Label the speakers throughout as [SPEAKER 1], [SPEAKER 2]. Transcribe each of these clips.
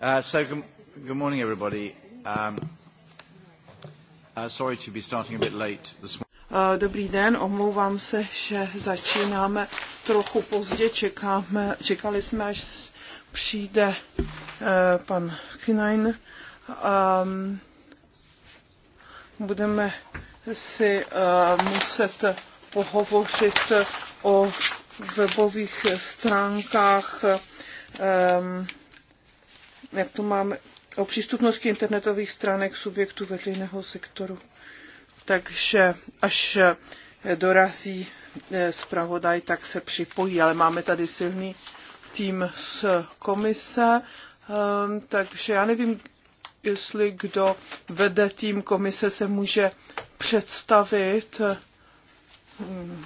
[SPEAKER 1] Uh, so, good, good morning, everybody. Um, uh, sorry to be starting a bit late this
[SPEAKER 2] morning. Uh, dobrý den, omlouvám se, že začínáme trochu pozdě. Čekáme, čekali jsme, až přijde uh, pan Kinein. Um, budeme si uh, muset pohovořit o webových stránkách um, jak to máme, o přístupnosti internetových stránek subjektů veřejného sektoru. Takže až eh, dorazí eh, zpravodaj, tak se připojí, ale máme tady silný tým z komise, ehm, takže já nevím, jestli kdo vede tým komise se může představit. Hmm.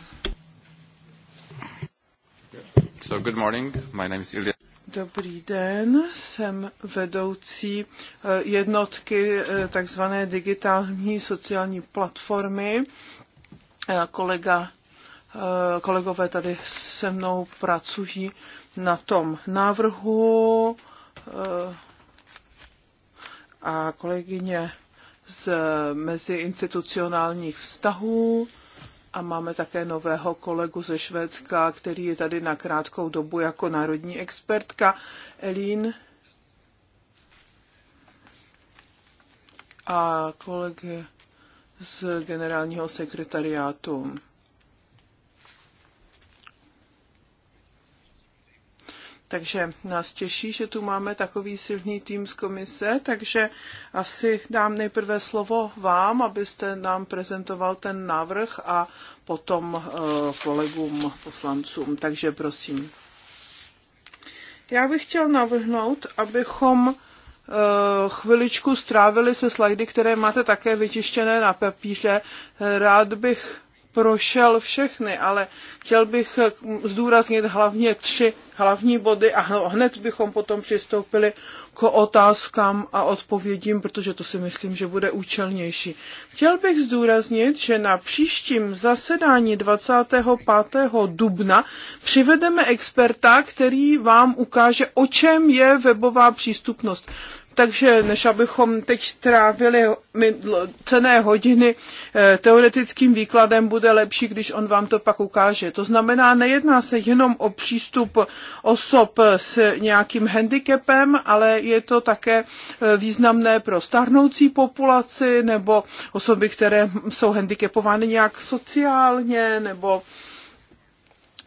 [SPEAKER 2] So good morning, my name is Ilya Dobrý den, jsem vedoucí eh, jednotky eh, tzv. digitální sociální platformy. Eh, kolega, kolegové tady se mnou pracují na tom návrhu a kolegyně z meziinstitucionálních vztahů a máme také nového kolegu ze Švédska, který je tady na krátkou dobu jako národní expertka, Elín. A kolega z generálního sekretariátu. Takže nás těší, že tu máme takový silný tým z komise, takže asi dám nejprve slovo vám, abyste nám prezentoval ten návrh a potom eh, kolegům poslancům. Takže prosím. Já bych chtěl navrhnout, abychom eh, chviličku strávili se slajdy, které máte také vytištěné na papíře. Rád bych prošel všechny, ale chtěl bych eh, zdůraznit hlavně tři hlavní body a hned bychom potom přistoupili k otázkám a odpovědím, protože to si myslím, že bude účelnější. Chtěl bych zdůraznit, že na příštím zasedání 25. dubna přivedeme experta, který vám ukáže, o čem je webová přístupnost takže než abychom teď trávili cené hodiny eh, teoretickým výkladem, bude lepší, když on vám to pak ukáže. To znamená, nejedná se jenom o přístup osob s nějakým handicapem, ale je to také eh, významné pro starnoucí populaci nebo osoby, které jsou handicapovány nějak sociálně nebo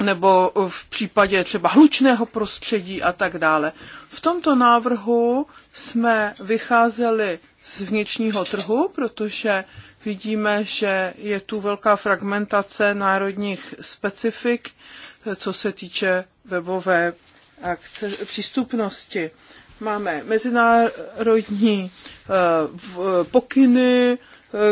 [SPEAKER 2] nebo v případě třeba hlučného prostředí a tak dále. V tomto návrhu jsme vycházeli z vnitřního trhu, protože vidíme, že je tu velká fragmentace národních specifik, co se týče webové akce, přístupnosti. Máme mezinárodní eh, eh, pokyny,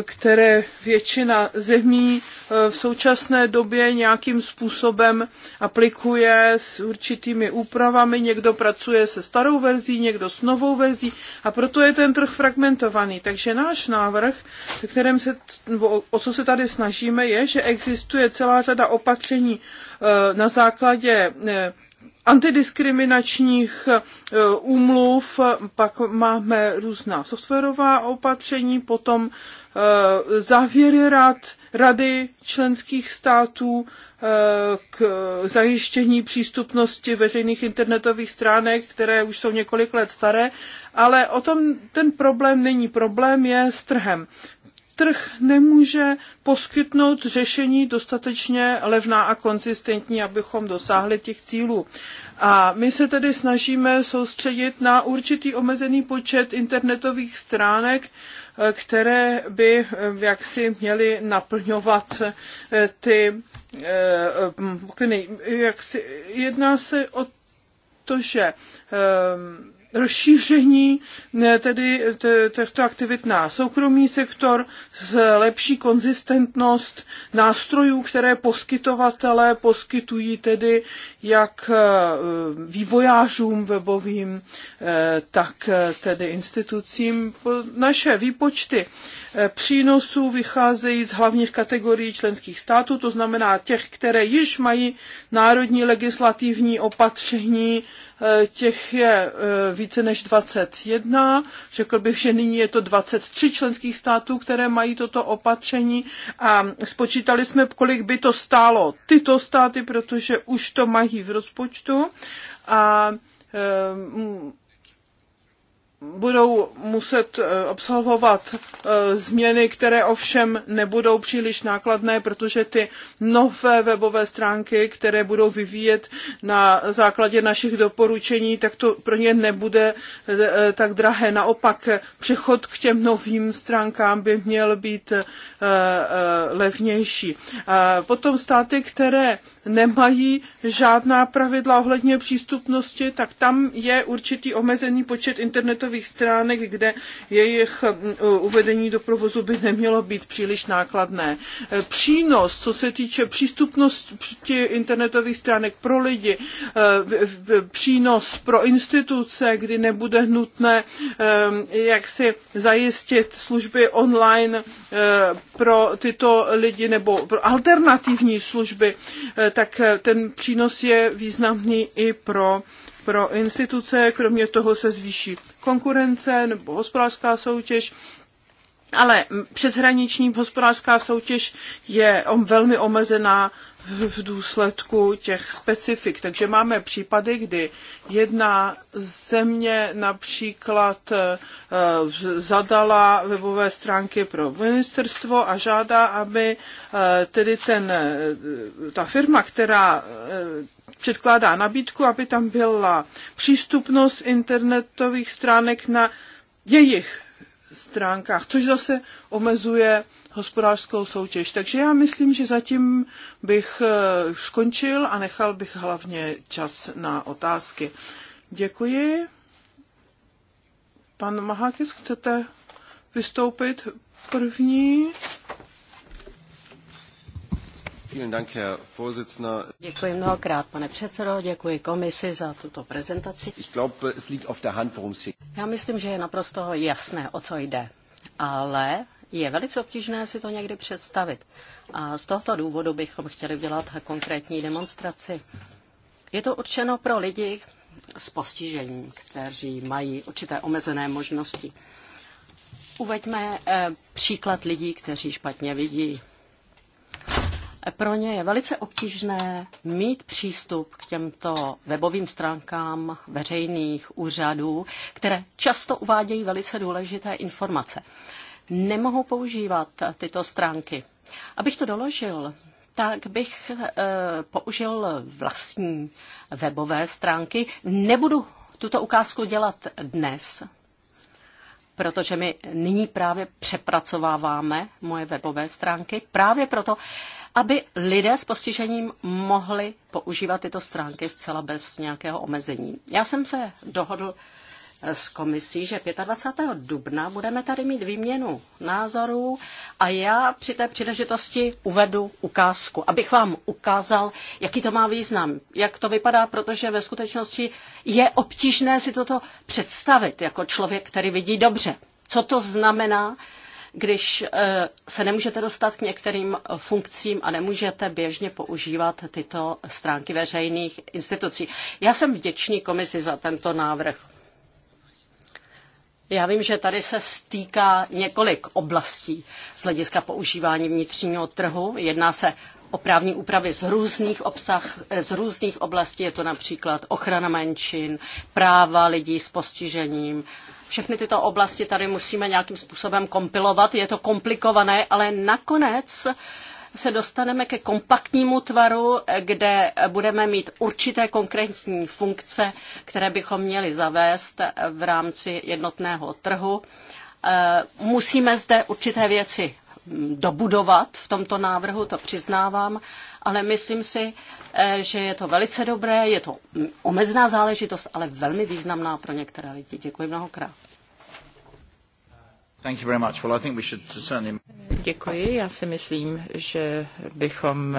[SPEAKER 2] které většina zemí eh, v současné době nějakým způsobem aplikuje s určitými úpravami. Někdo pracuje se starou verzí, někdo s novou verzí a proto je ten trh fragmentovaný. Takže náš návrh, kterém se, nebo o co se tady snažíme, je, že existuje celá řada opatření eh, na základě eh, antidiskriminačních úmluv, pak máme různá softwarová opatření, potom Eh, závěry rad, rady členských států eh, k zajištění přístupnosti veřejných internetových stránek, které už jsou několik let staré, ale o tom ten problém není. Problém je s trhem trh nemůže poskytnout řešení dostatečně levná a konzistentní, abychom dosáhli těch cílů. A my se tedy snažíme soustředit na určitý omezený počet internetových stránek, eh, které by eh, jaksi měly naplňovat eh, ty Jaksi jedná se o to, že ehm, rozšíření tedy těchto aktivit na soukromý sektor, lepší konzistentnost nástrojů, které poskytovatelé poskytují tedy jak eh, vývojářům webovým, eh, tak eh, tedy institucím. Naše výpočty přínosů vycházejí z hlavních kategorií členských států, to znamená těch, které již mají národní legislativní opatření, eh, těch je eh, více než 21. Řekl bych, že nyní je to 23 členských států, které mají toto opatření a spočítali jsme, kolik by to stálo tyto státy, protože už to mají v rozpočtu a eh, budou muset absolvovat eh, eh, změny, které ovšem nebudou příliš nákladné, protože ty nové webové stránky, které budou vyvíjet na základě našich doporučení, tak to pro ně nebude eh, tak drahé. Naopak přechod k těm novým stránkám by měl být levnější. Potom státy, které nemají žádná pravidla ohledně přístupnosti, tak tam je určitý omezený počet internetových stránek, kde jejich mm, uvedení do provozu by nemělo být příliš nákladné. E, přínos, co se týče přístupnosti internetových stránek pro lidi, e, přínos pro instituce, kdy nebude nutné e, jak si zajistit služby online Eh, pro tyto lidi nebo pro alternativní služby, eh, tak eh, ten přínos je významný i pro pro instituce, kromě toho se zvýší konkurence nebo hospodářská soutěž ale přeshraniční hospodářská soutěž je velmi omezená v důsledku těch specifik. Takže máme případy, kdy jedna země například eh, zadala webové stránky pro ministerstvo a žádá, aby eh, tedy ten, eh, ta firma, která předkládá nabídku, aby tam byla přístupnost internetových stránek na jejich stránkách, což zase omezuje hospodářskou soutěž. Takže já myslím, že zatím bych eh, skončil a nechal bych hlavně čas na otázky. Děkuji. Pan Mahakis, chcete vystoupit první?
[SPEAKER 3] Děkuji mnohokrát, pane předsedo, děkuji komisi za tuto prezentaci. Já myslím, že je naprosto jasné, o co jde, ale je velice obtížné si to někdy představit. A z tohoto důvodu bychom chtěli dělat konkrétní demonstraci. Je to určeno pro lidi s postižením, kteří mají určité omezené možnosti. Uveďme eh, příklad lidí, kteří špatně vidí pro ně je velice obtížné mít přístup k těmto webovým stránkám veřejných úřadů, které často uvádějí velice důležité informace. Nemohou používat tyto stránky. Abych to doložil, tak bych eh, použil vlastní webové stránky. Nebudu tuto ukázku dělat dnes, protože my nyní právě přepracováváme moje webové stránky. Právě proto aby lidé s postižením mohli používat tyto stránky zcela bez nějakého omezení. Já jsem se dohodl eh, s komisí, že 25. dubna budeme tady mít výměnu názorů a já při té příležitosti uvedu ukázku, abych vám ukázal, jaký to má význam, jak to vypadá, protože ve skutečnosti je obtížné si toto představit jako člověk, který vidí dobře. Co to znamená, když eh, se nemůžete dostat k některým funkcím a nemůžete běžně používat tyto stránky veřejných institucí. Já jsem vděčný komisi za tento návrh. Já vím, že tady se stýká několik oblastí z hlediska používání vnitřního trhu. Jedná se o právní úpravy z různých, obsah, eh, z různých oblastí, je to například ochrana menšin, práva lidí s postižením všechny tyto oblasti tady musíme nějakým způsobem kompilovat. Je to komplikované, ale nakonec se dostaneme ke kompaktnímu tvaru, kde budeme mít určité konkrétní funkce, které bychom měli zavést v rámci jednotného trhu. Eh, musíme zde určité věci dobudovat v tomto návrhu, to přiznávám, ale myslím si, eh, že je to velice dobré, je to omezená záležitost, ale velmi významná pro některé lidi. Děkuji mnohokrát. Děkuji. Já si myslím, že bychom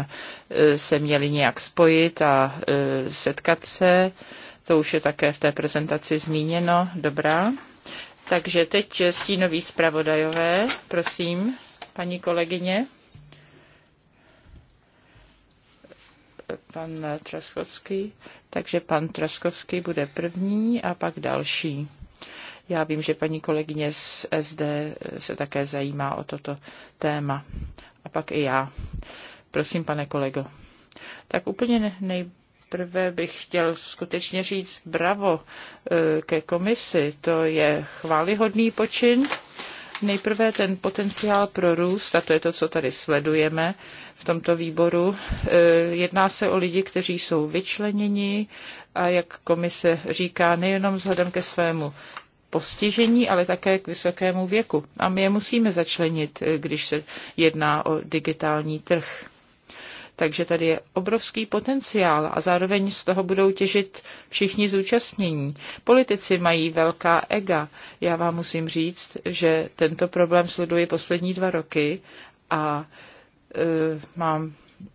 [SPEAKER 1] eh, se měli nějak spojit a eh, setkat se. To už je také v té prezentaci zmíněno. Dobrá. Takže teď stínoví zpravodajové, prosím paní kolegyně. Pan Traskovský. Takže pan Traskovský bude první a pak další. Já vím, že paní kolegyně z SD se také zajímá o toto téma. A pak i já. Prosím, pane kolego. Tak úplně nejprve bych chtěl skutečně říct bravo eh, ke komisi. To je chválihodný počin Nejprve ten potenciál pro růst, a to je to, co tady sledujeme v tomto výboru. E, jedná se o lidi, kteří jsou vyčleněni a jak komise říká, nejenom vzhledem ke svému postižení, ale také k vysokému věku. A my je musíme začlenit, e, když se jedná o digitální trh. Takže tady je obrovský potenciál a zároveň z toho budou těžit všichni zúčastnění. Politici mají velká ega. Já vám musím říct, že tento problém sleduji poslední dva roky a e, mám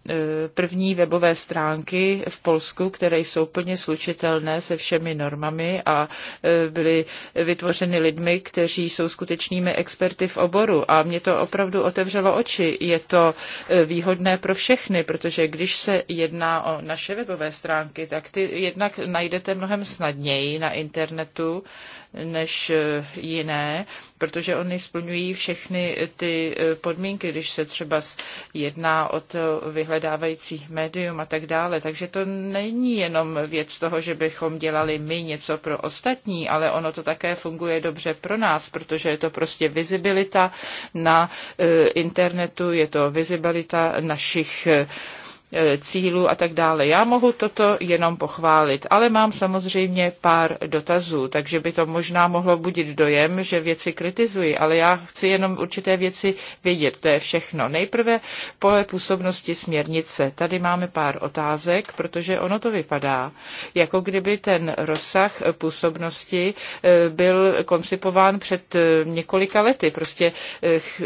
[SPEAKER 1] Eh, první webové stránky v Polsku, které jsou plně slučitelné se všemi normami a eh, byly vytvořeny lidmi, kteří jsou skutečnými experty v oboru. A mě to opravdu otevřelo oči. Je to eh, výhodné pro všechny, protože když se jedná o naše webové stránky, tak ty jednak najdete mnohem snadněji na internetu než eh, jiné, protože oni splňují všechny ty eh, podmínky, když se třeba jedná o to vyhledávající médium a tak dále. Takže to není jenom věc toho, že bychom dělali my něco pro ostatní, ale ono to také funguje dobře pro nás, protože je to prostě vizibilita na eh, internetu, je to vizibilita našich E, cílů a tak dále. Já mohu toto jenom pochválit, ale mám samozřejmě pár dotazů, takže by to možná mohlo budit dojem, že věci kritizuji, ale já chci jenom určité věci vědět, to je všechno. Nejprve pole působnosti směrnice. Tady máme pár otázek, protože ono to vypadá, jako kdyby ten rozsah působnosti e, byl koncipován před e, několika lety, prostě v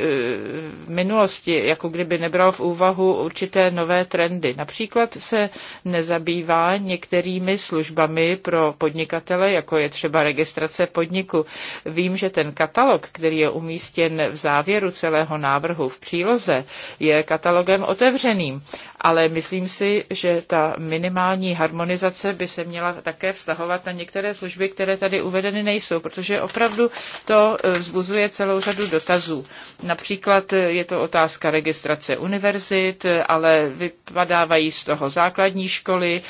[SPEAKER 1] minulosti, jako kdyby nebral v úvahu určité nové trendy trendy. Například se nezabývá některými službami pro podnikatele, jako je třeba registrace podniku. Vím, že ten katalog, který je umístěn v závěru celého návrhu v příloze, je katalogem otevřeným ale myslím si, že ta minimální harmonizace by se měla také vztahovat na některé služby, které tady uvedeny nejsou, protože opravdu to e, vzbuzuje celou řadu dotazů. Například e, je to otázka registrace univerzit, e, ale vypadávají z toho základní školy,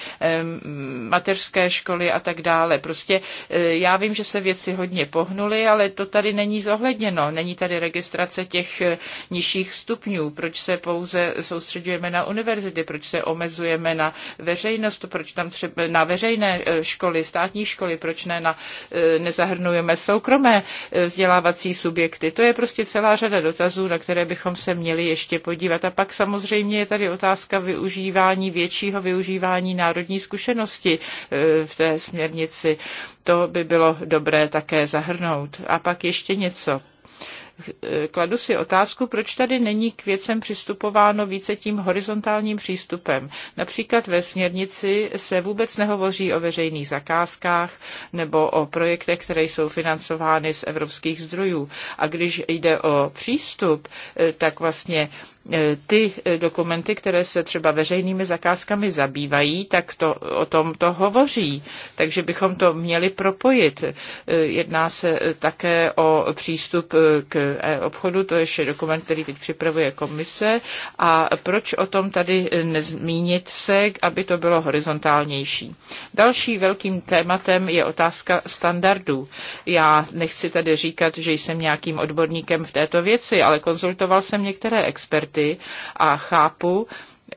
[SPEAKER 1] mateřské školy a tak dále. Prostě já vím, že se věci hodně pohnuly, ale to tady není zohledněno. Není tady registrace těch nižších stupňů. Proč se pouze soustředujeme na univerzity? univerzity, proč se omezujeme na veřejnost, proč tam třeba na veřejné e, školy, státní školy, proč ne na, e, nezahrnujeme soukromé e, vzdělávací subjekty. To je prostě celá řada dotazů, na které bychom se měli ještě podívat. A pak samozřejmě je tady otázka využívání, většího využívání národní zkušenosti v té směrnici. To by bylo dobré také zahrnout. A pak ještě něco kladu si otázku, proč tady není k věcem přistupováno více tím horizontálním přístupem. Například ve směrnici se vůbec nehovoří o veřejných zakázkách nebo o projektech, které jsou financovány z evropských zdrojů. A když jde o přístup, eh, tak vlastně E, ty e, dokumenty, které se třeba veřejnými zakázkami zabývají, tak to, o tom to hovoří. Takže bychom to měli propojit. E, jedná se také o přístup k obchodu, to je dokument, který teď připravuje komise. A proč o tom tady nezmínit se, aby to bylo horizontálnější? Další velkým tématem je otázka standardů. Já nechci tady říkat, že jsem nějakým odborníkem v této věci, ale konzultoval jsem některé experty priority a chápu,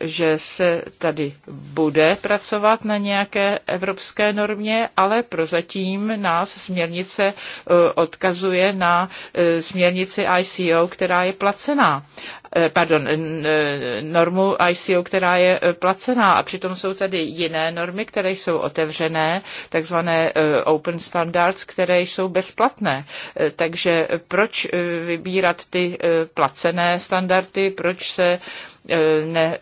[SPEAKER 1] že se tady bude pracovat na nějaké evropské normě, ale prozatím nás směrnice eh, odkazuje na eh, směrnici ICO, která je placená. Eh, pardon, normu ICO, která je eh, placená a přitom jsou tady jiné normy, které jsou otevřené, takzvané eh, open standards, které jsou bezplatné. Takže proč vybírat ty placené standardy, proč se ne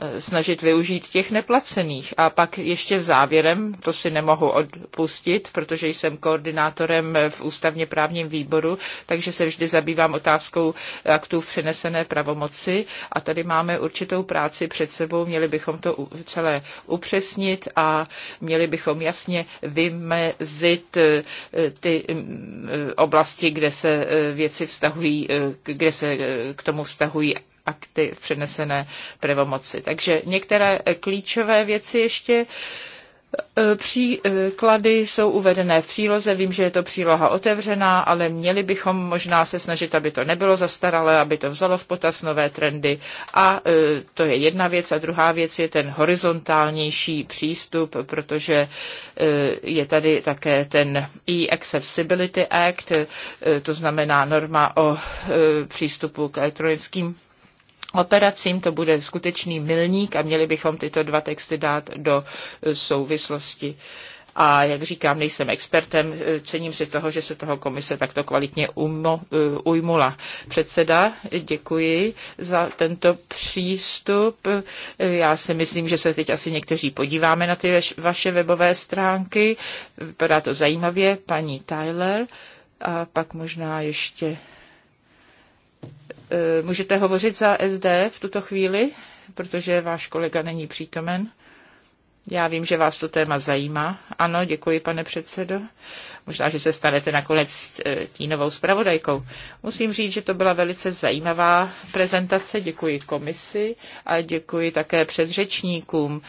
[SPEAKER 1] Eh, snažit využít těch neplacených. A pak ještě v závěrem, to si nemohu odpustit, protože jsem koordinátorem v ústavně právním výboru, takže se vždy zabývám otázkou aktů v přenesené pravomoci a tady máme určitou práci před sebou, měli bychom to celé upřesnit a měli bychom jasně vymezit eh, ty mm, eh, oblasti, kde se věci vztahují, kde se k tomu vztahují akty v přenesené pravomoci. Takže některé eh, klíčové věci ještě eh, Příklady jsou uvedené v příloze, vím, že je to příloha otevřená, ale měli bychom možná se snažit, aby to nebylo zastaralé, aby to vzalo v potaz nové trendy. A eh, to je jedna věc. A druhá věc je ten horizontálnější přístup, protože je tady také ten E-Accessibility Act, to znamená norma o přístupu k elektronickým operacím. To bude skutečný milník a měli bychom tyto dva texty dát do souvislosti. A jak říkám, nejsem expertem, cením si toho, že se toho komise takto kvalitně umo, eh, ujmula. Předseda, děkuji za tento přístup. Eh, já si myslím, že se teď asi někteří podíváme na ty vaše webové stránky. Vypadá to zajímavě, paní Tyler. A pak možná ještě Eh, můžete hovořit za SD v tuto chvíli, protože váš kolega není přítomen. Já vím, že vás to téma zajímá. Ano, děkuji, pane předsedo. Možná, že se stanete nakonec eh, tínovou zpravodajkou. Musím říct, že to byla velice zajímavá prezentace. Děkuji komisi a děkuji také předřečníkům.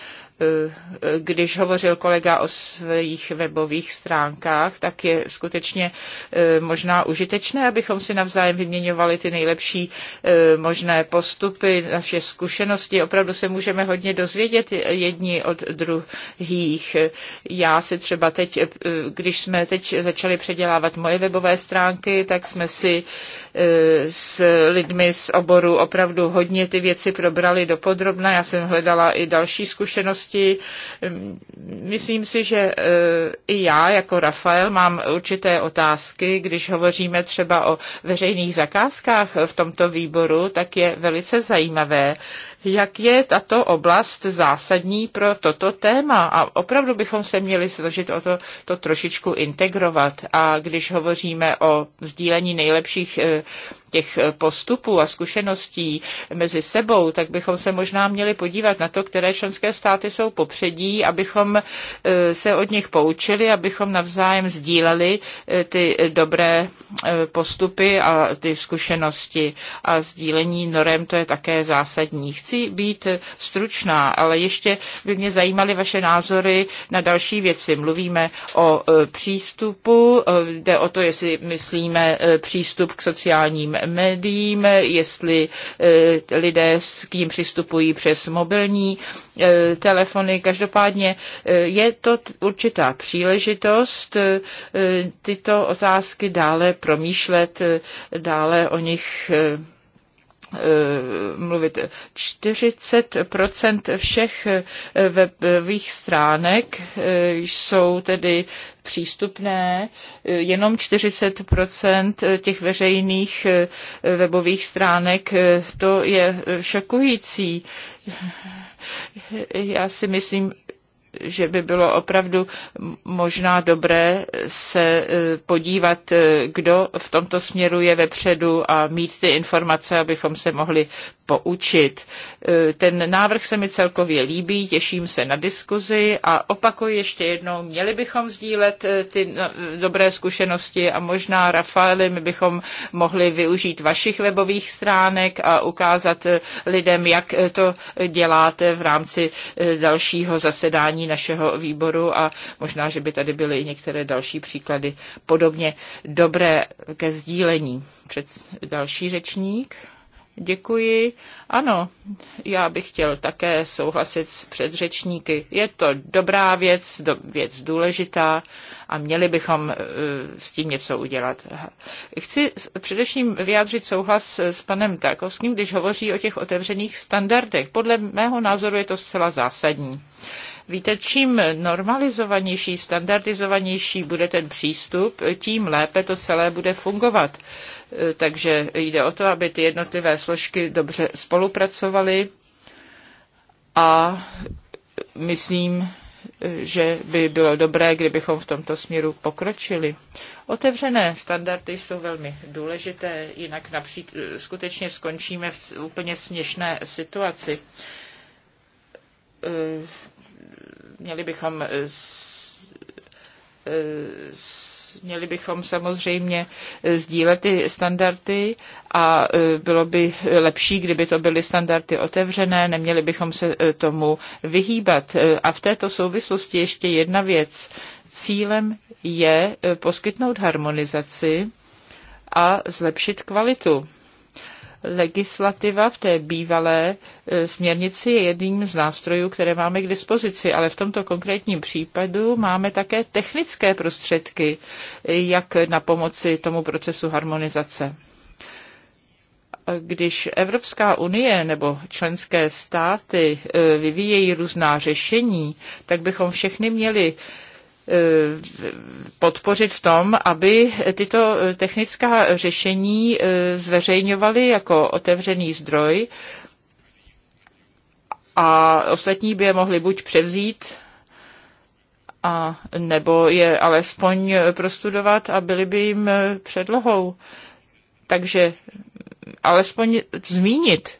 [SPEAKER 1] Eh, když hovořil kolega o svých webových stránkách, tak je skutečně eh, možná užitečné, abychom si navzájem vyměňovali ty nejlepší eh, možné postupy, naše zkušenosti. Opravdu se můžeme hodně dozvědět jedni od druhých. Já si třeba teď, když jsme teď začali předělávat moje webové stránky, tak jsme si s lidmi z oboru opravdu hodně ty věci probrali do podrobna. Já jsem hledala i další zkušenosti veřejnosti. Myslím si, že e, i já jako Rafael mám určité otázky, když hovoříme třeba o veřejných zakázkách v tomto výboru, tak je velice zajímavé, jak je tato oblast zásadní pro toto téma. A opravdu bychom se měli složit o to, to trošičku integrovat. A když hovoříme o sdílení nejlepších e, těch eh, postupů a zkušeností mezi sebou, tak bychom se možná měli podívat na to, které členské státy jsou popředí, abychom eh, se od nich poučili, abychom navzájem sdíleli eh, ty dobré postupy a ty zkušenosti a sdílení norem, to je také zásadní. Chci být stručná, ale ještě by mě zajímaly vaše názory na další věci. Mluvíme o přístupu, jde o to, jestli myslíme přístup k sociálním médiím, jestli eh, lidé k ním přistupují přes mobilní eh, telefony. Každopádně eh, je to určitá příležitost tyto otázky dále promýšlet, dále o nich mluvit. 40 všech eh, webových stránek eh, jsou tedy přístupné. Eh, jenom 40 těch veřejných webových stránek, to je šokující. Já si myslím, že by bylo opravdu možná dobré se e, podívat, e, kdo v tomto směru je vepředu a mít ty informace, abychom se mohli poučit. E, ten návrh se mi celkově líbí, těším se na diskuzi a opakuji ještě jednou, měli bychom sdílet ty no, dobré zkušenosti a možná, Rafaeli, my bychom mohli využít vašich webových stránek a ukázat lidem, jak to děláte v rámci dalšího zasedání jednání našeho výboru a možná, že by tady byly i některé další příklady podobně dobré ke sdílení. Před další řečník. Děkuji. Ano, já bych chtěl také souhlasit s předřečníky. Je to dobrá věc, do, věc důležitá a měli bychom uh, s tím něco udělat. Chci především vyjádřit souhlas s panem Tarkovským, když hovoří o těch otevřených standardech. Podle mého názoru je to zcela zásadní. Uh, Víte, čím normalizovanější, standardizovanější bude ten přístup, tím lépe to celé bude fungovat. E, takže jde o to, aby ty jednotlivé složky dobře spolupracovaly a myslím, že by bylo dobré, kdybychom v tomto směru pokročili. Otevřené standardy jsou velmi důležité, jinak napřík, skutečně skončíme v úplně směšné situaci. E, Měli bychom eh, eh, měli bychom samozřejmě eh, sdílet ty standardy a bylo by lepší, kdyby to byly standardy otevřené, neměli bychom se tomu vyhýbat. A v této souvislosti ještě jedna věc. Cílem je poskytnout harmonizaci a zlepšit kvalitu. Legislativa v té bývalé e, směrnici je jedním z nástrojů, které máme k dispozici, ale v tomto konkrétním případu máme také technické prostředky, e, jak na pomoci tomu procesu harmonizace když Evropská unie nebo členské státy e, vyvíjejí různá řešení, tak bychom všechny měli E, podpořit v tom, aby tyto technická řešení e, zveřejňovaly jako otevřený zdroj a ostatní by je mohli buď převzít a nebo je alespoň prostudovat a byli by jim e, předlohou. Takže alespoň zmínit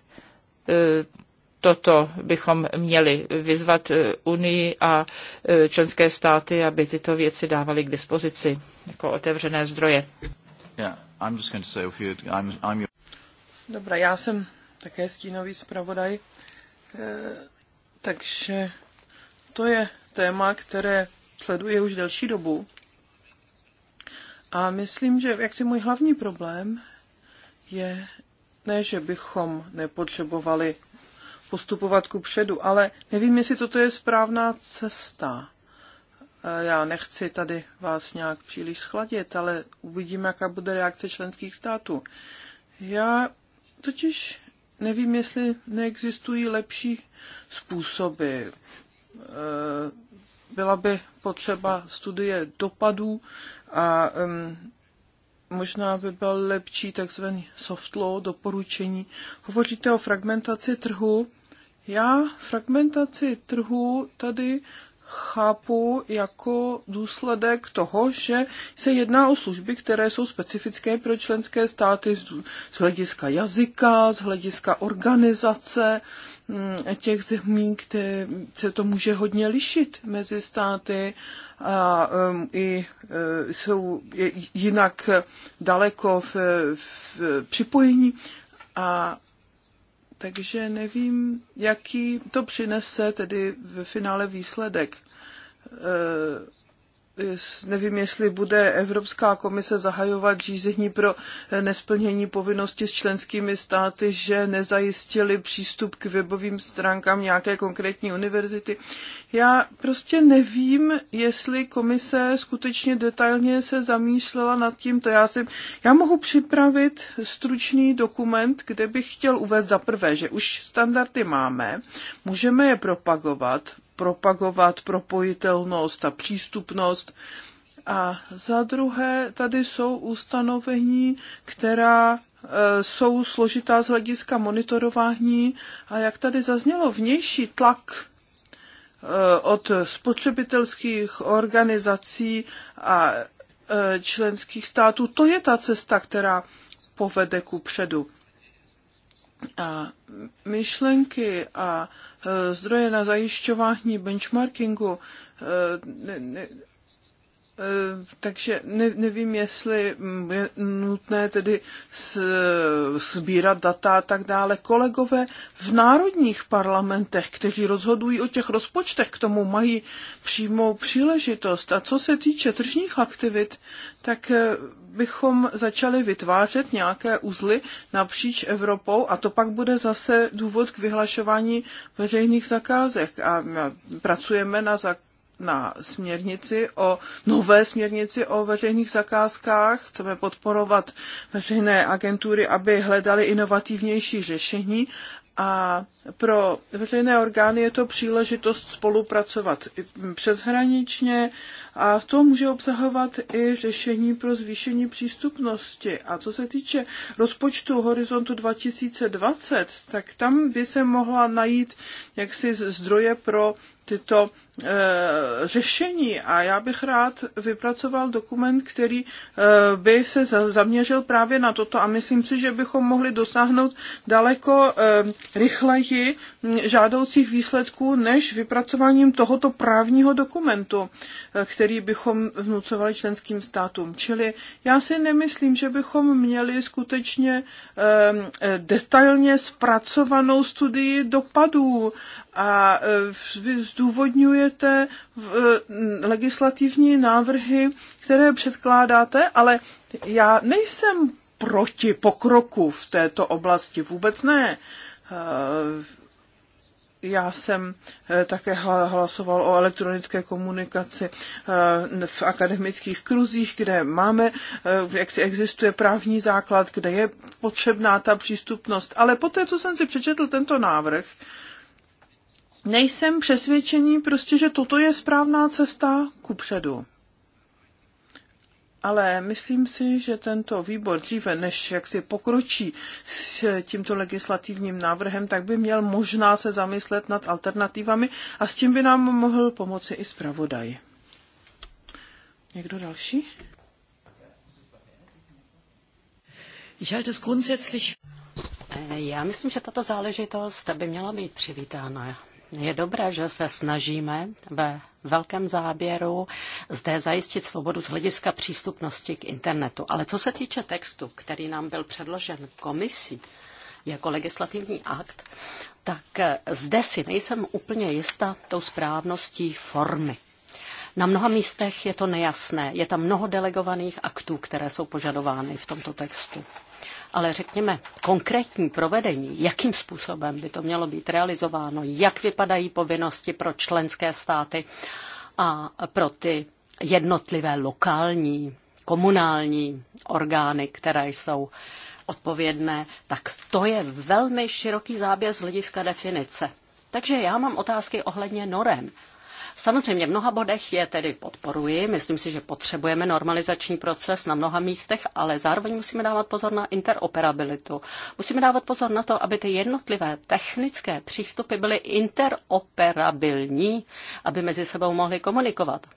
[SPEAKER 1] toto bychom měli vyzvat eh, Unii a eh, členské státy, aby tyto věci dávaly k dispozici jako otevřené zdroje.
[SPEAKER 2] Dobrá, já jsem také stínový zpravodaj, eh, takže to je téma, které sleduje už delší dobu. A myslím, že jak si můj hlavní problém je, ne, že bychom nepotřebovali postupovat ku předu, ale nevím, jestli toto je správná cesta. E, já nechci tady vás nějak příliš schladit, ale uvidíme, jaká bude reakce členských států. Já totiž nevím, jestli neexistují lepší způsoby. E, byla by potřeba studie dopadů a možná by byl lepší takzvaný soft law, doporučení. Hovoříte o fragmentaci trhu já fragmentaci trhu tady chápu jako důsledek toho, že se jedná o služby, které jsou specifické pro členské státy z hlediska jazyka, z hlediska organizace mm, těch zemí, které se to může hodně lišit mezi státy a um, i e, jsou jinak daleko v, v připojení. A takže nevím, jaký to přinese tedy ve finále výsledek. E nevím, jestli bude Evropská komise zahajovat řízení pro eh, nesplnění povinnosti s členskými státy, že nezajistili přístup k webovým stránkám nějaké konkrétní univerzity. Já prostě nevím, jestli komise skutečně detailně se zamýšlela nad tím. To já, já mohu připravit stručný dokument, kde bych chtěl uvést za prvé, že už standardy máme, můžeme je propagovat, propagovat propojitelnost a přístupnost. A za druhé, tady jsou ustanovení, která e, jsou složitá z hlediska monitorování a jak tady zaznělo, vnější tlak e, od spotřebitelských organizací a e, členských států, to je ta cesta, která povede ku předu. A myšlenky a Eh, zdroje na zajišťování benchmarkingu. Eh, eh, takže ne, nevím, jestli mm, je nutné tedy sbírat data a tak dále. Kolegové v národních parlamentech, kteří rozhodují o těch rozpočtech, k tomu mají přímou příležitost. A co se týče tržních aktivit, tak bychom začali vytvářet nějaké uzly napříč Evropou a to pak bude zase důvod k vyhlašování veřejných zakázek. A pracujeme na za, na směrnici o nové směrnici o veřejných zakázkách. Chceme podporovat veřejné agentury, aby hledali inovativnější řešení a pro veřejné orgány je to příležitost spolupracovat přeshraničně a to může obsahovat i řešení pro zvýšení přístupnosti. A co se týče rozpočtu Horizontu 2020, tak tam by se mohla najít jaksi zdroje pro tyto eh, řešení a já bych rád vypracoval dokument, který eh, by se zaměřil právě na toto a myslím si, že bychom mohli dosáhnout daleko eh, rychleji hm, žádoucích výsledků než vypracováním tohoto právního dokumentu, který bychom vnucovali členským státům. Čili já si nemyslím, že bychom měli skutečně detailně zpracovanou studii dopadů a e, vy zdůvodňujete e, legislativní návrhy, které předkládáte, ale já nejsem proti pokroku v této oblasti, vůbec ne. E, já jsem také hlasoval o elektronické komunikaci v akademických kruzích, kde máme, jak si existuje právní základ, kde je potřebná ta přístupnost. Ale poté, co jsem si přečetl tento návrh, nejsem přesvědčený prostě, že toto je správná cesta ku předu. Ale myslím si, že tento výbor dříve, než jak si pokročí s tímto legislativním návrhem, tak by měl možná se zamyslet nad alternativami a s tím by nám mohl pomoci i zpravodaj.
[SPEAKER 3] Někdo další? Ich grundsätzlich. Já myslím, že tato záležitost by měla být přivítána. Je dobré, že se snažíme ve velkém záběru zde zajistit svobodu z hlediska přístupnosti k internetu. Ale co se týče textu, který nám byl předložen komisí jako legislativní akt, tak eh, zde si nejsem úplně jista tou správností formy. Na mnoha místech je to nejasné. Je tam mnoho delegovaných aktů, které jsou požadovány v tomto textu ale řekněme konkrétní provedení, jakým způsobem by to mělo být realizováno, jak vypadají povinnosti pro členské státy a pro ty jednotlivé lokální, komunální orgány, které jsou odpovědné, tak to je velmi široký záběr z hlediska definice. Takže já mám otázky ohledně norem. Samozřejmě v mnoha bodech je tedy podporuji. Myslím si, že potřebujeme normalizační proces na mnoha místech, ale zároveň musíme dávat pozor na interoperabilitu. Musíme dávat pozor na to, aby ty jednotlivé technické přístupy byly interoperabilní, aby mezi sebou mohly komunikovat.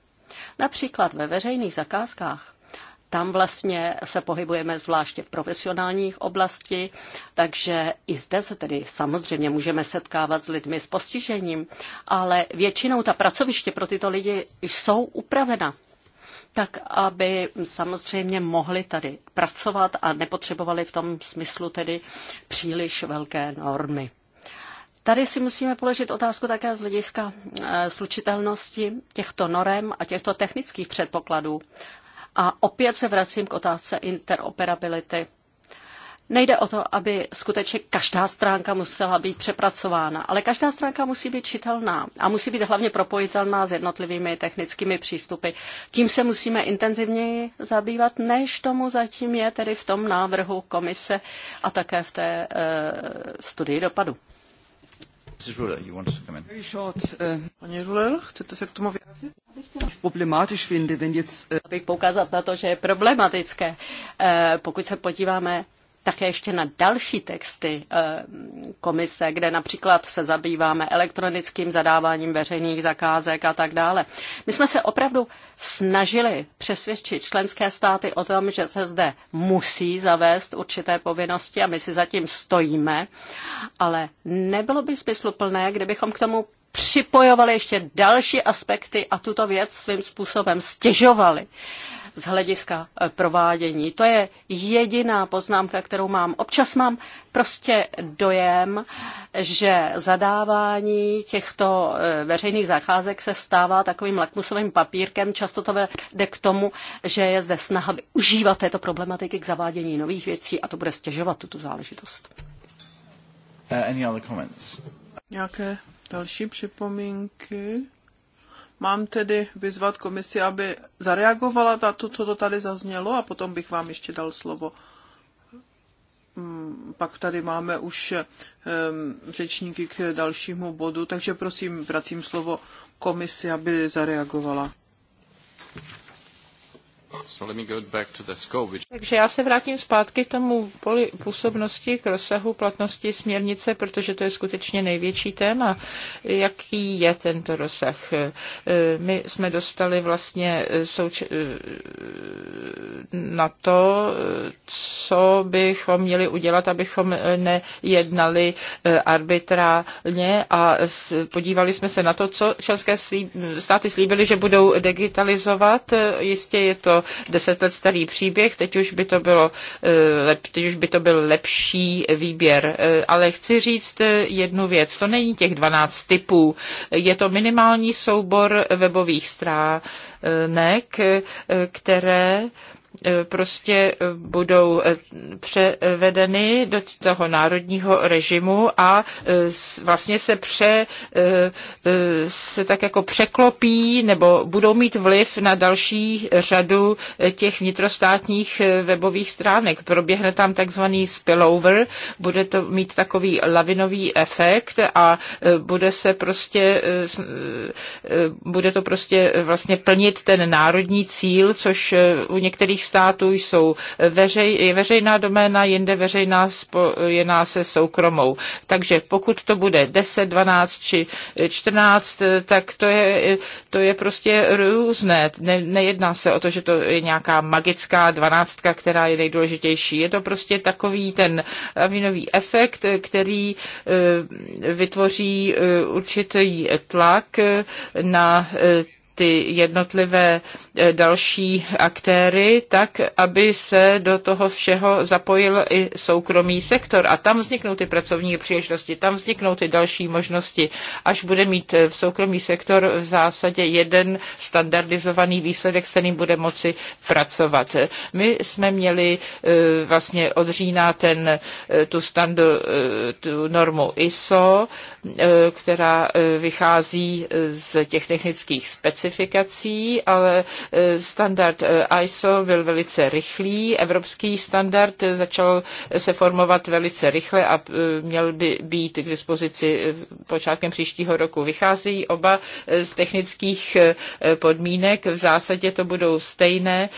[SPEAKER 3] Například ve veřejných zakázkách tam vlastně se pohybujeme zvláště v profesionálních oblasti, takže i zde se tedy samozřejmě můžeme setkávat s lidmi s postižením, ale většinou ta pracoviště pro tyto lidi jsou upravena tak aby samozřejmě mohli tady pracovat a nepotřebovali v tom smyslu tedy příliš velké normy. Tady si musíme položit otázku také z hlediska eh, slučitelnosti těchto norem a těchto technických předpokladů. A opět se vracím k otázce interoperability. Nejde o to, aby skutečně každá stránka musela být přepracována, ale každá stránka musí být čitelná a musí být hlavně propojitelná s jednotlivými technickými přístupy. Tím se musíme intenzivněji zabývat, než tomu zatím je tedy v tom návrhu komise a také v té e, studii dopadu. Ruler, you want to come in. Very short, uh, chcete se k tomu vyjádřit? Uh, poukázat na to, že je problematické, eh, pokud se podíváme také ještě na další texty eh, komise, kde například se zabýváme elektronickým zadáváním veřejných zakázek a tak dále. My jsme se opravdu snažili přesvědčit členské státy o tom, že se zde musí zavést určité povinnosti a my si zatím stojíme, ale nebylo by smysluplné, kdybychom k tomu připojovali ještě další aspekty a tuto věc svým způsobem stěžovali. Uh, z hlediska e, provádění. To je jediná poznámka, kterou mám. Občas mám prostě dojem, že zadávání těchto e, veřejných zakázek se stává takovým lakmusovým papírkem. Často to vede k tomu, že je zde snaha využívat této problematiky k zavádění nových věcí a to bude stěžovat tuto záležitost.
[SPEAKER 1] Uh, any other comments?
[SPEAKER 2] Nějaké další připomínky? mám tedy vyzvat komisi, aby zareagovala na to, co to tady zaznělo a potom bych vám ještě dal slovo. Mm, pak tady máme už řečníky k dalšímu bodu, takže prosím, vracím slovo komisi, aby zareagovala.
[SPEAKER 1] Takže já se vrátím zpátky k tomu poli působnosti, k rozsahu platnosti směrnice, protože to je skutečně největší téma. Jaký je tento rozsah? E, my jsme dostali vlastně e, souč- e, na to, co bychom měli udělat, abychom nejednali arbitrálně a podívali jsme se na to, co členské státy slíbily, že budou digitalizovat. Jistě je to deset let starý příběh, teď už by to, bylo, eh, teď už by to byl lepší výběr. Eh, ale chci říct eh, jednu věc, to není těch 12 typů, je to minimální soubor webových stránek, které E, prostě e, budou e, převedeny do toho národního režimu a vlastně se pře, se tak jako překlopí nebo budou mít vliv na další řadu těch vnitrostátních webových stránek. Proběhne tam takzvaný spillover, bude to mít takový lavinový efekt a bude se prostě, bude to prostě vlastně plnit ten národní cíl, což u některých států jsou veřej, je veřejná doména, jinde veřejná spojená se soukromou. Takže pokud to bude 10, 12 či 14, tak to je, to je prostě různé. Ne, nejedná se o to, že to je nějaká magická dvanáctka, která je nejdůležitější. Je to prostě takový ten vinový efekt, který eh, vytvoří eh, určitý tlak eh, na ty jednotlivé e, další aktéry, tak aby se do toho všeho zapojil i soukromý sektor. A tam vzniknou ty pracovní příležitosti, tam vzniknou ty další možnosti, až bude mít e, v soukromý sektor v zásadě jeden standardizovaný výsledek, s kterým bude moci pracovat. My jsme měli e, vlastně od října ten, tu, standu, tu normu ISO, E, která e, vychází z těch technických specifikací, ale e, standard ISO byl velice rychlý. Evropský standard začal se formovat velice rychle a měl by být k dispozici počátkem příštího roku. Vycházejí oba z technických podmínek. V zásadě to budou stejné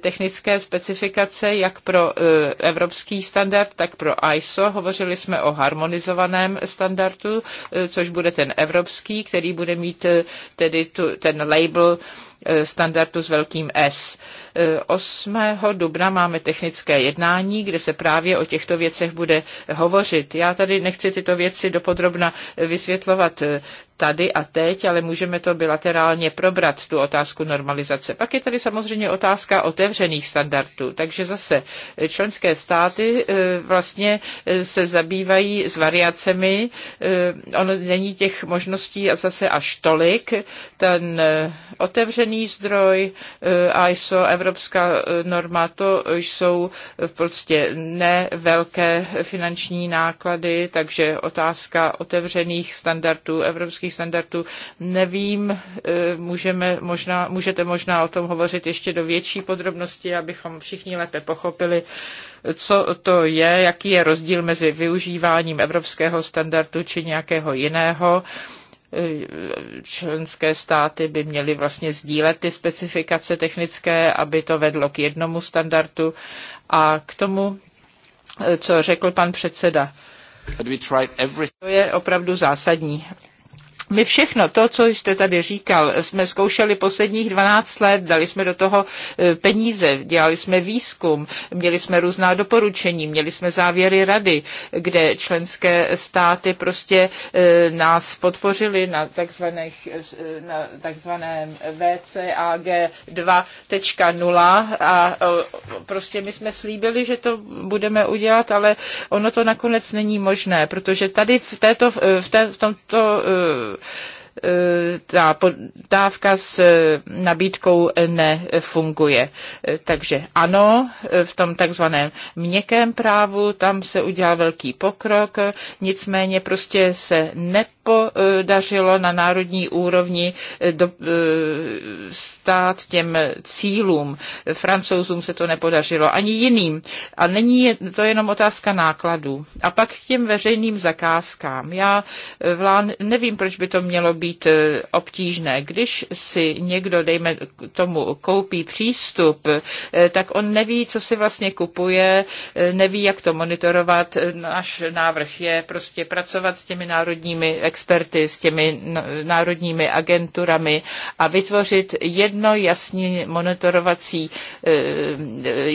[SPEAKER 1] technické specifikace jak pro evropský standard, tak pro ISO. Hovořili jsme o harmonizovaném standardu Eh, což bude ten evropský, který bude mít eh, tedy tu, ten label eh, standardu s velkým S. 8. dubna máme technické jednání, kde se právě o těchto věcech bude hovořit. Já tady nechci tyto věci dopodrobna vysvětlovat eh, tady a teď, ale můžeme to bilaterálně probrat, tu otázku normalizace. Pak je tady samozřejmě otázka otevřených standardů. Takže zase eh, členské státy eh, vlastně se zabývají s variacemi. Ono není těch možností a zase až tolik. Ten otevřený zdroj ISO, Evropa, evropská eh, norma, to jsou v podstatě nevelké finanční náklady, takže otázka otevřených standardů, evropských standardů, nevím, eh, můžeme možná, můžete možná o tom hovořit ještě do větší podrobnosti, abychom všichni lépe pochopili, co to je, jaký je rozdíl mezi využíváním evropského standardu či nějakého jiného Členské státy by měly vlastně sdílet ty specifikace technické, aby to vedlo k jednomu standardu. A k tomu, co řekl pan předseda, to je opravdu zásadní. My všechno to, co jste tady říkal, jsme zkoušeli posledních 12 let, dali jsme do toho e, peníze, dělali jsme výzkum, měli jsme různá doporučení, měli jsme závěry rady, kde členské státy prostě e, nás podpořili na, e, takzvaném VCAG 2.0 a prostě my jsme slíbili, že to budeme udělat, ale ono to nakonec není možné, protože tady v, této, v, té, v tomto ta dávka s nabídkou nefunguje. Takže ano, v tom takzvaném měkkém právu tam se udělal velký pokrok, nicméně prostě se ne podařilo na národní úrovni eh, do, eh, stát těm cílům. Francouzům se to nepodařilo, ani jiným. A není to jenom otázka nákladů. A pak k těm veřejným zakázkám. Já eh, vlán, nevím, proč by to mělo být obtížné. Když si někdo, dejme tomu, koupí přístup, tak on neví, co si vlastně kupuje, neví, jak to monitorovat. Náš návrh je prostě pracovat s těmi národními experty, s těmi národními agenturami a vytvořit jedno jasný monitorovací, eh,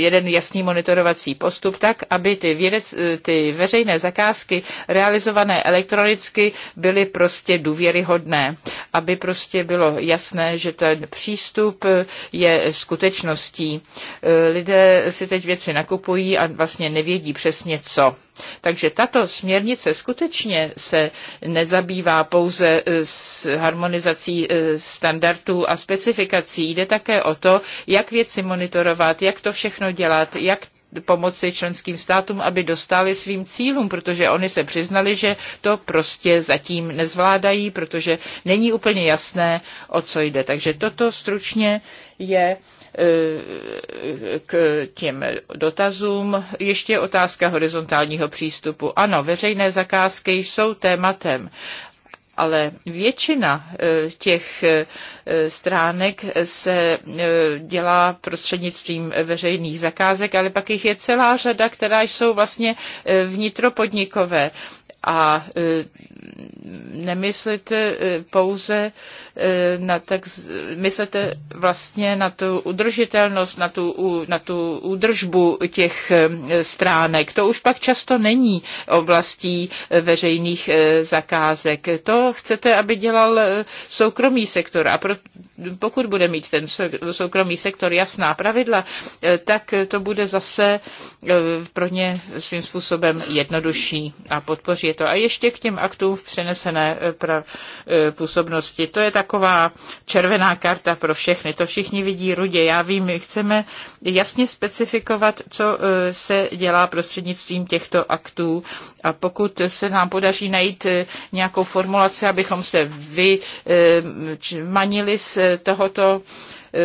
[SPEAKER 1] jeden jasný monitorovací postup tak, aby ty, vědec, eh, ty veřejné zakázky realizované elektronicky byly prostě důvěryhodné, aby prostě bylo jasné, že ten přístup eh, je skutečností. Lidé si teď věci nakupují a vlastně nevědí přesně co. Takže tato směrnice skutečně se nezabývá pouze e, s harmonizací e, standardů a specifikací. Jde také o to, jak věci monitorovat, jak to všechno dělat, jak pomoci členským státům, aby dostali svým cílům, protože oni se přiznali, že to prostě zatím nezvládají, protože není úplně jasné, o co jde. Takže toto stručně je eh, k těm dotazům. Ještě otázka horizontálního přístupu. Ano, veřejné zakázky jsou tématem, ale většina e, těch e, stránek se e, dělá prostřednictvím veřejných zakázek, ale pak jich je celá řada, která jsou vlastně vnitropodnikové a nemyslete eh, pouze eh, na tak, myslete vlastně na tu udržitelnost, na tu, na tu údržbu těch eh, stránek. To už pak často není oblastí veřejných zakázek. To chcete, aby dělal soukromý sektor a pro, pokud bude mít ten soukromý sektor jasná pravidla, tak to bude zase pro ně svým způsobem jednodušší a podpoří je to. A ještě k těm aktům v přenesené eh, pra, eh, působnosti. To je taková červená karta pro všechny. To všichni vidí rudě. Já vím, my chceme jasně specifikovat, co eh, se dělá prostřednictvím těchto aktů a pokud se nám podaří najít nějakou formulaci, abychom se vymanili z tohoto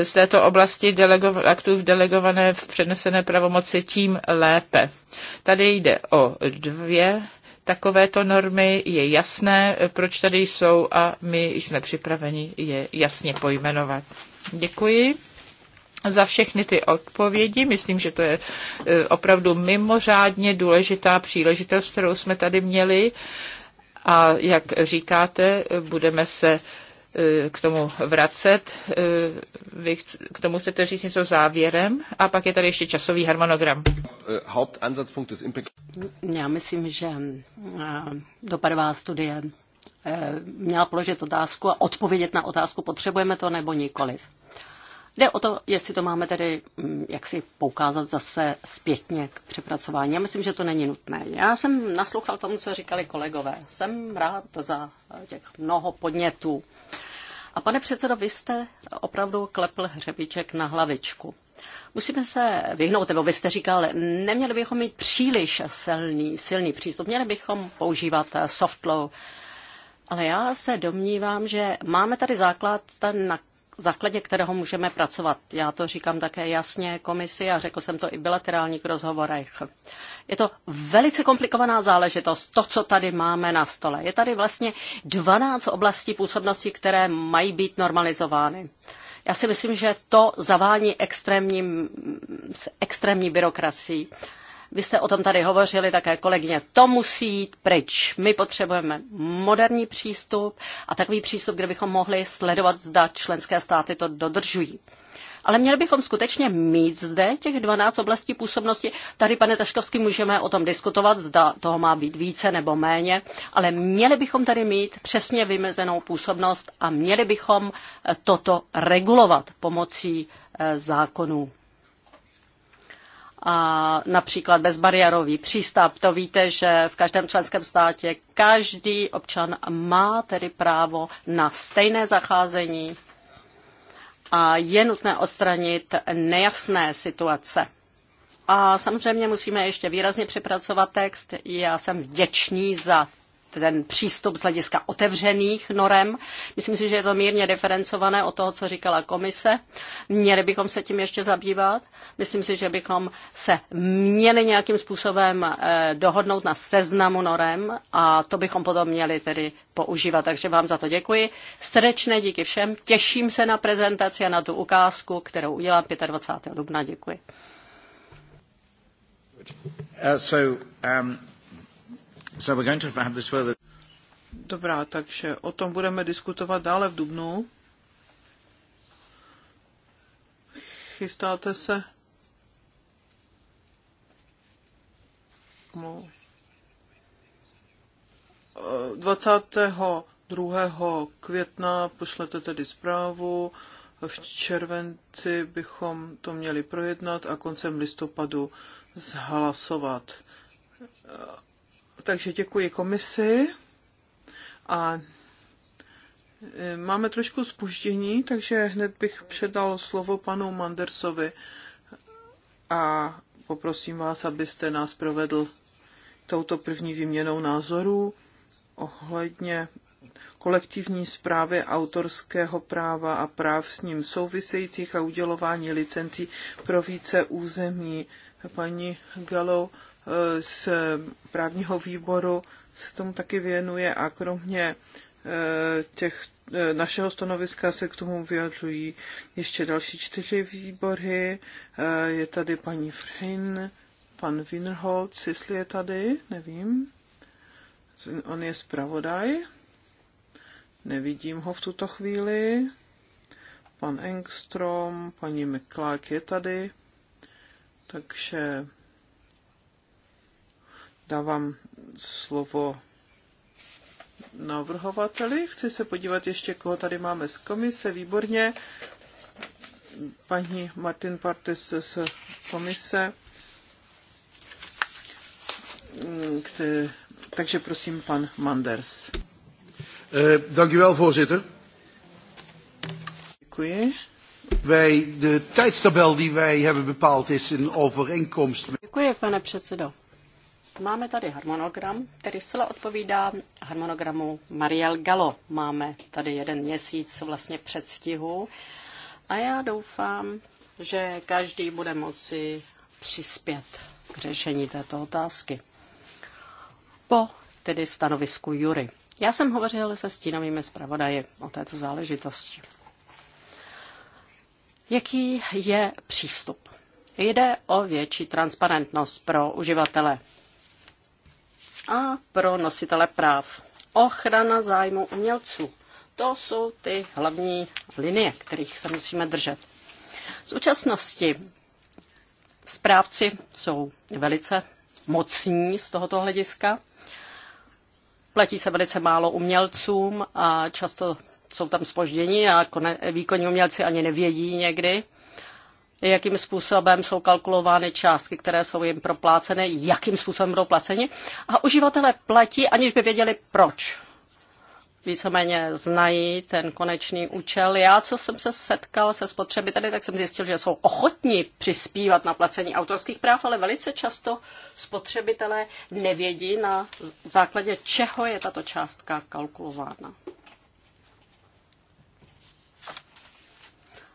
[SPEAKER 1] z této oblasti delego, aktů v delegované v přenesené pravomoci tím lépe. Tady jde o dvě takovéto normy, je jasné, proč tady jsou a my jsme připraveni je jasně pojmenovat. Děkuji za všechny ty odpovědi. Myslím, že to je eh, opravdu mimořádně důležitá příležitost, kterou jsme tady měli. A jak říkáte, budeme se Eh, k tomu vracet. Eh, vy k tomu chcete říct
[SPEAKER 3] něco závěrem? A pak je tady ještě časový harmonogram.
[SPEAKER 2] Eh,
[SPEAKER 3] Já myslím, že dopadová studie měla položit otázku a odpovědět na otázku, potřebujeme to nebo nikoliv. Jde o to, jestli to máme tedy mm, jak si poukázat zase zpětně k přepracování. Já myslím, že to není nutné. Já jsem naslouchal tomu, co říkali kolegové. Jsem rád za těch mnoho podnětů. A pane předsedo, vy jste opravdu klepl hřebíček na hlavičku. Musíme se vyhnout, nebo vy jste říkal, neměli bychom mít příliš silný, silný přístup, měli bychom používat soft law. Ale já se domnívám, že máme tady základ, na základě kterého můžeme pracovat. Já to říkám také jasně komisi a řekl jsem to i v bilaterálních rozhovorech. Je to velice komplikovaná záležitost, to, co tady máme na stole. Je tady vlastně 12 oblastí působnosti, které mají být normalizovány. Já si myslím, že to zavání extrémní, extrémní byrokracií. Vy jste o tom tady hovořili také kolegyně. To musí jít pryč. My potřebujeme moderní přístup a takový přístup, kde bychom mohli sledovat, zda členské státy to dodržují. Ale měli bychom skutečně mít zde těch 12 oblastí působnosti. Tady, pane Taškovský, můžeme o tom diskutovat, zda toho má být více nebo méně, ale měli bychom tady mít přesně vymezenou působnost a měli bychom toto regulovat pomocí eh, zákonů a například bezbariérový přístup. To víte, že v každém členském státě každý občan má tedy právo na stejné zacházení a je nutné odstranit nejasné situace. A samozřejmě musíme ještě výrazně přepracovat text. Já jsem vděčný za ten přístup z hlediska otevřených norem. Myslím si, že je to mírně diferencované od toho, co říkala komise. Měli bychom se tím ještě zabývat. Myslím si, že bychom se měli nějakým způsobem eh, dohodnout na seznamu norem a to bychom potom měli tedy používat. Takže vám za to děkuji. Srdečné díky všem. Těším se na prezentaci a na tu ukázku, kterou udělám 25. dubna. Děkuji.
[SPEAKER 1] Uh, so, um... So we're going to have this further...
[SPEAKER 3] Dobrá, takže o tom budeme
[SPEAKER 2] diskutovat dále v Dubnu. Chystáte se? No. 22. května pošlete tedy zprávu. V červenci bychom to měli projednat a koncem listopadu zhlasovat takže děkuji komisi a e, máme trošku spoždění, takže hned bych předal slovo panu Mandersovi a poprosím vás, abyste nás provedl touto první výměnou názorů ohledně kolektivní zprávy autorského práva a práv s ním souvisejících a udělování licencí pro více území. Paní Galou z právního výboru se tomu taky věnuje a kromě e, těch e, našeho stanoviska se k tomu vyjadřují ještě další čtyři výbory. E, je tady paní Frein, pan Winnerholz, jestli je tady, nevím. On je zpravodaj. Nevidím ho v tuto chvíli. Pan Engstrom, paní McClark je tady. Takže dávám slovo navrhovateli. Chci se podívat ještě, koho tady máme z komise. Výborně. Paní Martin Partis z komise. Mm, Který... Takže prosím, pan Manders. Eh, dank u wel, voorzitter. Děkuji. Wij, de tijdstabel die wij hebben bepaald is een overeenkomst.
[SPEAKER 3] Děkuji, pane předsedo. Máme tady harmonogram, který zcela odpovídá harmonogramu Mariel Galo. Máme tady jeden měsíc vlastně předstihu a já doufám, že každý bude moci přispět k řešení této otázky. Po tedy stanovisku Jury. Já jsem hovořil se stínovými zpravodaji o této záležitosti. Jaký je přístup? Jde o větší transparentnost pro uživatele a pro nositele práv. Ochrana zájmu umělců. To jsou ty hlavní linie, kterých se musíme držet. V současnosti správci jsou velice mocní z tohoto hlediska. Platí se velice málo umělcům a často jsou tam spoždění a výkonní umělci ani nevědí někdy, jakým způsobem jsou kalkulovány částky, které jsou jim propláceny, jakým způsobem budou placeni. A uživatelé platí, aniž by věděli proč. Víceméně znají ten konečný účel. Já, co jsem se setkal se spotřebiteli, tak jsem zjistil, že jsou ochotní přispívat na placení autorských práv, ale velice často spotřebitelé nevědí, na základě čeho je tato částka kalkulována.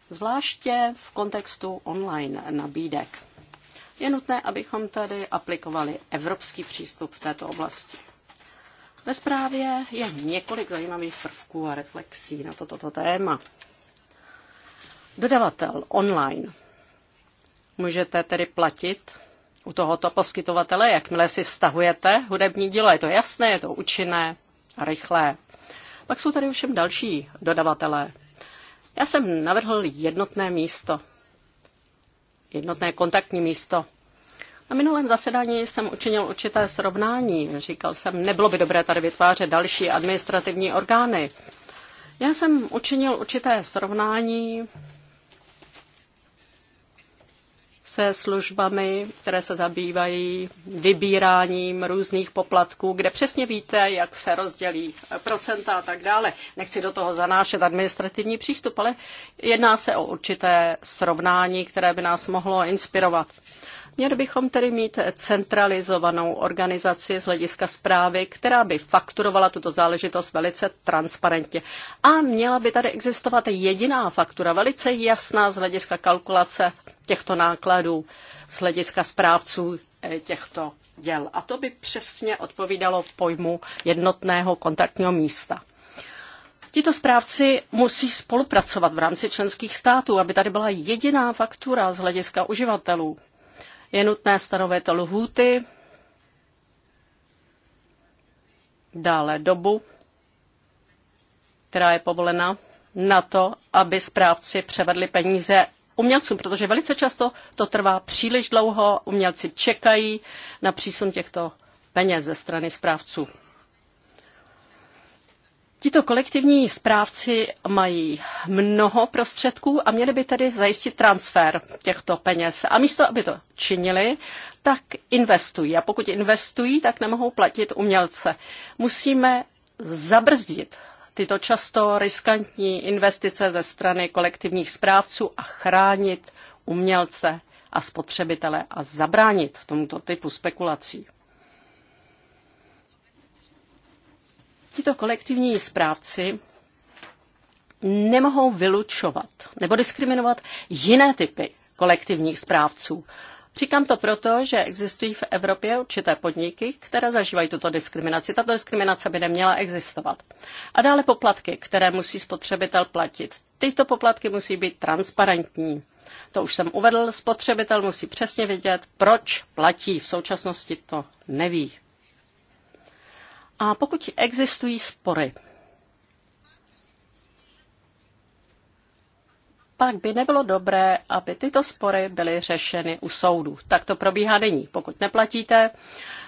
[SPEAKER 3] zvláště v kontextu online nabídek. Je nutné, abychom tady aplikovali evropský přístup v této oblasti. Ve zprávě je několik zajímavých prvků a reflexí na toto to téma. Dodavatel online. Můžete tedy platit u tohoto poskytovatele, jakmile si stahujete hudební dílo. Je to jasné, je to účinné a rychlé. Pak jsou tady ovšem další dodavatelé, já jsem navrhl jednotné místo, jednotné kontaktní místo. Na minulém zasedání jsem učinil určité srovnání. Říkal jsem, nebylo by dobré tady vytvářet další administrativní orgány. Já jsem učinil určité srovnání se službami, které se zabývají vybíráním různých poplatků, kde přesně víte, jak se rozdělí procenta a tak dále. Nechci do toho zanášet administrativní přístup, ale jedná se o určité srovnání, které by nás mohlo inspirovat. Měli bychom tedy mít centralizovanou organizaci z hlediska zprávy, která by fakturovala tuto záležitost velice transparentně. A měla by tady existovat jediná faktura, velice jasná z hlediska kalkulace těchto nákladů z hlediska správců eh, těchto děl. A to by přesně odpovídalo pojmu jednotného kontaktního místa. Tito správci musí spolupracovat v rámci členských států, aby tady byla jediná faktura z hlediska uživatelů. Je nutné stanovit lhůty, dále dobu, která je povolena na to, aby správci převedli peníze umělcům, protože velice často to trvá příliš dlouho, umělci čekají na přísun těchto peněz ze strany správců. Tito kolektivní správci mají mnoho prostředků a měli by tedy zajistit transfer těchto peněz. A místo, aby to činili, tak investují. A pokud investují, tak nemohou platit umělce. Musíme zabrzdit tyto často riskantní investice ze strany kolektivních správců a chránit umělce a spotřebitele a zabránit tomuto typu spekulací. Tito kolektivní správci nemohou vylučovat nebo diskriminovat jiné typy kolektivních správců. Říkám to proto, že existují v Evropě určité podniky, které zažívají tuto diskriminaci. Tato diskriminace by neměla existovat. A dále poplatky, které musí spotřebitel platit. Tyto poplatky musí být transparentní. To už jsem uvedl, spotřebitel musí přesně vědět, proč platí. V současnosti to neví. A pokud existují spory pak by nebylo dobré, aby tyto spory byly řešeny u soudu. Tak to probíhá nyní. Pokud neplatíte,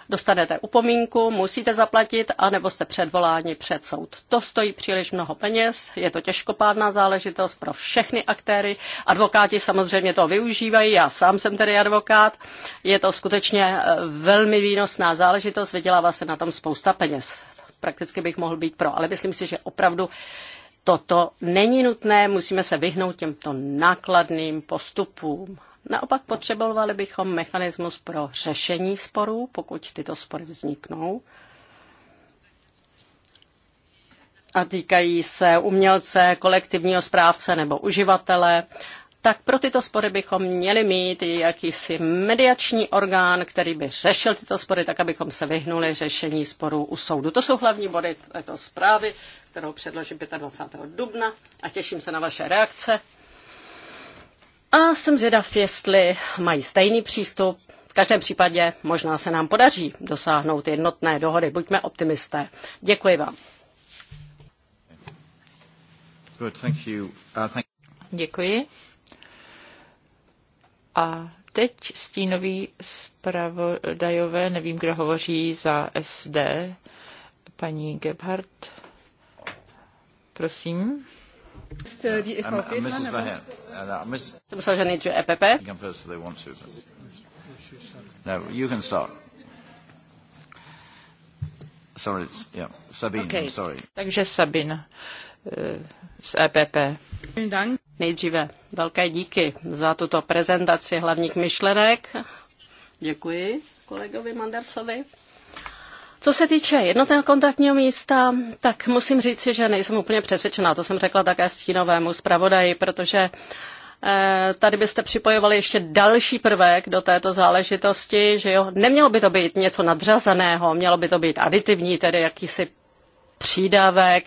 [SPEAKER 3] dostanete upomínku, musíte zaplatit, anebo jste předvoláni před soud. To stojí příliš mnoho peněz, je to těžkopádná záležitost pro všechny aktéry. Advokáti samozřejmě to využívají, já sám jsem tedy advokát. Je to skutečně eh, velmi výnosná záležitost, vydělává se na tom spousta peněz. Prakticky bych mohl být pro, ale myslím si, že opravdu toto není nutné, musíme se vyhnout těmto nákladným postupům. Naopak potřebovali bychom mechanismus pro řešení sporů, pokud tyto spory vzniknou. A týkají se umělce, kolektivního správce nebo uživatele tak pro tyto spory bychom měli mít jakýsi mediační orgán, který by řešil tyto spory, tak abychom se vyhnuli řešení sporů u soudu. To jsou hlavní body této zprávy, kterou předložím 25. dubna a těším se na vaše reakce. A jsem zvědav, jestli mají stejný přístup. V každém případě možná se nám podaří dosáhnout jednotné dohody. Buďme optimisté. Děkuji vám.
[SPEAKER 1] Good, thank you. Uh, thank... Děkuji. A teď stínový zpravodajové, nevím, kdo hovoří za SD, paní Gebhardt.
[SPEAKER 3] Prosím. Jsem myslel, že nejdřív EPP. No, you can start.
[SPEAKER 1] Sorry, yeah. Sabine, okay. sorry. Takže Sabina
[SPEAKER 3] eh, z EPP. Nejdříve velké díky za tuto prezentaci hlavních myšlenek. Děkuji kolegovi Mandersovi. Co se týče jednotného kontaktního místa, tak musím říci, že nejsem úplně přesvědčená. To jsem řekla také stínovému zpravodaji, protože eh, tady byste připojovali ještě další prvek do této záležitosti, že jo, nemělo by to být něco nadřazeného, mělo by to být aditivní, tedy jakýsi přídavek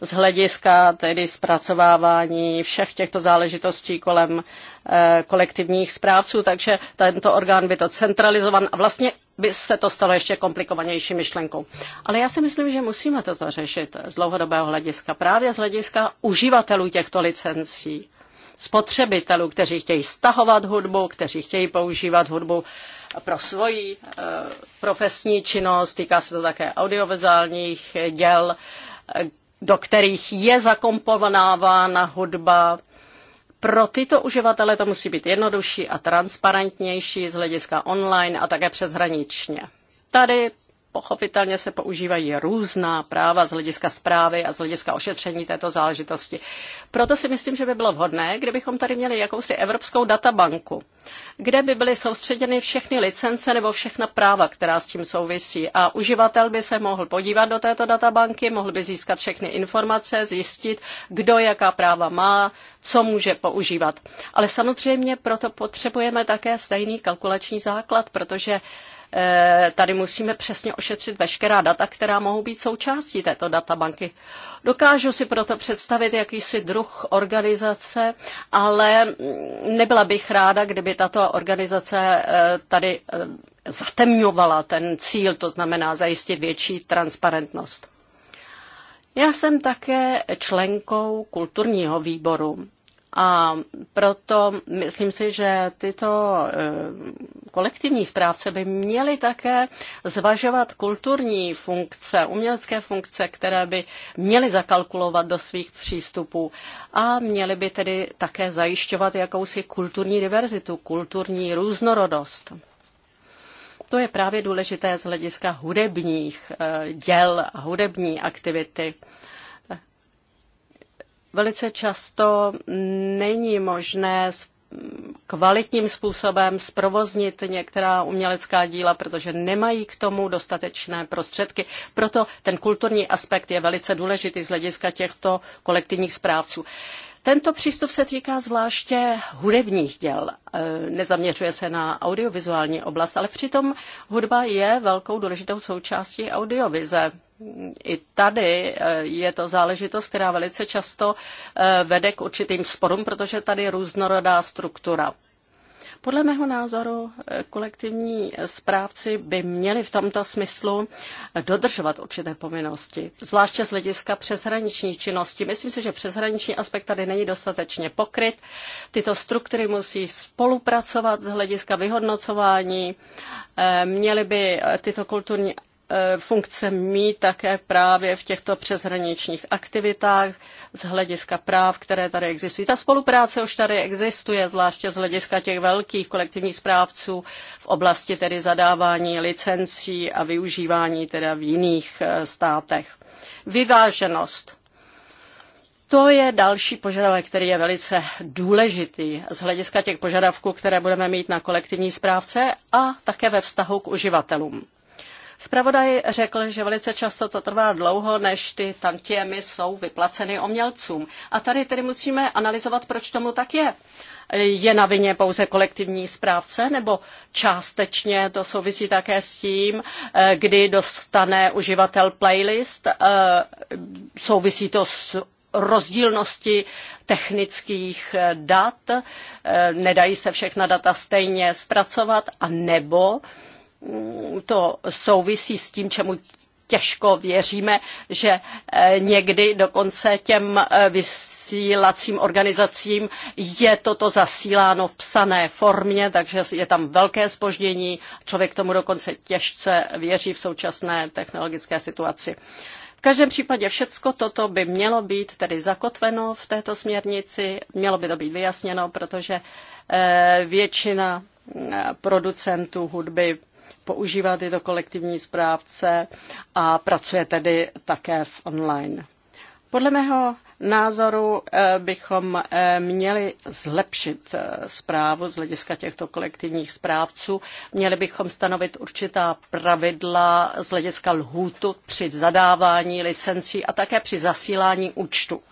[SPEAKER 3] z hlediska tedy zpracovávání všech těchto záležitostí kolem eh, kolektivních správců, takže tento orgán by to centralizovan a vlastně by se to stalo ještě komplikovanější myšlenkou. Ale já si myslím, že musíme toto řešit z dlouhodobého hlediska, právě z hlediska uživatelů těchto licencí, spotřebitelů, kteří chtějí stahovat hudbu, kteří chtějí používat hudbu pro svoji eh, profesní činnost, týká se to také audiovizuálních děl, eh, do kterých je zakomponována hudba. Pro tyto uživatele to musí být jednodušší a transparentnější z hlediska online a také přeshraničně. Tady pochopitelně se používají různá práva z hlediska zprávy a z hlediska ošetření této záležitosti. Proto si myslím, že by bylo vhodné, kdybychom tady měli jakousi evropskou databanku, kde by byly soustředěny všechny licence nebo všechna práva, která s tím souvisí. A uživatel by se mohl podívat do této databanky, mohl by získat všechny informace, zjistit, kdo jaká práva má, co může používat. Ale samozřejmě proto potřebujeme také stejný kalkulační základ, protože Eh, tady musíme přesně ošetřit veškerá data, která mohou být součástí této databanky. Dokážu si proto představit jakýsi druh organizace, ale mm, nebyla bych ráda, kdyby tato organizace eh, tady eh, zatemňovala ten cíl, to znamená zajistit větší transparentnost. Já jsem také členkou kulturního výboru a proto myslím si, že tyto eh, kolektivní správce by měli také zvažovat kulturní funkce, umělecké funkce, které by měli zakalkulovat do svých přístupů a měli by tedy také zajišťovat jakousi kulturní diverzitu, kulturní různorodost. To je právě důležité z hlediska hudebních eh, děl a hudební aktivity velice často není možné kvalitním způsobem zprovoznit některá umělecká díla, protože nemají k tomu dostatečné prostředky. Proto ten kulturní aspekt je velice důležitý z hlediska těchto kolektivních správců. Tento přístup se týká zvláště hudebních děl. E, nezaměřuje se na audiovizuální oblast, ale přitom hudba je velkou důležitou součástí audiovize i tady eh, je to záležitost, která velice často eh, vede k určitým sporům, protože tady je různorodá struktura. Podle mého názoru eh, kolektivní správci by měli v tomto smyslu dodržovat určité povinnosti, zvláště z hlediska přeshraničních činností. Myslím si, že přeshraniční aspekt tady není dostatečně pokryt. Tyto struktury musí spolupracovat z hlediska vyhodnocování, měly by tyto kulturní funkce mít také právě v těchto přeshraničních aktivitách z hlediska práv, které tady existují. Ta spolupráce už tady existuje, zvláště z hlediska těch velkých kolektivních správců v oblasti tedy zadávání licencí a využívání teda v jiných eh, státech. Vyváženost. To je další požadavek, který je velice důležitý z hlediska těch požadavků, které budeme mít na kolektivní správce a také ve vztahu k uživatelům. Spravodaj řekl, že velice často to trvá dlouho, než ty tantiemy jsou vyplaceny omělcům. A tady tedy musíme analyzovat, proč tomu tak je. Je na vině pouze kolektivní správce, nebo částečně to souvisí také s tím, eh, kdy dostane uživatel playlist, eh, souvisí to s rozdílnosti technických eh, dat, nedají se všechna data stejně zpracovat, a nebo to souvisí s tím, čemu těžko věříme, že e, někdy dokonce těm e, vysílacím organizacím je toto zasíláno v psané formě, takže je tam velké spoždění. Člověk tomu dokonce těžce věří v současné technologické situaci. V každém případě všecko toto by mělo být tedy zakotveno v této směrnici, mělo by to být vyjasněno, protože e, většina producentů hudby používá tyto kolektivní správce a pracuje tedy také v online. Podle mého názoru eh, bychom eh, měli zlepšit eh, zprávu z hlediska těchto kolektivních správců. Měli bychom stanovit určitá pravidla z hlediska lhůtu při zadávání licencí a také při zasílání účtu.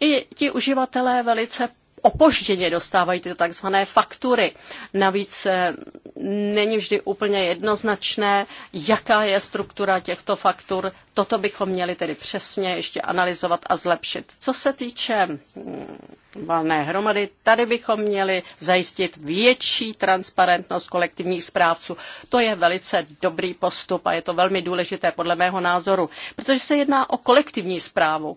[SPEAKER 3] I ti uživatelé velice opožděně dostávají tyto takzvané faktury. Navíc eh, není vždy úplně jednoznačné, jaká je struktura těchto faktur. Toto bychom měli tedy přesně ještě analyzovat a zlepšit. Co se týče mm, valné hromady, tady bychom měli zajistit větší transparentnost kolektivních správců. To je velice dobrý postup a je to velmi důležité podle mého názoru, protože se jedná o kolektivní správu.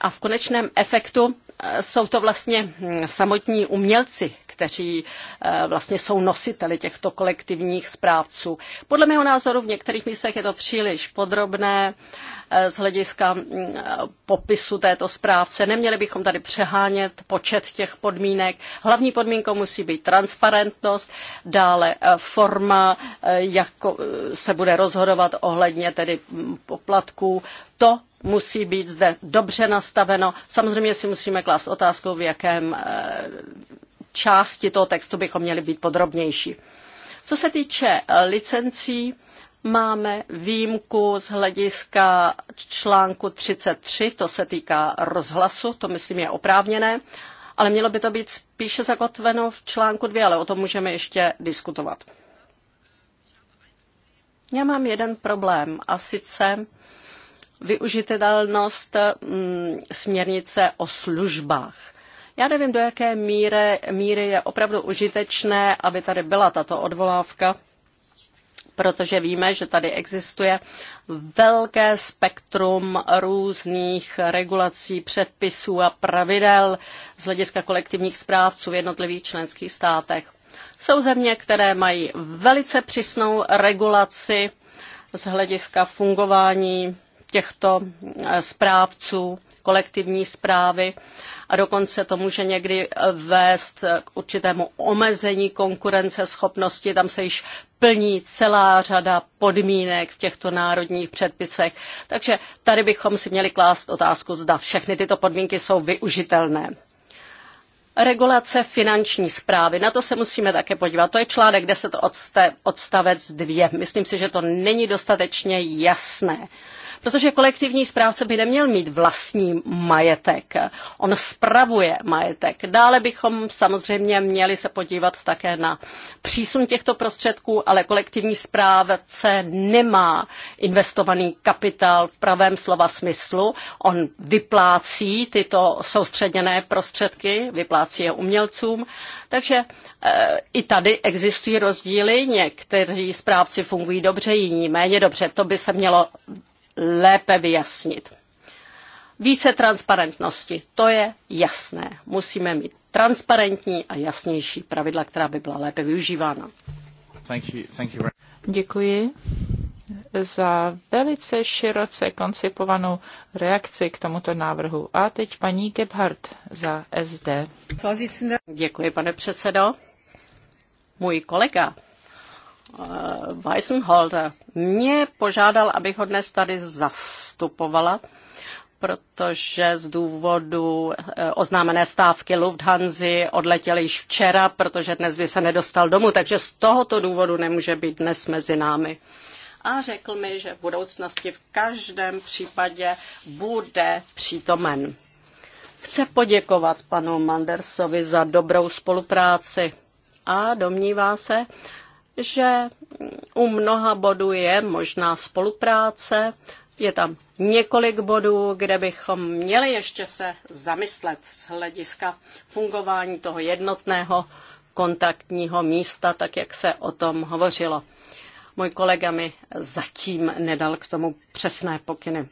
[SPEAKER 3] A v konečném efektu jsou to vlastně hm, samotní umělci, kteří eh, vlastně jsou nositeli těchto kolektivních správců. Podle mého názoru v některých místech je to příliš podrobné eh, z hlediska hm, popisu této správce. Neměli bychom tady přehánět počet těch podmínek. Hlavní podmínkou musí být transparentnost, dále eh, forma, jak se bude rozhodovat ohledně tedy hm, poplatků to musí být zde dobře nastaveno. Samozřejmě si musíme klást otázku, v jakém eh, části toho textu bychom měli být podrobnější. Co se týče licencí, máme výjimku z hlediska článku 33, to se týká rozhlasu, to myslím je oprávněné, ale mělo by to být spíše zakotveno v článku 2, ale o tom můžeme ještě diskutovat. Já mám jeden problém a sice využitelnost mm, směrnice o službách. Já nevím, do jaké míry, míry je opravdu užitečné, aby tady byla tato odvolávka, protože víme, že tady existuje velké spektrum různých regulací, předpisů a pravidel z hlediska kolektivních správců v jednotlivých členských státech. Jsou země, které mají velice přísnou regulaci z hlediska fungování těchto eh, správců kolektivní zprávy a dokonce to může někdy eh, vést eh, k určitému omezení konkurenceschopnosti. Tam se již plní celá řada podmínek v těchto národních předpisech. Takže tady bychom si měli klást otázku, zda všechny tyto podmínky jsou využitelné. Regulace finanční zprávy, na to se musíme také podívat. To je článek 10 odstavec 2. Myslím si, že to není dostatečně jasné. Uh, protože kolektivní správce by neměl mít vlastní majetek. On spravuje majetek. Dále bychom samozřejmě měli se podívat také na přísun těchto prostředků, ale kolektivní správce nemá investovaný kapitál v pravém slova smyslu. On vyplácí tyto soustředěné prostředky, vyplácí je umělcům. Takže e, i tady existují rozdíly. Někteří správci fungují dobře, jiní méně dobře. To by se mělo lépe vyjasnit. Více transparentnosti, to je jasné. Musíme mít transparentní a jasnější pravidla, která by byla lépe využívána. Thank you, thank you. Děkuji
[SPEAKER 1] za velice široce koncipovanou reakci k tomuto návrhu. A teď
[SPEAKER 3] paní Gebhardt za SD. Děkuji, pane předsedo. Můj kolega Eh, Weissenholder mě požádal, abych ho dnes tady zastupovala, protože z důvodu eh, oznámené stávky Lufthansa odletěl již včera, protože dnes by se nedostal domů, takže z tohoto důvodu nemůže být dnes mezi námi. A řekl mi, že v budoucnosti v každém případě bude přítomen. Chce poděkovat panu Mandersovi za dobrou spolupráci a domnívá se, že u mnoha bodů je možná spolupráce, je tam několik bodů, kde bychom měli ještě se zamyslet z hlediska fungování toho jednotného kontaktního místa, tak jak se o tom hovořilo. Můj kolega mi zatím nedal k tomu přesné pokyny.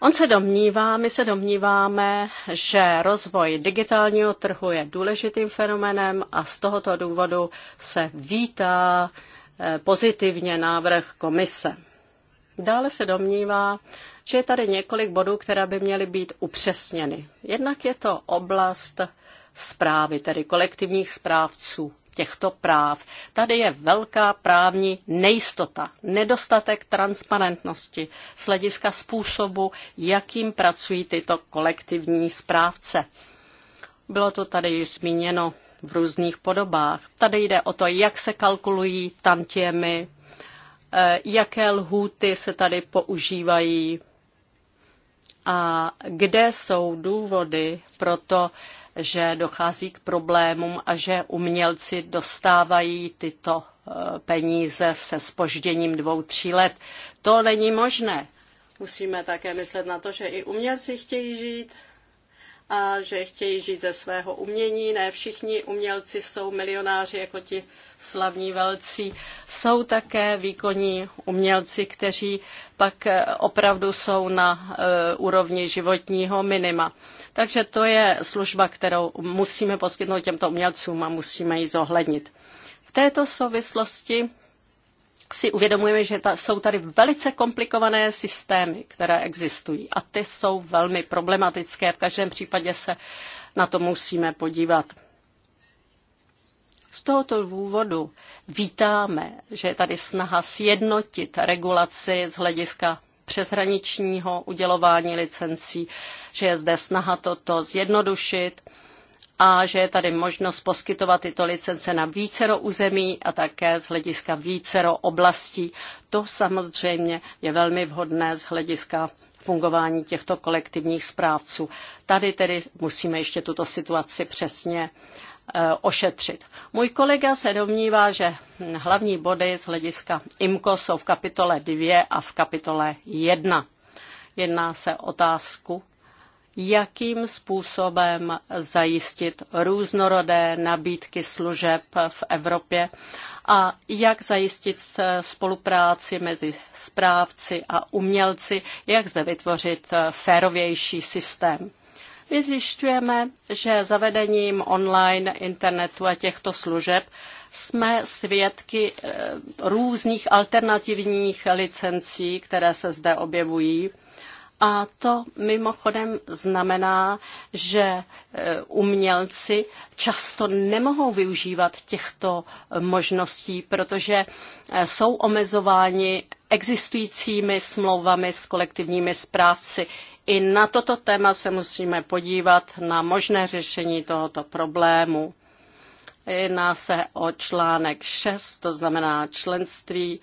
[SPEAKER 3] On se domnívá, my se domníváme, že rozvoj digitálního trhu je důležitým fenomenem a z tohoto důvodu se vítá eh, pozitivně návrh komise. Dále se domnívá, že je tady několik bodů, které by měly být upřesněny. Jednak je to oblast zprávy, tedy kolektivních správců těchto práv. Tady je velká právní nejistota, nedostatek transparentnosti z hlediska způsobu, jakým pracují tyto kolektivní správce. Bylo to tady již zmíněno v různých podobách. Tady jde o to, jak se kalkulují tantiemy, eh, jaké lhůty se tady používají a kde jsou důvody pro to, že dochází k problémům a že umělci dostávají tyto eh, peníze se spožděním dvou, tří let. To není možné. Musíme také myslet na to, že i umělci chtějí žít, a že chtějí žít ze svého umění. Ne všichni umělci jsou milionáři jako ti slavní velcí. Jsou také výkonní umělci, kteří pak eh, opravdu jsou na eh, úrovni životního minima. Takže to je služba, kterou musíme poskytnout těmto umělcům a musíme ji zohlednit. V této souvislosti si uvědomujeme, že ta, jsou tady velice komplikované systémy, které existují a ty jsou velmi problematické. V každém případě se na to musíme podívat. Z tohoto důvodu vítáme, že je tady snaha sjednotit regulaci z hlediska přeshraničního udělování licencí, že je zde snaha toto zjednodušit a že je tady možnost poskytovat tyto licence na vícero území a také z hlediska vícero oblastí. To samozřejmě je velmi vhodné z hlediska fungování těchto kolektivních správců. Tady tedy musíme ještě tuto situaci přesně e, ošetřit. Můj kolega se domnívá, že hlavní body z hlediska IMCO jsou v kapitole 2 a v kapitole 1. Jedná se otázku jakým způsobem zajistit různorodé nabídky služeb v Evropě a jak zajistit spolupráci mezi správci a umělci, jak zde vytvořit férovější systém. My zjišťujeme, že zavedením online internetu a těchto služeb jsme svědky eh, různých alternativních licencí, které se zde objevují a to mimochodem znamená, že e, umělci často nemohou využívat těchto e, možností, protože e, jsou omezováni existujícími smlouvami s kolektivními správci. I na toto téma se musíme podívat na možné řešení tohoto problému. Jedná se o článek 6, to znamená členství.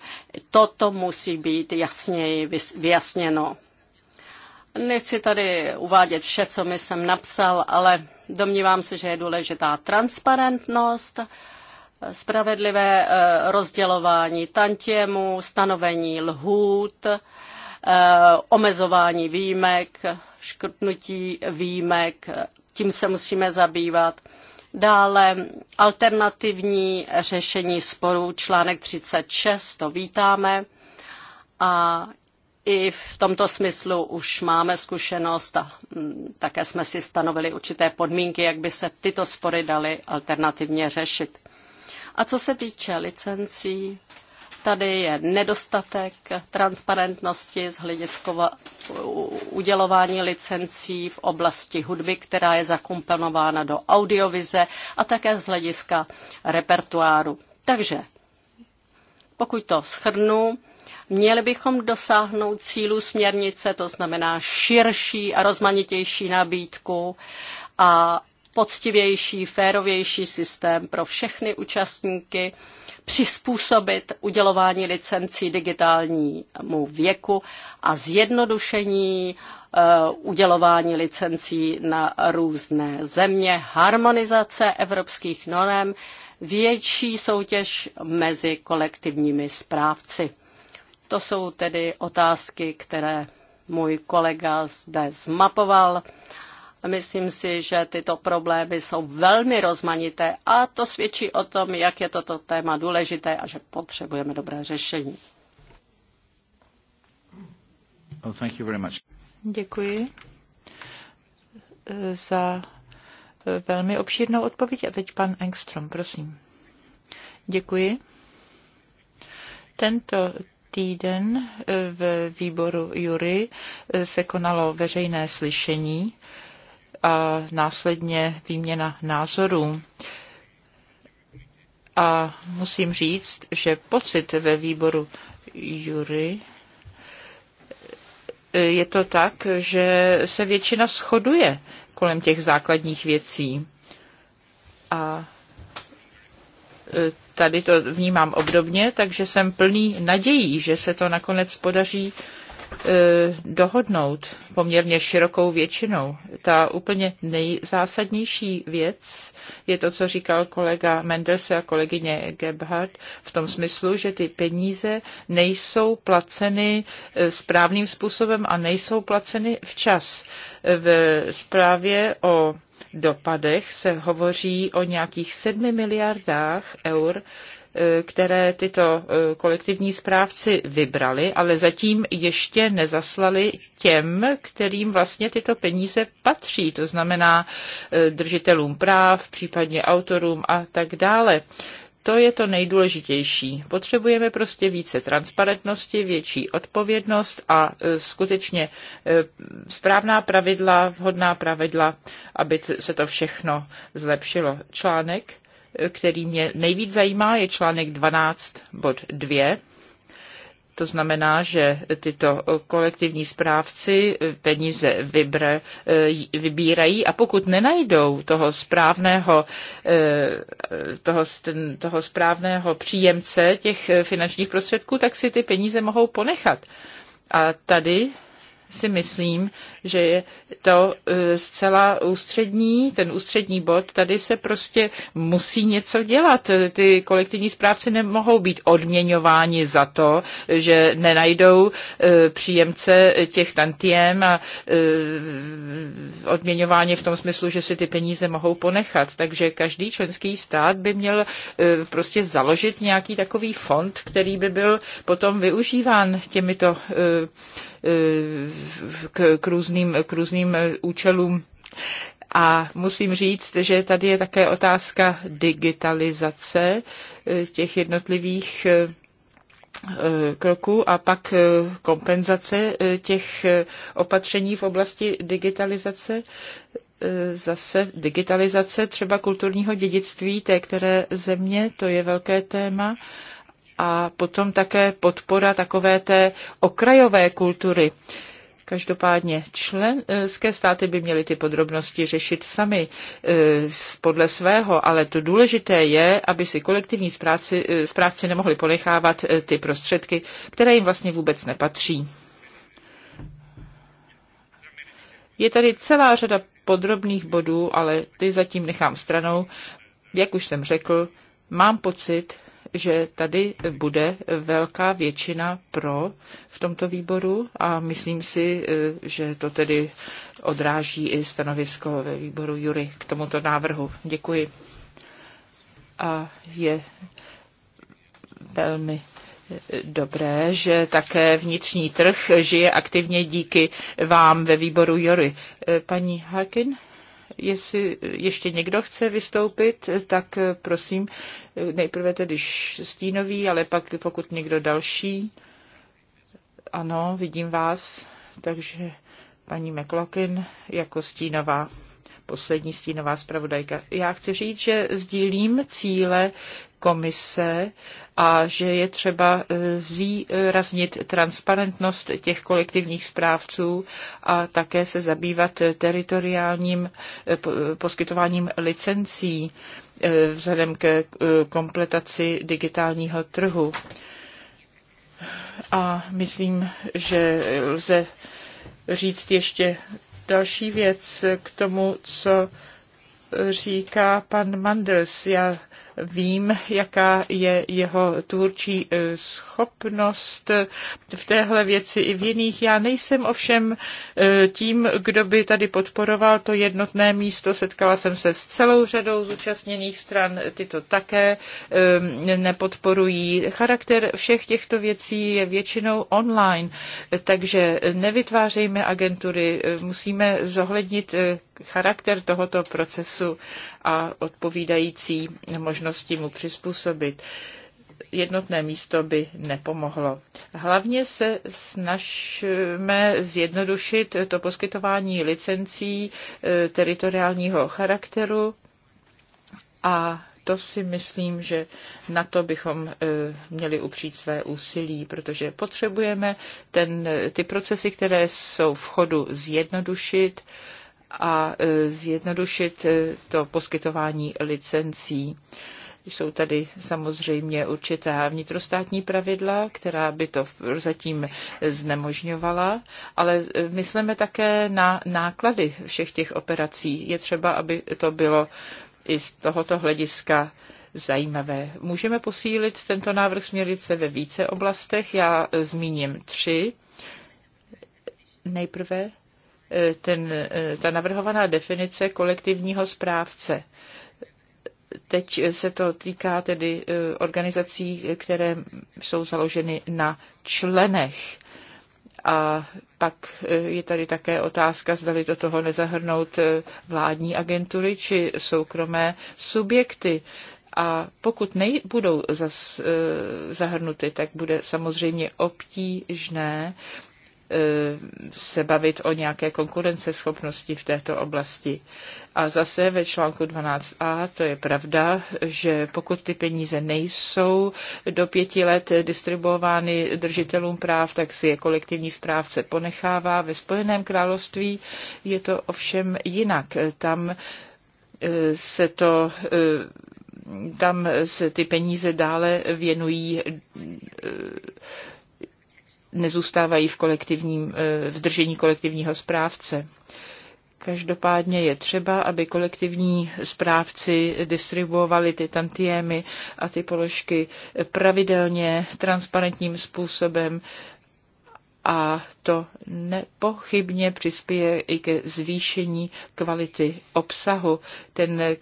[SPEAKER 3] Toto musí být jasněji vyjasněno. Nechci tady uvádět vše, co mi jsem napsal, ale domnívám se, že je důležitá transparentnost, spravedlivé eh, rozdělování tantiemu, stanovení lhůt, eh, omezování výjimek, škrtnutí výjimek, tím se musíme zabývat. Dále alternativní řešení sporů, článek 36, to vítáme. A i v tomto smyslu už máme zkušenost a mm, také jsme si stanovili určité podmínky, jak by se tyto spory daly alternativně řešit. A co se týče licencí, tady je nedostatek transparentnosti z hlediska udělování licencí v oblasti hudby, která je zakomponována do audiovize a také z hlediska repertoáru. Takže pokud to schrnu, Měli bychom dosáhnout cílů směrnice, to znamená širší a rozmanitější nabídku a poctivější, férovější systém pro všechny účastníky, přizpůsobit udělování licencí digitálnímu věku a zjednodušení eh, udělování licencí na různé země, harmonizace evropských norem, větší soutěž mezi kolektivními správci. To jsou tedy otázky, které můj kolega zde zmapoval. Myslím si, že tyto problémy jsou velmi rozmanité a to svědčí o tom, jak je toto téma důležité a že potřebujeme dobré řešení.
[SPEAKER 1] Well, thank you very much. Děkuji eh, za eh, velmi obšírnou odpověď. A teď pan Engstrom, prosím. Děkuji. Tento týden eh, v výboru Jury eh, se konalo veřejné slyšení a následně výměna názorů. A musím říct, že pocit ve výboru Jury eh, je to tak, že se většina shoduje kolem těch základních věcí. A tady to vnímám obdobně, takže jsem plný nadějí, že se to nakonec podaří e, dohodnout poměrně širokou většinou. Ta úplně nejzásadnější věc je to, co říkal kolega Mendelse a kolegyně Gebhardt v tom smyslu, že ty peníze nejsou placeny e, správným způsobem a nejsou placeny včas. E, v zprávě o dopadech se hovoří o nějakých 7 miliardách eur, eh, které tyto eh, kolektivní správci vybrali, ale zatím ještě nezaslali těm, kterým vlastně tyto peníze patří, to znamená eh, držitelům práv, případně autorům a tak dále. To je to nejdůležitější. Potřebujeme prostě více transparentnosti, větší odpovědnost a e, skutečně e, správná pravidla, vhodná pravidla, aby se to všechno zlepšilo. Článek, e, který mě nejvíc zajímá, je článek 12 bod 2 to znamená, že tyto kolektivní správci peníze vybre, eh, vybírají a pokud nenajdou toho správného, eh, toho, toho správného příjemce těch finančních prostředků, tak si ty peníze mohou ponechat. A tady si myslím, že je to e, zcela ústřední, ten ústřední bod, tady se prostě musí něco dělat. Ty kolektivní zprávci nemohou být odměňováni za to, že nenajdou e, příjemce těch tantiem a e, odměňování v tom smyslu, že si ty peníze mohou ponechat. Takže každý členský stát by měl prostě založit nějaký takový fond, který by byl potom využíván těmito k, k, různým, k různým účelům. A musím říct, že tady je také otázka digitalizace eh, těch jednotlivých eh, eh, kroků a pak kompenzace těch opatření v oblasti digitalizace zase digitalizace třeba kulturního dědictví té které země, to je velké téma a potom také podpora takové té okrajové kultury. Každopádně členské státy by měly ty podrobnosti řešit sami e, podle svého, ale to důležité je, aby si kolektivní zpráci, e, správci nemohli ponechávat e, ty prostředky, které jim vlastně vůbec nepatří. Je tady celá řada podrobných bodů, ale ty zatím nechám stranou. Jak už jsem řekl, mám pocit, že tady bude velká většina pro v tomto výboru a myslím si, eh, že to tedy odráží i stanovisko ve výboru Jury k tomuto návrhu. Děkuji. A je velmi eh, Dobré, že také vnitřní trh žije aktivně díky vám ve výboru Jury. Eh, paní Harkin? Jestli ještě někdo chce vystoupit, tak eh, prosím, eh, nejprve tedy stínový, ale pak pokud někdo další. Ano, vidím vás, takže paní McLaughlin jako stínová poslední stínová zpravodajka. Já chci říct, že sdílím cíle komise a že je třeba e, zvýraznit transparentnost těch kolektivních správců a také se zabývat teritoriálním e, poskytováním licencí e, vzhledem ke kompletaci digitálního trhu. A myslím, že lze říct ještě Další věc k tomu, co říká pan Mandels. Já Vím, jaká je jeho tvůrčí e, schopnost v téhle věci i v jiných. Já nejsem ovšem e, tím, kdo by tady podporoval to jednotné místo. Setkala jsem se s celou řadou zúčastněných stran, ty to také e, nepodporují. Charakter všech těchto věcí je většinou online, takže nevytvářejme agentury, musíme zohlednit charakter tohoto procesu a odpovídající možnosti mu přizpůsobit jednotné místo by nepomohlo. Hlavně se snažíme zjednodušit to poskytování licencí eh, teritoriálního charakteru a to si myslím, že na to bychom eh, měli upřít své úsilí, protože potřebujeme ten, ty procesy, které jsou v chodu, zjednodušit, a e, zjednodušit e, to poskytování licencí. Jsou tady samozřejmě určitá vnitrostátní pravidla, která by to zatím znemožňovala, ale e, myslíme také na náklady všech těch operací. Je třeba, aby to bylo i z tohoto hlediska zajímavé. Můžeme posílit tento návrh směrnice ve více oblastech. Já zmíním tři. Nejprve E, ten, e, ta navrhovaná definice kolektivního správce. Teď se to týká tedy e, organizací, které jsou založeny na členech. A pak je tady také otázka, zdali do toho nezahrnout vládní agentury či soukromé subjekty. A pokud nebudou zahrnuty, tak bude samozřejmě obtížné se bavit o nějaké konkurenceschopnosti v této oblasti. A zase ve článku 12a, to je pravda, že pokud ty peníze nejsou do pěti let distribuovány držitelům práv, tak si je kolektivní správce ponechává. Ve Spojeném království je to ovšem jinak. Tam eh, se to eh, tam se ty peníze dále věnují eh, nezůstávají v, kolektivním, eh, v držení kolektivního správce. Každopádně je třeba, aby kolektivní správci distribuovali ty tantiemy a ty položky pravidelně, transparentním způsobem a to nepochybně přispěje i ke zvýšení kvality obsahu. Ten eh,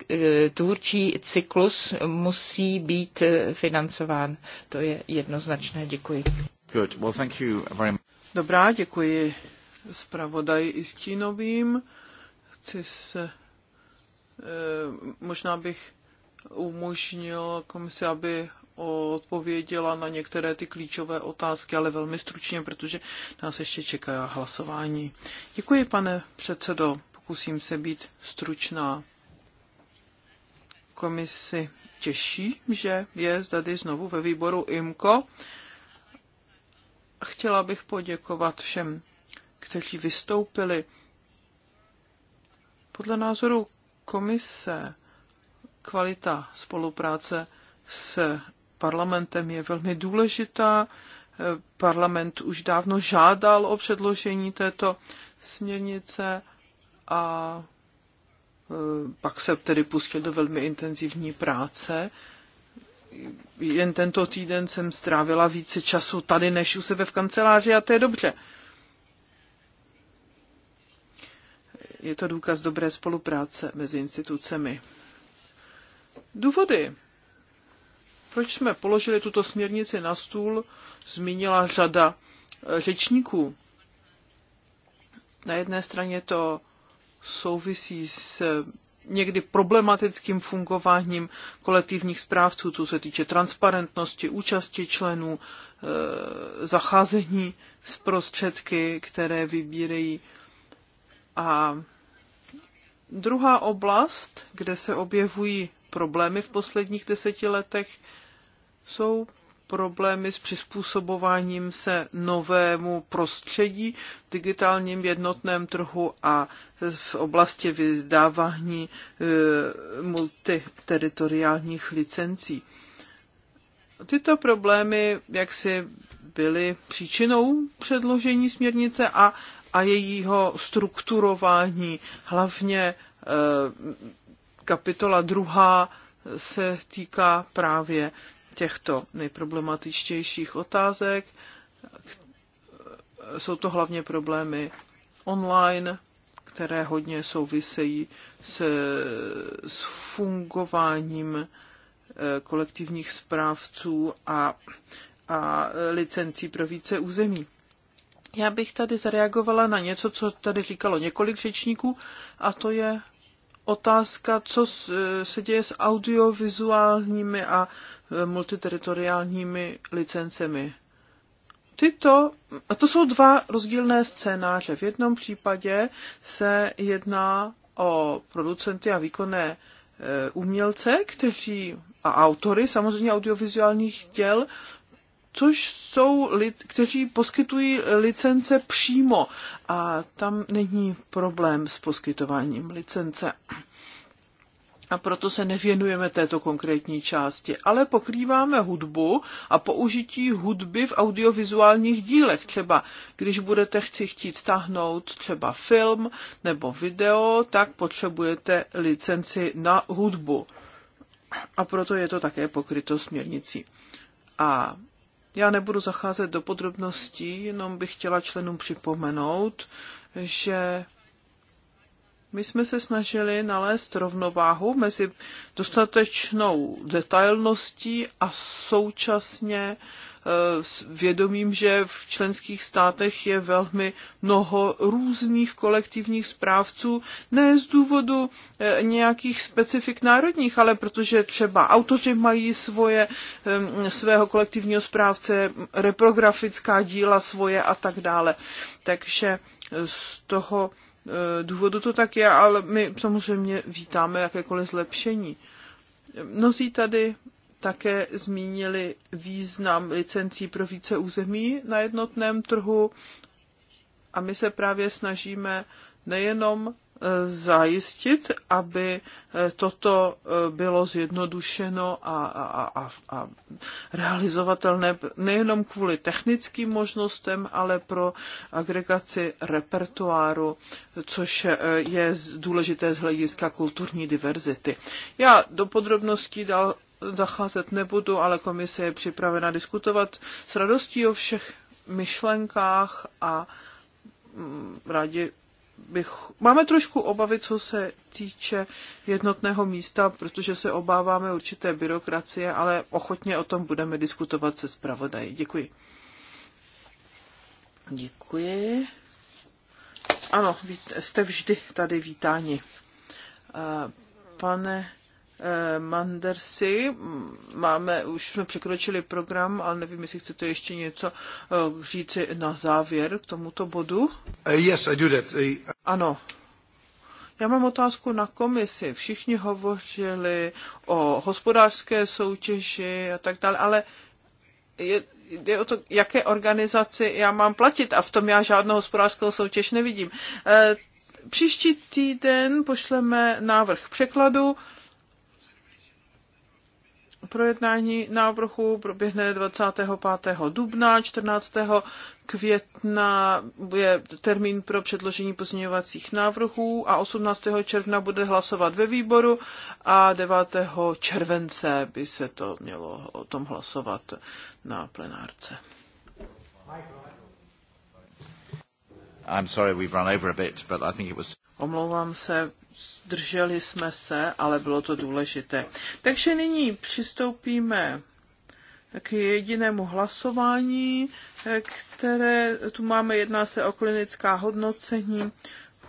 [SPEAKER 1] tvůrčí cyklus musí být eh, financován. To je jednoznačné. Děkuji. Good. Well, thank you very much. Dobrá,
[SPEAKER 2] děkuji zpravodaji i stínovým. Chci se, eh, možná bych umožnil komisi, aby odpověděla na některé ty klíčové otázky, ale velmi stručně, protože nás ještě čeká hlasování. Děkuji, pane předsedo. Pokusím se být stručná. Komisi těší, že je tady znovu ve výboru IMCO Chtěla bych poděkovat všem, kteří vystoupili. Podle názoru komise kvalita spolupráce s parlamentem je velmi důležitá. Parlament už dávno žádal o předložení této směrnice a e, pak se tedy pustil do velmi intenzivní práce jen tento týden jsem strávila více času tady než u sebe v kanceláři a to je dobře. Je to důkaz dobré spolupráce mezi institucemi. Důvody, proč jsme položili tuto směrnici na stůl, zmínila řada eh, řečníků. Na jedné straně to souvisí s někdy problematickým fungováním kolektivních správců, co se týče transparentnosti, účasti členů, e, zacházení s prostředky, které vybírají. A druhá oblast, kde se objevují problémy v posledních deseti letech, jsou problémy s přizpůsobováním se novému prostředí v digitálním jednotném trhu a v oblasti vydávání eh, multiteritoriálních licencí. Tyto problémy jaksi byly příčinou předložení směrnice a, a jejího strukturování, hlavně eh, kapitola druhá se týká právě těchto nejproblematičtějších otázek. Jsou to hlavně problémy online, které hodně souvisejí s, s fungováním eh, kolektivních správců a, a licencí pro více území. Já bych tady zareagovala na něco, co tady říkalo několik řečníků, a to je otázka, co e, se děje s audiovizuálními a e, multiteritoriálními licencemi. Tyto, a to jsou dva rozdílné scénáře. V jednom případě se jedná o producenty a výkonné e, umělce, kteří a autory samozřejmě audiovizuálních děl, což jsou lid, kteří poskytují licence přímo a tam není problém s poskytováním licence. A proto se nevěnujeme této konkrétní části, ale pokrýváme hudbu a použití hudby v audiovizuálních dílech. Třeba když budete chci chtít stáhnout třeba film nebo video, tak potřebujete licenci na hudbu. A proto je to také pokryto směrnicí. A já nebudu zacházet do podrobností, jenom bych chtěla členům připomenout, že my jsme se snažili nalézt rovnováhu mezi dostatečnou detailností a současně Eh, s vědomím, že v členských státech je velmi mnoho různých kolektivních správců, ne z důvodu eh, nějakých specifik národních, ale protože třeba autoři mají svoje, svého kolektivního správce, reprografická díla svoje a tak dále. Takže eh, z toho důvodu to tak je, ale my samozřejmě vítáme jakékoliv zlepšení. Mnozí tady také zmínili význam licencí pro více území na jednotném trhu a my se právě snažíme nejenom e, zajistit, aby e, toto e, bylo zjednodušeno a, a, a, a realizovatelné nejenom kvůli technickým možnostem, ale pro agregaci repertoáru, což je důležité z hlediska kulturní diverzity. Já do podrobností dal zacházet nebudu, ale komise je připravena diskutovat s radostí o všech myšlenkách a mm, rádi bych... Máme trošku obavy, co se týče jednotného místa, protože se obáváme určité byrokracie, ale ochotně o tom budeme diskutovat se zpravodají. Děkuji. Děkuji. Ano, jste vždy tady vítáni. Eh, pane Mandersi. Máme, už jsme překročili program, ale nevím, jestli chcete ještě něco eh, říci na závěr k tomuto bodu. Eh, yes, I do that. Eh, ano. Já mám otázku na komisi. Všichni hovořili o hospodářské soutěži a tak dále, ale je, jde o to, jaké organizaci já mám platit a v tom já žádnou hospodářskou soutěž nevidím. Příští týden pošleme návrh překladu projednání návrhu proběhne 25. dubna, 14. května je termín pro předložení pozměňovacích návrhů a 18. června bude hlasovat ve výboru a 9. července by se to mělo o tom hlasovat na plenárce.
[SPEAKER 1] I'm sorry we've run over a bit, but I think it was...
[SPEAKER 2] Omlouvám se, drželi jsme se, ale bylo to důležité. Takže nyní přistoupíme k jedinému hlasování, které tu máme. Jedná se o klinická hodnocení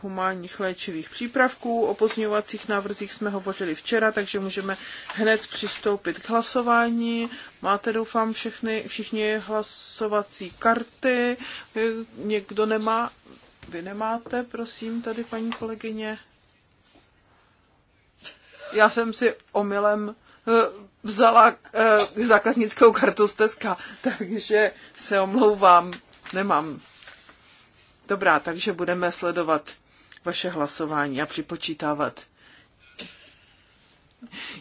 [SPEAKER 2] humánních léčivých přípravků. O pozměňovacích návrzích jsme hovořili včera, takže můžeme hned přistoupit k hlasování. Máte, doufám, všechny, všichni hlasovací karty. Někdo nemá? Vy nemáte, prosím, tady paní kolegyně. Já jsem si omylem eh, vzala eh, zákaznickou kartu z Teska, takže se omlouvám, nemám. Dobrá, takže budeme sledovat vaše hlasování a připočítávat.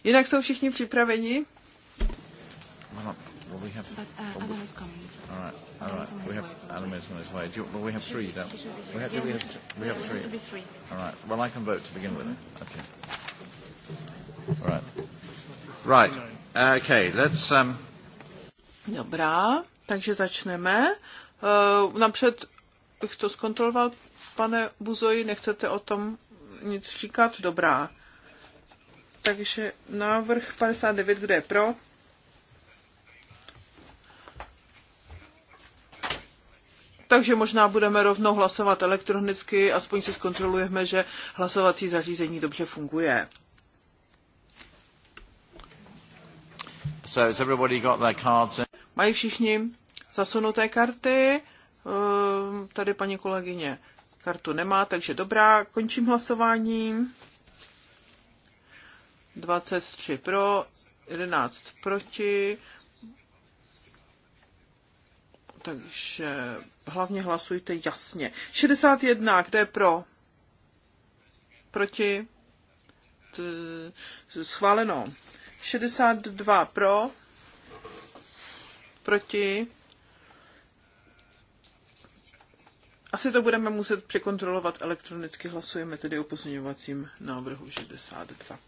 [SPEAKER 2] Jinak jsou všichni připraveni?
[SPEAKER 1] Ano. Well, we have. But uh, oh, well, Anna is coming. All right, all right. We have Anna is on his way. Do you, well, we have three. Don't we? Have, yeah, we have? We have three. be three. All right. Well, I can vote to begin with. Okay. All right. Right. Okay. Let's. Um...
[SPEAKER 2] Dobrá. Takže začneme. Uh, napřed bych to zkontroloval, pane Buzoji, nechcete o tom nic říkat? Dobrá. Takže návrh 59, kdo je pro? takže možná budeme rovnou hlasovat elektronicky, aspoň si zkontrolujeme, že hlasovací zařízení dobře funguje. So has everybody got their cards in? Mají všichni zasunuté karty. Ehm, tady paní kolegyně kartu nemá, takže dobrá, končím hlasování. 23 pro, 11 proti, takže hlavně hlasujte jasně. 61, kdo je pro? Proti? Schváleno. 62 pro? Proti? Asi to budeme muset překontrolovat elektronicky. Hlasujeme tedy o pozměňovacím návrhu 62.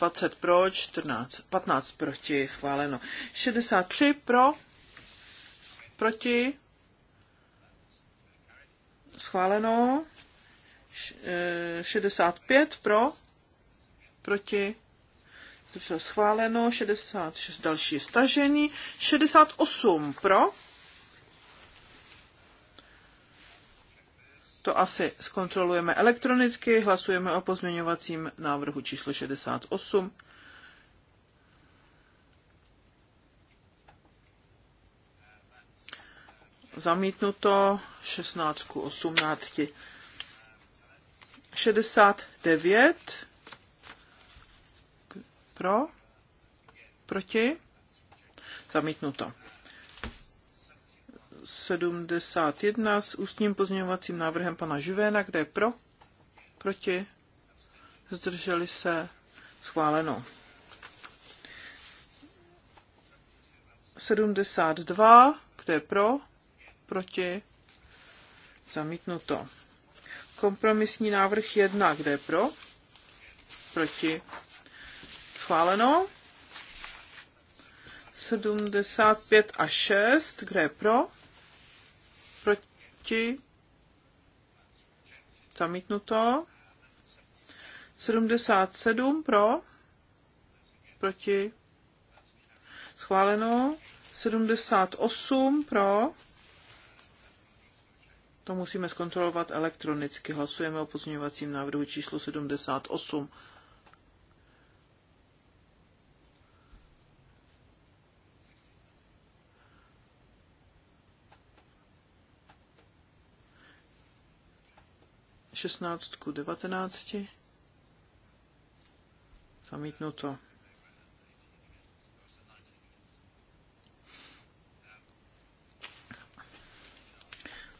[SPEAKER 2] 20 pro, 14, 15 proti, schváleno. 63 pro, proti, schváleno. 65 e, pro, proti, to schváleno. 66 další stažení. 68 pro, To asi zkontrolujeme elektronicky. Hlasujeme o pozměňovacím návrhu číslo 68. Zamítnuto 16 k 18. 69 pro, proti, zamítnuto. 71 s ústním pozměňovacím návrhem pana Živéna, kde je pro, proti, zdrželi se, schváleno. 72, kde je pro, proti, zamítnuto. Kompromisní návrh 1, kde je pro, proti, schváleno. 75 a 6, kde je pro, proti, zamítnuto, 77 pro, proti, schváleno, 78 pro, to musíme zkontrolovat elektronicky, hlasujeme o pozměňovacím návrhu číslo 78. 16 ku 19. Zamítnuto.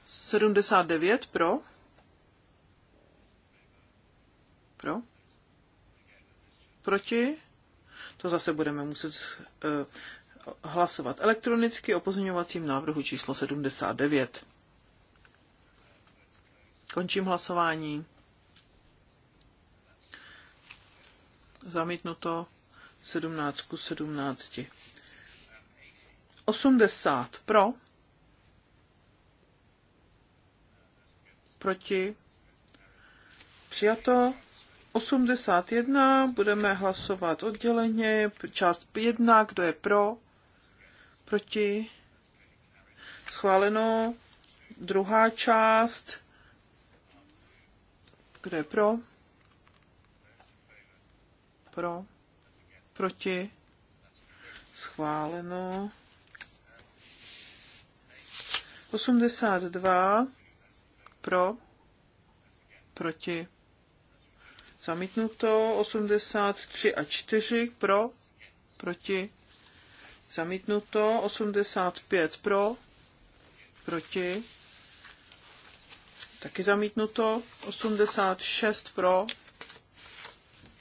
[SPEAKER 2] Sedmdesát devět pro. Pro. Proti. To zase budeme muset uh, hlasovat elektronicky o pozměňovacím návrhu číslo sedmdesát devět Končím hlasování. Zamítnuto 17 ku 17. 80 pro. Proti. Přijato 81. Budeme hlasovat odděleně. Část 1. Kdo je pro? Proti. Schváleno. Druhá část kdo je pro? Pro. Proti. Schváleno. 82 pro, proti, zamítnuto, 83 a 4 pro, proti, zamítnuto, 85 pro, proti, taky zamítnuto. 86 pro,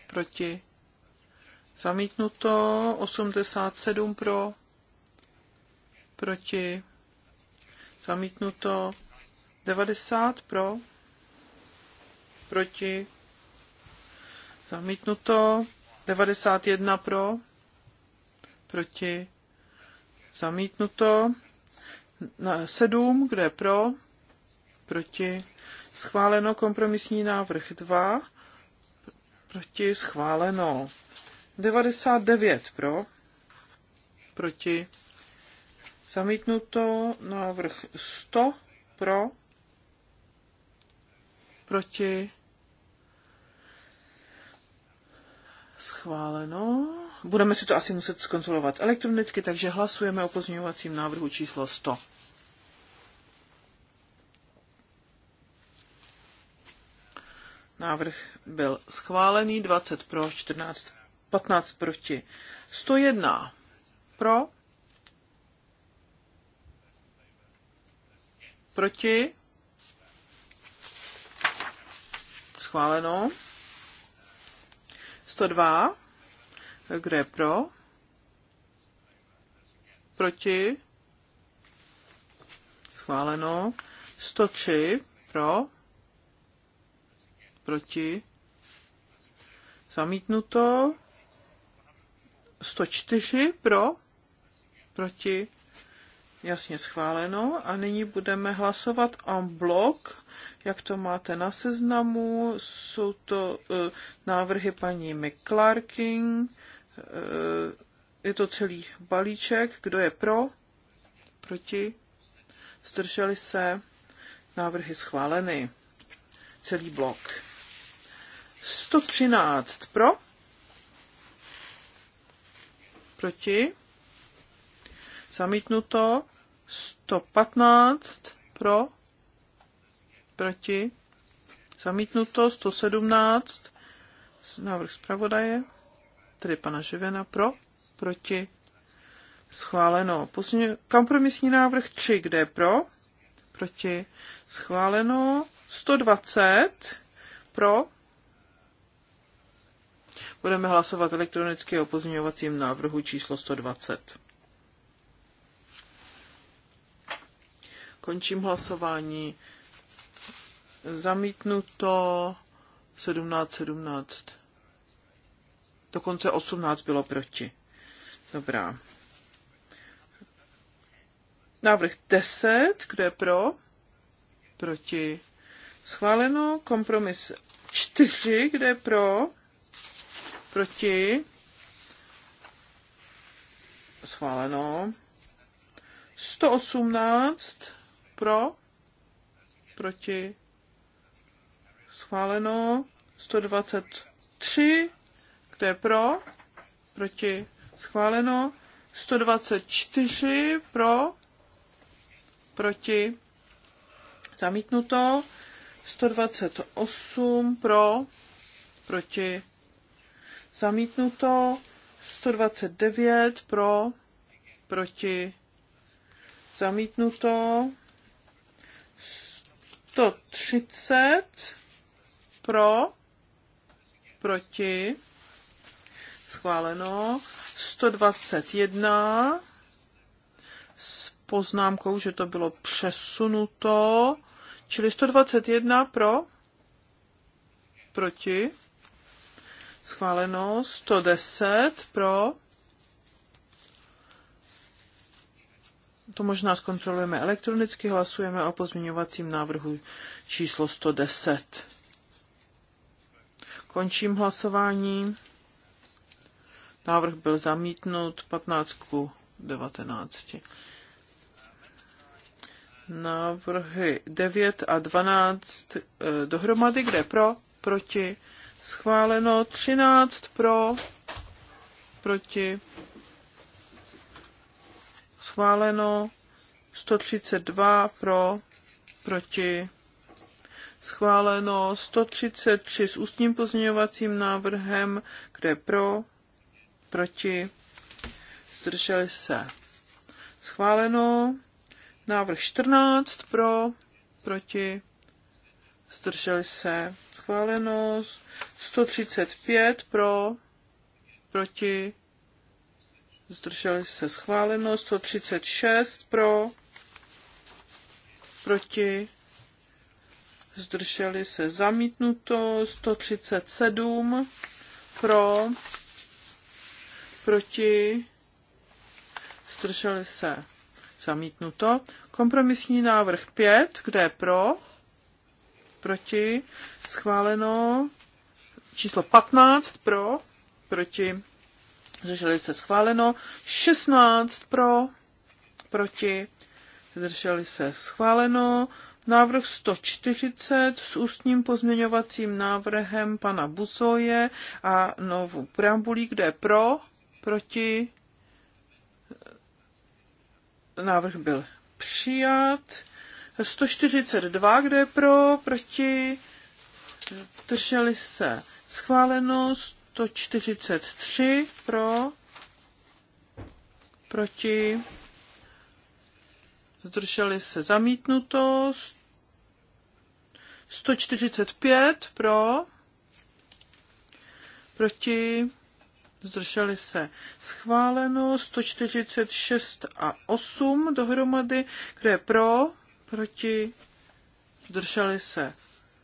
[SPEAKER 2] proti, zamítnuto. 87 pro, proti, zamítnuto. 90 pro, proti, zamítnuto. 91 pro, proti, zamítnuto. 7, kde je pro, proti, schváleno. Kompromisní návrh 2, proti, schváleno. 99 pro, proti, zamítnuto. Návrh 100 pro, proti, schváleno. Budeme si to asi muset zkontrolovat elektronicky, takže hlasujeme o pozměňovacím návrhu číslo 100. Návrh byl schválený 20 pro, 14, 15 proti. 101 pro, proti, schváleno. 102, kdo je pro, proti, schváleno. 103 pro, proti, zamítnuto, 104 pro, proti, jasně schváleno. A nyní budeme hlasovat en blok, jak to máte na seznamu. Jsou to uh, návrhy paní McClarkin, uh, je to celý balíček, kdo je pro, proti, zdrželi se, návrhy schváleny, celý blok. 113 pro, proti, zamítnuto, 115 pro, proti, zamítnuto, 117, návrh zpravodaje, tedy pana Živena pro, proti, schváleno. Pozměň, kompromisní návrh 3, kde je pro, proti, schváleno, 120 pro, Budeme hlasovat elektronicky o pozměňovacím návrhu číslo 120. Končím hlasování. Zamítnuto 17, 17. Dokonce 18 bylo proti. Dobrá. Návrh 10, kdo je pro? Proti. Schváleno. Kompromis 4, kde je pro? Proti? Schváleno. 118 pro? Proti? Schváleno. 123, kdo je pro? Proti? Schváleno. 124 pro? Proti? Zamítnuto. 128 pro, proti, zamítnuto, 129 pro, proti, zamítnuto, 130 pro, proti, schváleno, 121 s poznámkou, že to bylo přesunuto, čili 121 pro, proti, schváleno 110 pro. To možná zkontrolujeme elektronicky, hlasujeme o pozměňovacím návrhu číslo 110. Končím hlasování. Návrh byl zamítnut 15 k 19. Návrhy 9 a 12 eh, dohromady, kde pro, proti, schváleno 13 pro, proti, schváleno 132 pro, proti, schváleno 133 s ústním pozměňovacím návrhem, kde pro, proti, zdrželi se. Schváleno návrh 14 pro, proti, zdrželi se, schváleno 135 pro, proti, zdrželi se, schváleno 136 pro, proti, zdrželi se, zamítnuto 137 pro, proti, zdrželi se, zamítnuto. Kompromisní návrh 5, kde je pro, proti, schváleno. Číslo 15 pro, proti, zdrželi se schváleno. 16 pro, proti, zdrželi se schváleno. Návrh 140 s ústním pozměňovacím návrhem pana Busoje a novou preambulí, kde je pro, proti. Návrh byl přijat. 142, kdo je pro, proti, drželi se schváleno, 143 pro, proti, zdrželi se zamítnuto, 145 pro, proti, zdrželi se schváleno, 146 a 8 dohromady, kde je pro, proti, zdrželi se.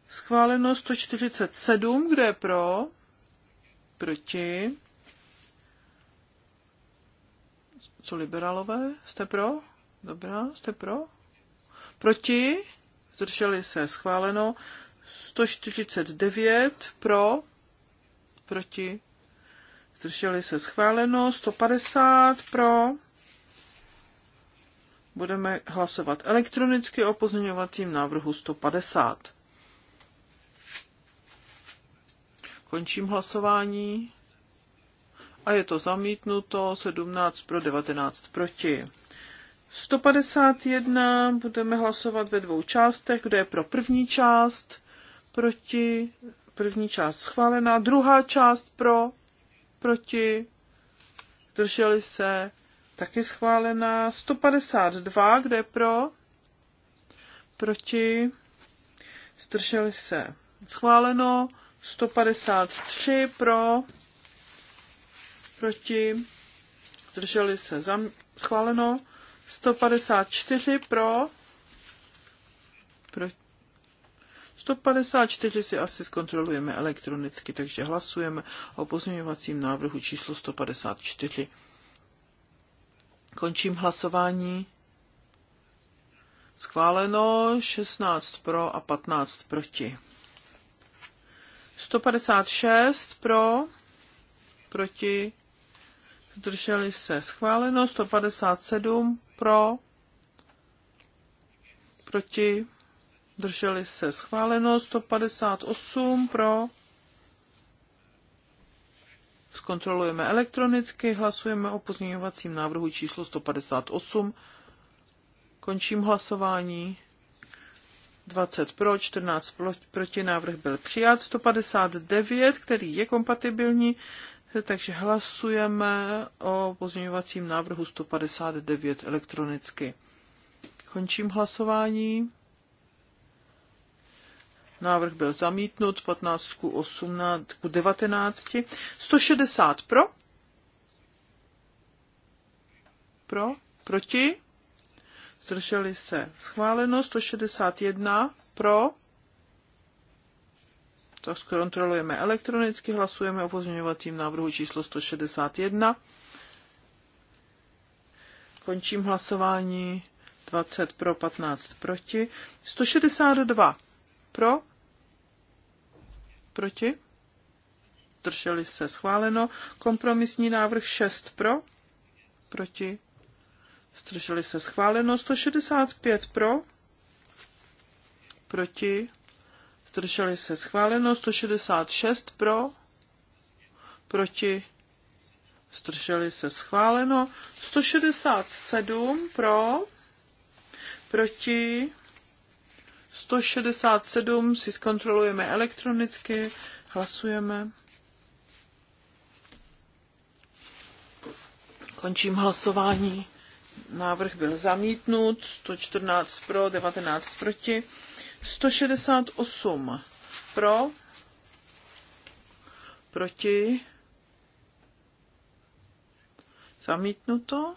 [SPEAKER 2] Schváleno 147, kdo je pro, proti, co liberálové, jste pro, dobrá, jste pro, proti, zdrželi se, schváleno 149, pro, proti, zdrželi se, schváleno 150, pro, Budeme hlasovat elektronicky o pozměňovacím návrhu 150. Končím hlasování a je to zamítnuto 17 pro 19 proti. 151 budeme hlasovat ve dvou částech, kde je pro první část proti, první část schválená, druhá část pro, proti, drželi se, taky schválená. 152, kde pro? Proti? Zdrželi se. Schváleno. 153 pro, proti, zdrželi se, zam, schváleno. 154 pro, pro, 154 si asi zkontrolujeme elektronicky, takže hlasujeme o pozměňovacím návrhu číslo 154. Končím hlasování. Schváleno 16 pro a 15 proti. 156 pro, proti, zdrželi se. Schváleno 157 pro, proti, zdrželi se. Schváleno 158 pro, zkontrolujeme elektronicky, hlasujeme o pozměňovacím návrhu číslo 158. Končím hlasování. 20 pro, 14 pro, proti, návrh byl přijat. 159, který je kompatibilní, takže hlasujeme o pozměňovacím návrhu 159 elektronicky. Končím hlasování. Návrh byl zamítnut 15 k 18 k 19. 160 pro. Pro. Proti. Zdrželi se. Schváleno 161 pro. tak zkontrolujeme elektronicky. Hlasujeme o pozměňovacím návrhu číslo 161. Končím hlasování. 20 pro, 15 proti. 162 pro? Proti? Drželi se schváleno. Kompromisní návrh 6 pro? Proti? Zdrželi se schváleno. 165 pro? Proti? Zdrželi se schváleno. 166 pro? Proti? Zdrželi se schváleno. 167 pro? Proti? 167 si zkontrolujeme elektronicky, hlasujeme. Končím hlasování. Návrh byl zamítnut, 114 pro, 19 proti, 168 pro, proti, zamítnuto.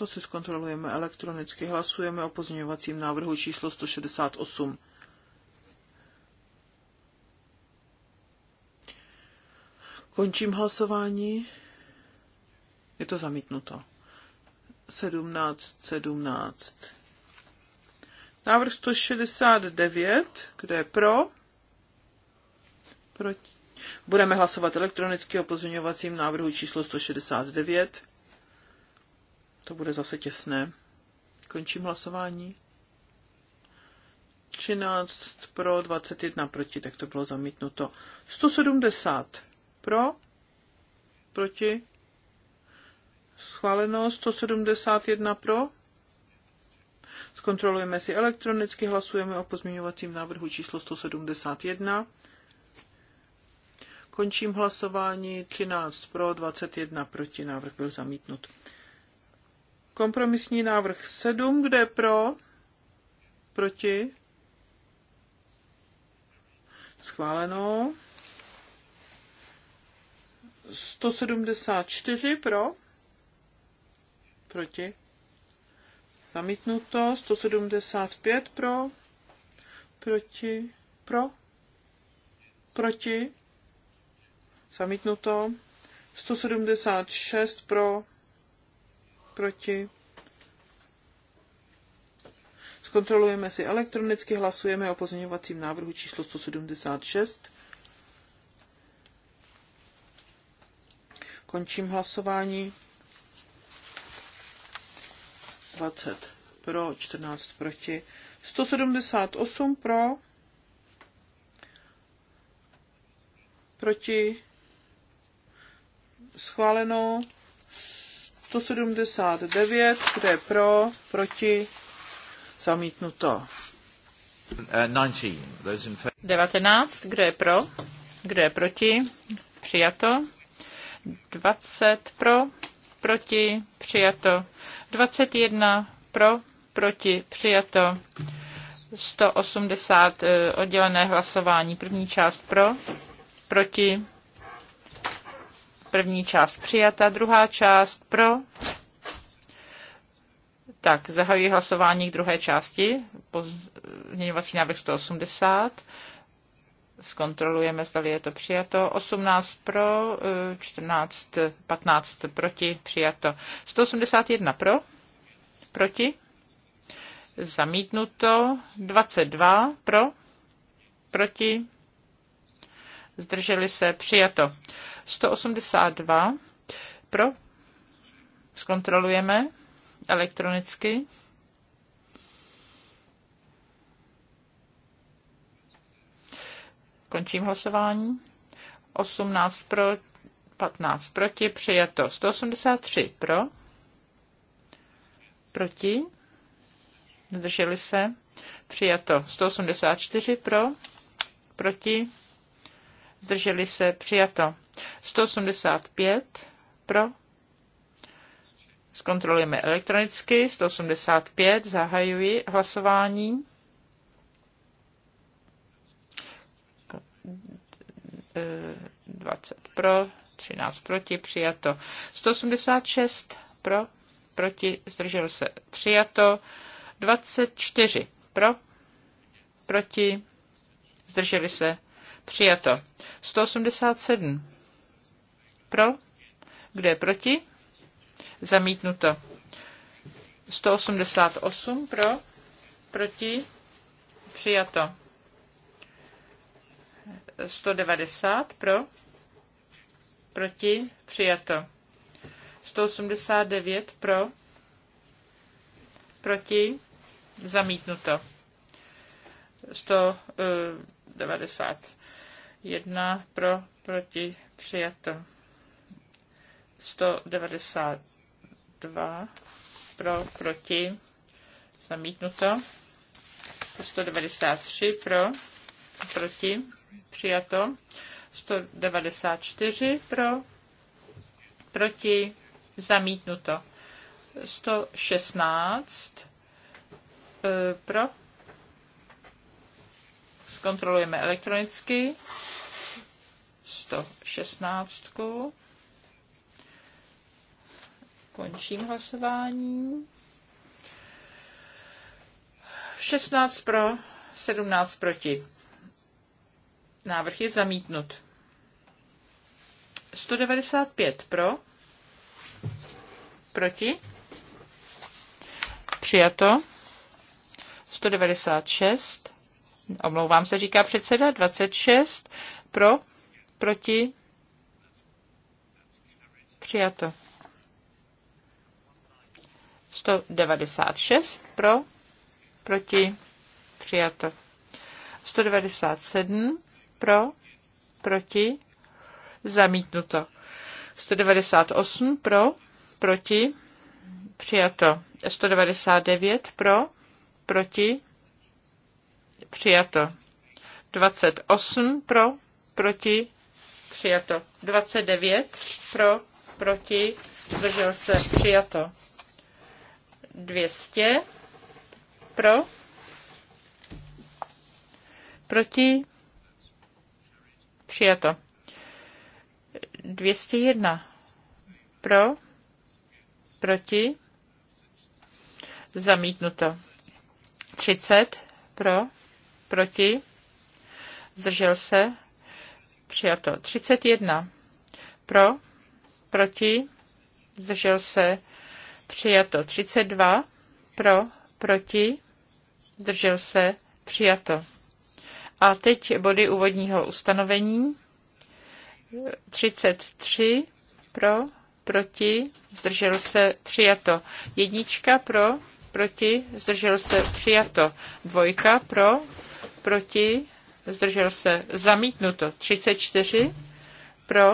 [SPEAKER 2] to si zkontrolujeme elektronicky. Hlasujeme o pozměňovacím návrhu číslo 168. Končím hlasování. Je to zamítnuto. 17, 17. Návrh 169, kde je pro? Proti. Budeme hlasovat elektronicky o pozměňovacím návrhu číslo 169. To bude zase těsné. Končím hlasování. 13 pro, 21 proti, tak to bylo zamítnuto. 170 pro, proti, schváleno, 171 pro. Zkontrolujeme si elektronicky, hlasujeme o pozměňovacím návrhu číslo 171. Končím hlasování 13 pro, 21 proti, návrh byl zamítnut. Kompromisní návrh 7, kde pro? Proti? Schváleno. 174 pro? Proti? Zamítnuto. 175 pro? Proti? Pro? Proti? Zamítnuto. 176 pro? proti. Zkontrolujeme si elektronicky, hlasujeme o pozměňovacím návrhu číslo 176. Končím hlasování. 20 pro, 14 proti. 178 pro, proti, schváleno 179, kde je pro, proti, zamítnuto.
[SPEAKER 1] 19, eh, kdo je pro, kdo je proti, přijato. 20 pro, proti, přijato. 21 pro, proti, přijato. 180 eh, oddělené hlasování. První část pro, proti, První část přijata, druhá část pro. Tak, zahajuji hlasování k druhé části. Pozměňovací návrh 180. Zkontrolujeme, zda je to přijato. 18 pro, 14, eh, 15 proti, přijato. 181 pro, proti, zamítnuto. 22 pro, proti, zdrželi se, přijato. 182 pro, zkontrolujeme elektronicky. Končím hlasování. 18 pro, 15 proti, přijato 183 pro, proti, zdrželi se, přijato 184 pro, proti, zdrželi se, přijato. 185 pro, zkontrolujeme elektronicky, 185, zahajuji hlasování. K, e, 20 pro, 13 proti, přijato. 186 pro, proti, zdržel se, přijato. 24 pro, proti, zdrželi se, Přijato. 187. Pro? Kdo je proti? Zamítnuto. 188 pro? Proti? Přijato. 190 pro? Proti? Přijato. 189 pro? Proti? Zamítnuto. 190 1 pro, proti, přijato. 192 pro, proti, zamítnuto. 193 pro, proti, přijato. 194 pro, proti, zamítnuto. 116 eh, pro, zkontrolujeme elektronicky. 116. Končím hlasování. 16 pro, 17 proti. Návrh je zamítnut. 195 pro, proti, přijato. 196, omlouvám se, říká předseda, 26 pro, Proti? Přijato. 196 pro, proti, přijato. 197 pro, proti, zamítnuto. 198 pro, proti, přijato. 199 pro, proti, přijato. 28 pro, proti, přijato. 29 pro, proti, zdržel se, přijato. 200 pro, proti, přijato. 201 pro, proti, zamítnuto. 30 pro, proti, zdržel se, Přijato. 31. Pro. Proti. Zdržel se. Přijato. 32. Pro. Proti. Zdržel se. Přijato. A teď body úvodního ustanovení. 33 pro, proti, zdržel se, přijato. Jednička pro, proti, zdržel se, přijato. Dvojka pro, proti, zdržel se, zamítnuto 34, pro,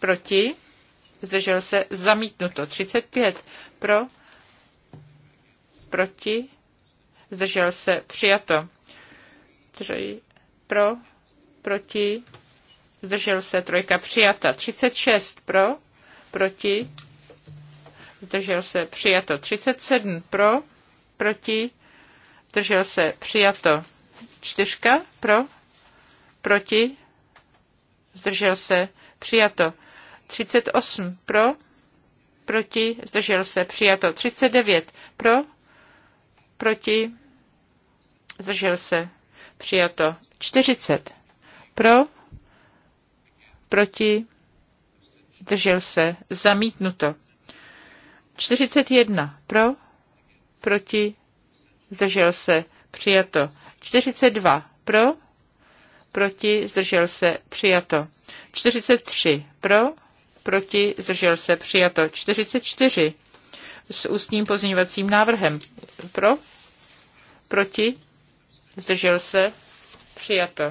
[SPEAKER 1] proti, zdržel se, zamítnuto 35, pro, proti, zdržel se, přijato 3, pro, proti, zdržel se, trojka přijata 36, pro, proti, zdržel se, přijato 37, pro, proti, zdržel se, přijato Čtyřka pro, proti, zdržel se, přijato. 38 pro, proti, zdržel se, přijato. 39 pro, proti, zdržel se, přijato. 40 pro, proti, zdržel se, zamítnuto. 41 pro, proti, zdržel se, přijato. 42 pro, proti, zdržel se, přijato. 43 pro, proti, zdržel se, přijato. 44 s ústním pozměňovacím návrhem pro, proti, zdržel se, přijato.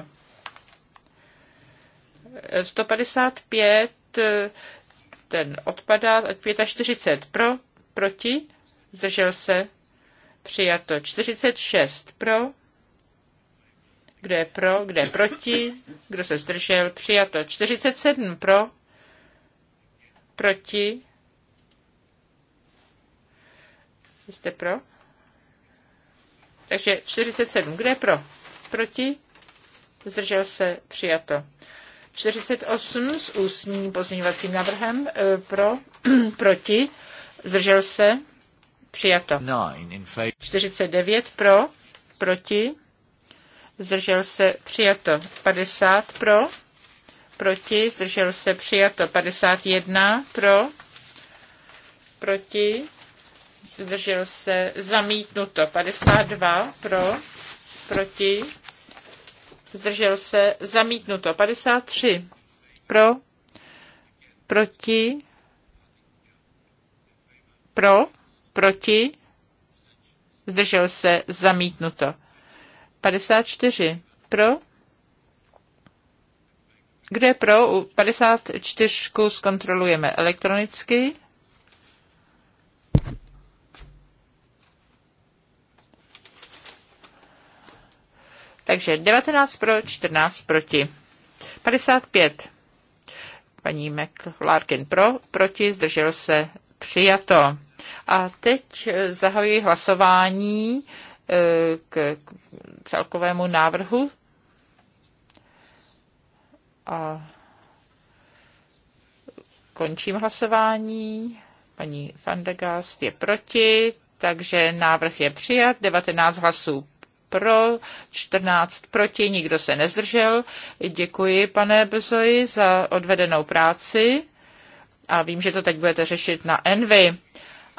[SPEAKER 1] 155 ten odpadá, 45 pro, proti, zdržel se, přijato 46 pro, kdo je pro, kdo je proti, kdo se zdržel, přijato. 47 pro, proti. jste pro? Takže 47. Kdo je pro? Proti? Zdržel se, přijato. 48 s ústním pozměňovacím návrhem e, pro, proti, zdržel se, přijato. 49 pro, proti, zdržel se přijato 50 pro, proti, zdržel se přijato 51 pro, proti, zdržel se zamítnuto 52 pro, proti, zdržel se zamítnuto 53 pro, proti, pro, proti, zdržel se zamítnuto. 54. Pro? Kde pro? U 54 zkontrolujeme elektronicky. Takže 19 pro, 14 proti. 55. Paní McLarkin pro, proti, zdržel se, přijato. A teď eh, zahajuji hlasování k celkovému návrhu. A končím hlasování. Paní Fandegast je proti, takže návrh je přijat. 19 hlasů pro, 14 proti, nikdo se nezdržel. Děkuji, pane Bezoji, za odvedenou práci. A vím, že to teď budete řešit na Envy.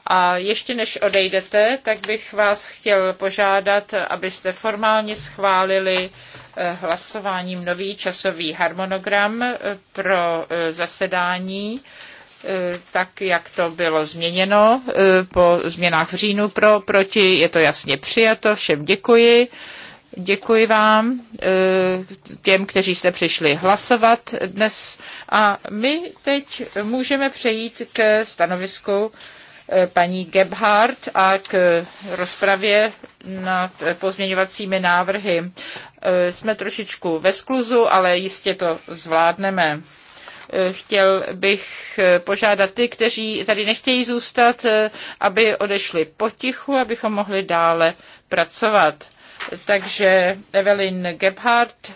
[SPEAKER 1] A ještě než odejdete, tak bych vás chtěl požádat, abyste formálně schválili eh, hlasováním nový časový harmonogram eh, pro eh, zasedání, tak jak to bylo změněno po změnách v říjnu pro, proti. Je to jasně přijato, všem děkuji. Děkuji vám, těm, kteří jste přišli hlasovat dnes. A my teď můžeme přejít k stanovisku paní Gebhardt a k rozpravě nad pozměňovacími návrhy. Eh, jsme trošičku ve skluzu, ale jistě to zvládneme eh, chtěl bych eh, požádat ty, kteří tady nechtějí zůstat, aby odešli potichu, abychom mohli dále pracovat. Takže Evelyn Gebhardt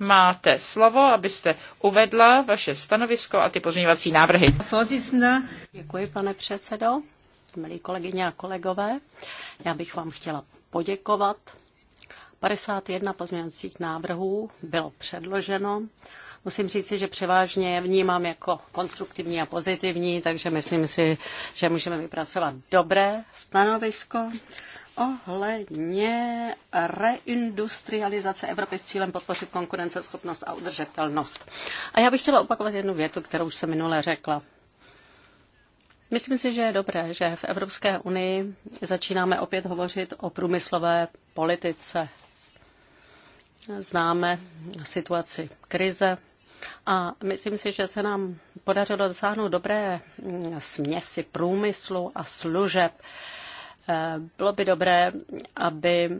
[SPEAKER 1] máte slovo, abyste uvedla vaše stanovisko a ty pozměňovací návrhy.
[SPEAKER 3] Děkuji, pane předsedo, milí kolegyně a kolegové. Já bych vám chtěla poděkovat. 51 pozměňovacích návrhů bylo předloženo. Musím říct, že převážně je vnímám jako konstruktivní a pozitivní, takže myslím si, že můžeme vypracovat dobré stanovisko ohledně reindustrializace Evropy s cílem podpořit konkurenceschopnost a udržitelnost. A já bych chtěla opakovat jednu větu, kterou už jsem minule řekla. Myslím si, že je dobré, že v Evropské unii začínáme opět hovořit o průmyslové politice. Známe situaci krize a myslím si, že se nám podařilo dosáhnout dobré mm, směsi průmyslu a služeb bylo by dobré, aby eh,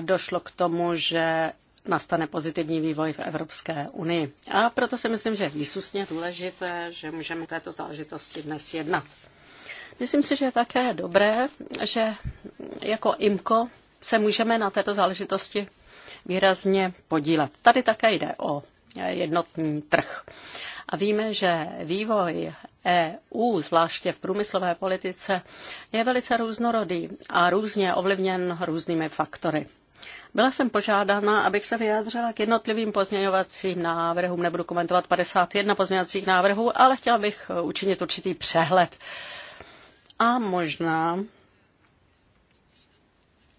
[SPEAKER 3] došlo k tomu, že nastane pozitivní vývoj v Evropské unii. A proto si myslím, že je výsusně důležité, že můžeme této záležitosti dnes jednat. Myslím si, že je také dobré, že jako IMKO se můžeme na této záležitosti výrazně podílet. Tady také jde o jednotný trh. A víme, že vývoj EU, zvláště v průmyslové politice, je velice různorodý a různě ovlivněn různými faktory. Byla jsem požádána, abych se vyjádřila k jednotlivým pozměňovacím návrhům. Nebudu komentovat 51 pozměňovacích návrhů, ale chtěla bych učinit určitý přehled. A možná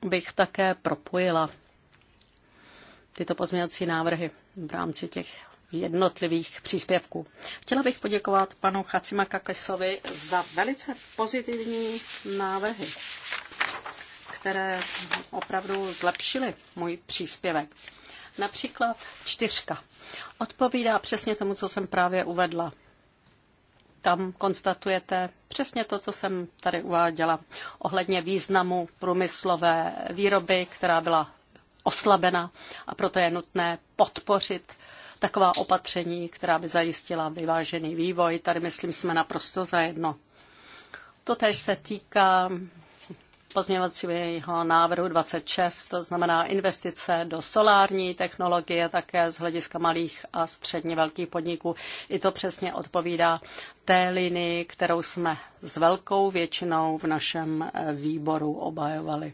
[SPEAKER 3] bych také propojila tyto pozměňovací návrhy v rámci těch jednotlivých příspěvků. Chtěla bych poděkovat panu Chacima Kakesovi za velice pozitivní návrhy, které opravdu zlepšily můj příspěvek. Například čtyřka. Odpovídá přesně tomu, co jsem právě uvedla. Tam konstatujete přesně to, co jsem tady uváděla ohledně významu průmyslové výroby, která byla oslabena a proto je nutné podpořit taková opatření, která by zajistila vyvážený vývoj. Tady, myslím, jsme naprosto zajedno. Totež se týká pozměňovacího návrhu 26, to znamená investice do solární technologie, také z hlediska malých a středně velkých podniků. I to přesně odpovídá té linii, kterou jsme s velkou většinou v našem eh, výboru obhajovali.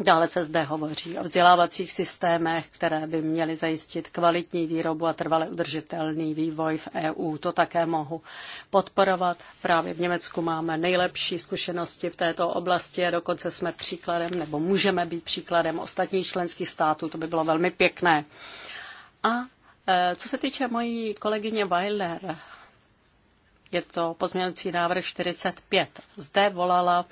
[SPEAKER 3] Dále se zde hovoří o vzdělávacích systémech, které by měly zajistit kvalitní výrobu a trvale udržitelný vývoj v EU. To také mohu podporovat. Právě v Německu máme nejlepší zkušenosti v této oblasti a dokonce jsme příkladem, nebo můžeme být příkladem ostatních členských států. To by bylo velmi pěkné. A e, co se týče mojí kolegyně Weiler, je to pozměňující návrh 45. Zde volala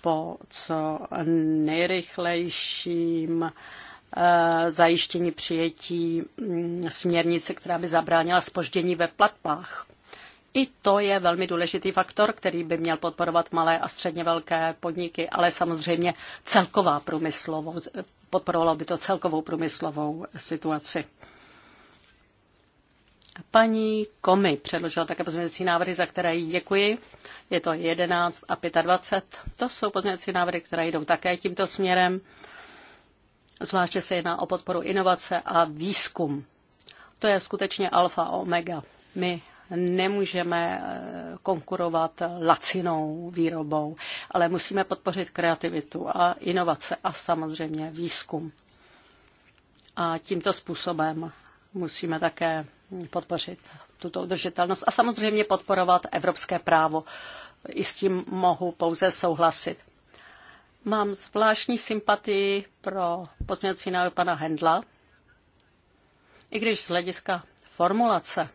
[SPEAKER 3] po co nejrychlejším eh, zajištění přijetí mm, směrnice, která by zabránila spoždění ve platbách. I to je velmi důležitý faktor, který by měl podporovat malé a středně velké podniky, ale samozřejmě celková průmyslovost, podporovalo by to celkovou průmyslovou situaci. Paní Komi předložila také pozměňovací návrhy, za které jí děkuji. Je to 11 a 25. To jsou pozměňovací návrhy, které jdou také tímto směrem. Zvláště se jedná o podporu inovace a výzkum. To je skutečně alfa a omega. My nemůžeme eh, konkurovat lacinou výrobou, ale musíme podpořit kreativitu a inovace a samozřejmě výzkum. A tímto způsobem musíme také podpořit tuto udržitelnost a samozřejmě podporovat evropské právo. I s tím mohu pouze souhlasit. Mám zvláštní sympatii pro pozměňovací návrh pana Hendla, i když z hlediska formulace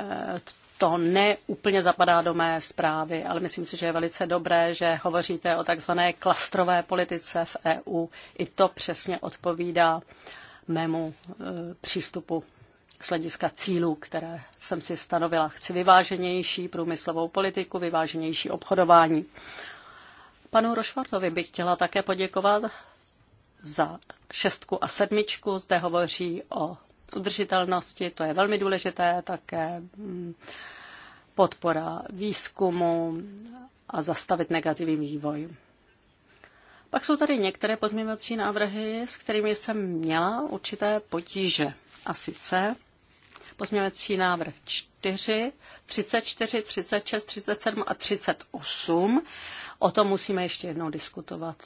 [SPEAKER 3] eh, to neúplně zapadá do mé zprávy, ale myslím si, že je velice dobré, že hovoříte o takzvané klastrové politice v EU. I to přesně odpovídá mému e, přístupu z hlediska cílů, které jsem si stanovila. Chci vyváženější průmyslovou politiku, vyváženější obchodování. Panu Rošvartovi bych chtěla také poděkovat za šestku a sedmičku. Zde hovoří o udržitelnosti, to je velmi důležité, také mm, podpora výzkumu a zastavit negativní vývoj. Pak jsou tady některé pozměňovací návrhy, s kterými jsem měla určité potíže. A sice pozměňovací návrh 4, 34, 36, 37 a 38. O tom musíme ještě jednou diskutovat.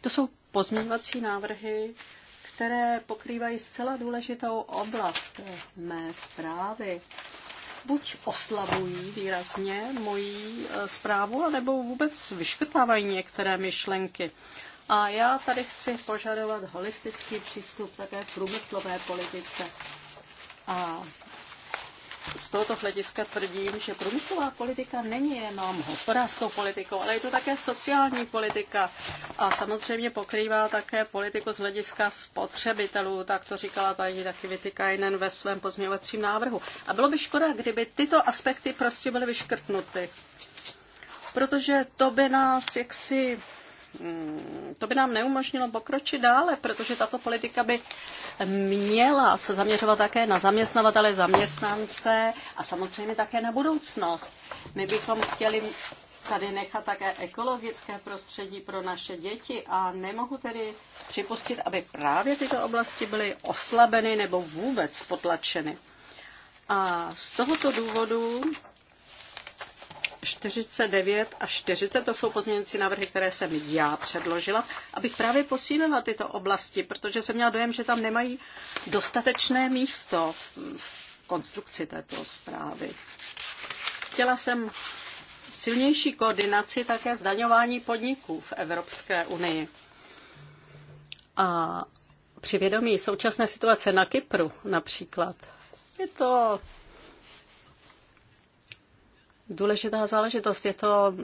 [SPEAKER 3] To jsou pozměňovací návrhy, které pokrývají zcela důležitou oblast mé zprávy buď oslabují výrazně moji e, zprávu, nebo vůbec vyškrtávají některé myšlenky. A já tady chci požadovat holistický přístup také v průmyslové politice. A z tohoto hlediska tvrdím, že průmyslová politika není jenom hospodářskou politikou, ale je to také sociální politika a samozřejmě pokrývá také politiku z hlediska spotřebitelů, tak to říkala paní taky Vitikainen ve svém pozměňovacím návrhu. A bylo by škoda, kdyby tyto aspekty prostě byly vyškrtnuty, protože to by nás jaksi Mm, to by nám neumožnilo pokročit dále, protože tato politika by měla se zaměřovat také na zaměstnavatele, zaměstnance a samozřejmě také na budoucnost. My bychom chtěli tady nechat také ekologické prostředí pro naše děti a nemohu tedy připustit, aby právě tyto oblasti byly oslabeny nebo vůbec potlačeny. A z tohoto důvodu 49 a 40, to jsou pozměňující návrhy, které jsem já předložila, abych právě posílila tyto oblasti, protože jsem měla dojem, že tam nemají dostatečné místo v, v konstrukci této zprávy. Chtěla jsem silnější koordinaci také zdaňování podniků v Evropské unii. A při vědomí současné situace na Kypru například je to důležitá záležitost. Je to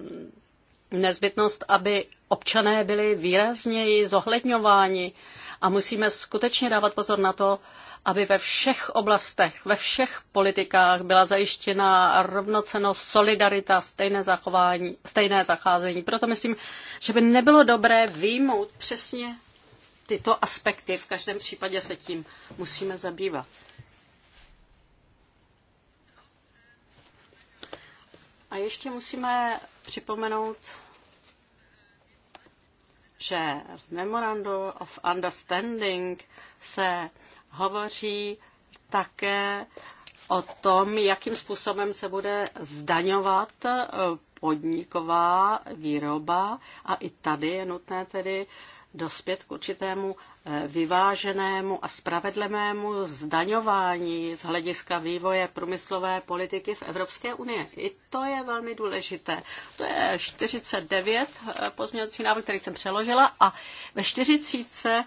[SPEAKER 3] nezbytnost, aby občané byli výrazněji zohledňováni a musíme skutečně dávat pozor na to, aby ve všech oblastech, ve všech politikách byla zajištěna rovnocenost, solidarita, stejné, zachování, stejné zacházení. Proto myslím, že by nebylo dobré výjmout přesně tyto aspekty. V každém případě se tím musíme zabývat. A ještě musíme připomenout, že v Memorandum of Understanding se hovoří také o tom, jakým způsobem se bude zdaňovat eh, podniková výroba a i tady je nutné tedy dospět k určitému eh, vyváženému a spravedlivému zdaňování z hlediska vývoje průmyslové politiky v Evropské unii. I to je velmi důležité. To je 49 eh, pozměňovací návrh, který jsem přeložila a ve 40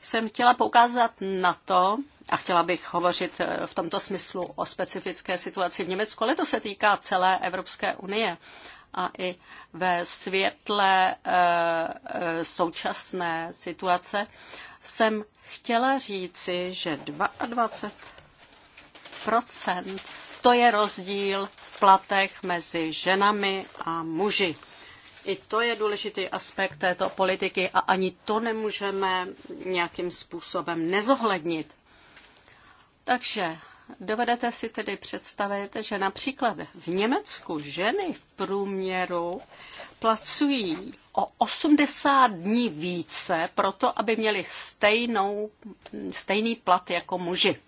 [SPEAKER 3] jsem chtěla poukázat na to, a chtěla bych hovořit eh, v tomto smyslu o specifické situaci v Německu, ale to se týká celé Evropské unie a i ve světle eh, eh, současné situace jsem chtěla říci, že 22% to je rozdíl v platech mezi ženami a muži. I to je důležitý aspekt této politiky a ani to nemůžeme nějakým způsobem nezohlednit. Takže Dovedete si tedy představit, že například v Německu ženy v průměru placují o 80 dní více proto, aby měly stejnou, stejný plat jako muži.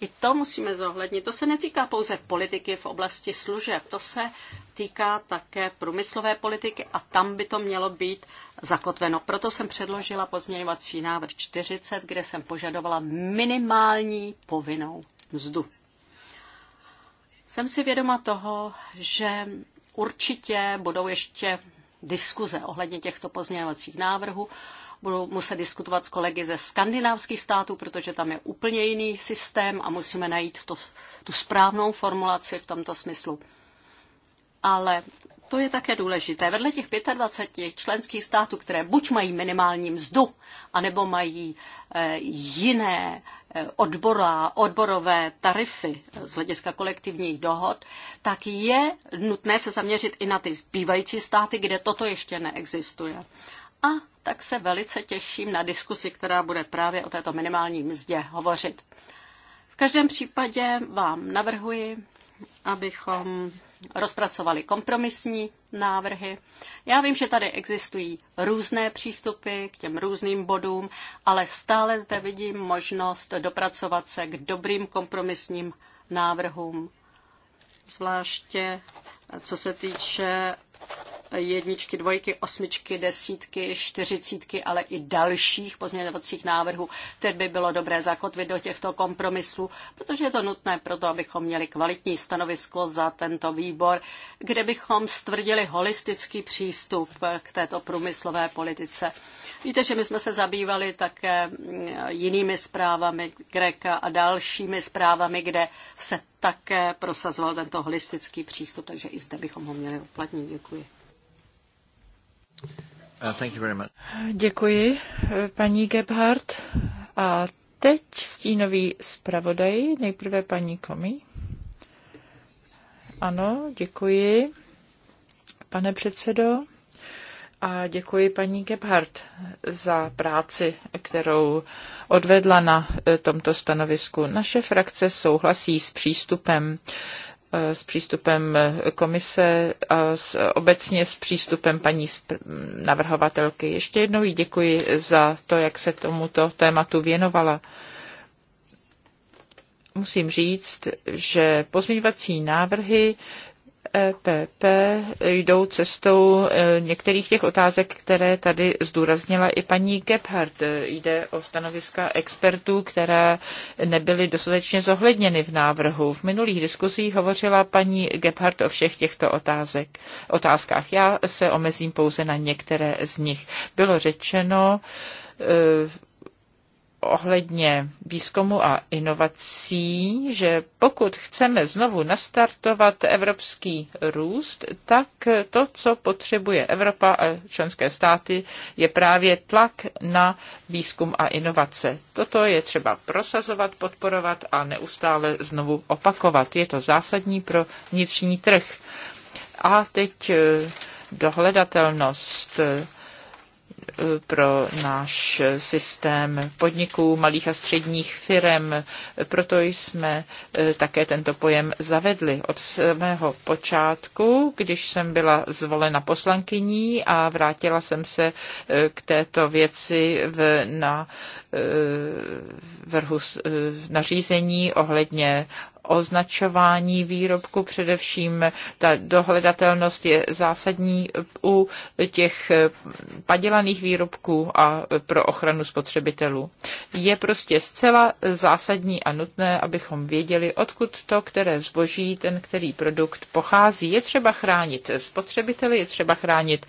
[SPEAKER 3] I to musíme zohlednit. To se netýká pouze politiky v oblasti služeb, to se týká také průmyslové politiky a tam by to mělo být zakotveno. Proto jsem předložila pozměňovací návrh 40, kde jsem požadovala minimální povinnou mzdu. Jsem si vědoma toho, že určitě budou ještě diskuze ohledně těchto pozměňovacích návrhů. Budu muset diskutovat s kolegy ze skandinávských států, protože tam je úplně jiný systém a musíme najít to, tu správnou formulaci v tomto smyslu. Ale to je také důležité. Vedle těch 25 členských států, které buď mají minimální mzdu, anebo mají eh, jiné odborá, odborové tarify z hlediska kolektivních dohod, tak je nutné se zaměřit i na ty zbývající státy, kde toto ještě neexistuje. A tak se velice těším na diskusi, která bude právě o této minimální mzdě hovořit. V každém případě vám navrhuji, abychom rozpracovali kompromisní návrhy. Já vím, že tady existují různé přístupy k těm různým bodům, ale stále zde vidím možnost dopracovat se k dobrým kompromisním návrhům, zvláště co se týče jedničky, dvojky, osmičky, desítky, čtyřicítky, ale i dalších pozměňovacích návrhů. Teď by bylo dobré zakotvit do těchto kompromisů, protože je to nutné pro to, abychom měli kvalitní stanovisko za tento výbor, kde bychom stvrdili holistický přístup k této průmyslové politice. Víte, že my jsme se zabývali také mm, jinými zprávami Greka a dalšími zprávami, kde se také prosazoval tento holistický přístup, takže i zde bychom ho měli uplatnit. Děkuji.
[SPEAKER 1] Uh, děkuji, paní Gebhardt. A teď stínový zpravodaj, nejprve paní Komi. Ano, děkuji, pane předsedo. A děkuji paní Gebhardt za práci, kterou odvedla na eh, tomto stanovisku. Naše frakce souhlasí s přístupem Eh, s přístupem komise a s, obecně s přístupem paní navrhovatelky. Ještě jednou jí děkuji za to, jak se tomuto tématu věnovala. Musím říct, že pozměňovací návrhy EPP jdou cestou e, některých těch otázek, které tady zdůraznila i paní Gebhardt. E, jde o stanoviska expertů, které nebyly dostatečně zohledněny v návrhu. V minulých diskuzích hovořila paní Gebhardt o všech těchto otázek, otázkách. Já se omezím pouze na některé z nich. Bylo řečeno, e, ohledně výzkumu a inovací, že pokud chceme znovu nastartovat evropský růst, tak to, co potřebuje Evropa a členské státy, je právě tlak na výzkum a inovace. Toto je třeba prosazovat, podporovat a neustále znovu opakovat. Je to zásadní pro vnitřní trh. A teď eh, dohledatelnost pro náš systém podniků, malých a středních firm. Proto jsme e, také tento pojem zavedli od samého počátku, když jsem byla zvolena poslankyní a vrátila jsem se e, k této věci v, na e, vrhu nařízení ohledně označování výrobku, především ta dohledatelnost je zásadní u těch padělaných českých výrobků a pro ochranu spotřebitelů. Je prostě zcela zásadní a nutné, abychom věděli, odkud to, které zboží, ten který produkt pochází. Je třeba chránit spotřebiteli, je třeba chránit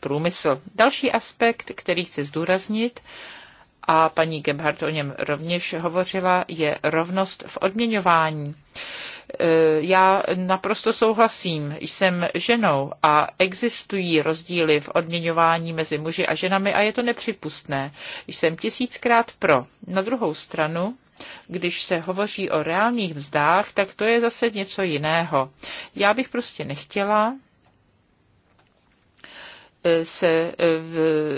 [SPEAKER 1] průmysl. Další aspekt, který chci zdůraznit, a paní Gebhardt o něm rovněž hovořila, je rovnost v odměňování. E, já naprosto souhlasím, jsem ženou a existují rozdíly v odměňování mezi muži a ženami a je to nepřipustné. Jsem tisíckrát pro. Na druhou stranu, když se hovoří o reálných mzdách, tak to je zase něco jiného. Já bych prostě nechtěla, e, se e,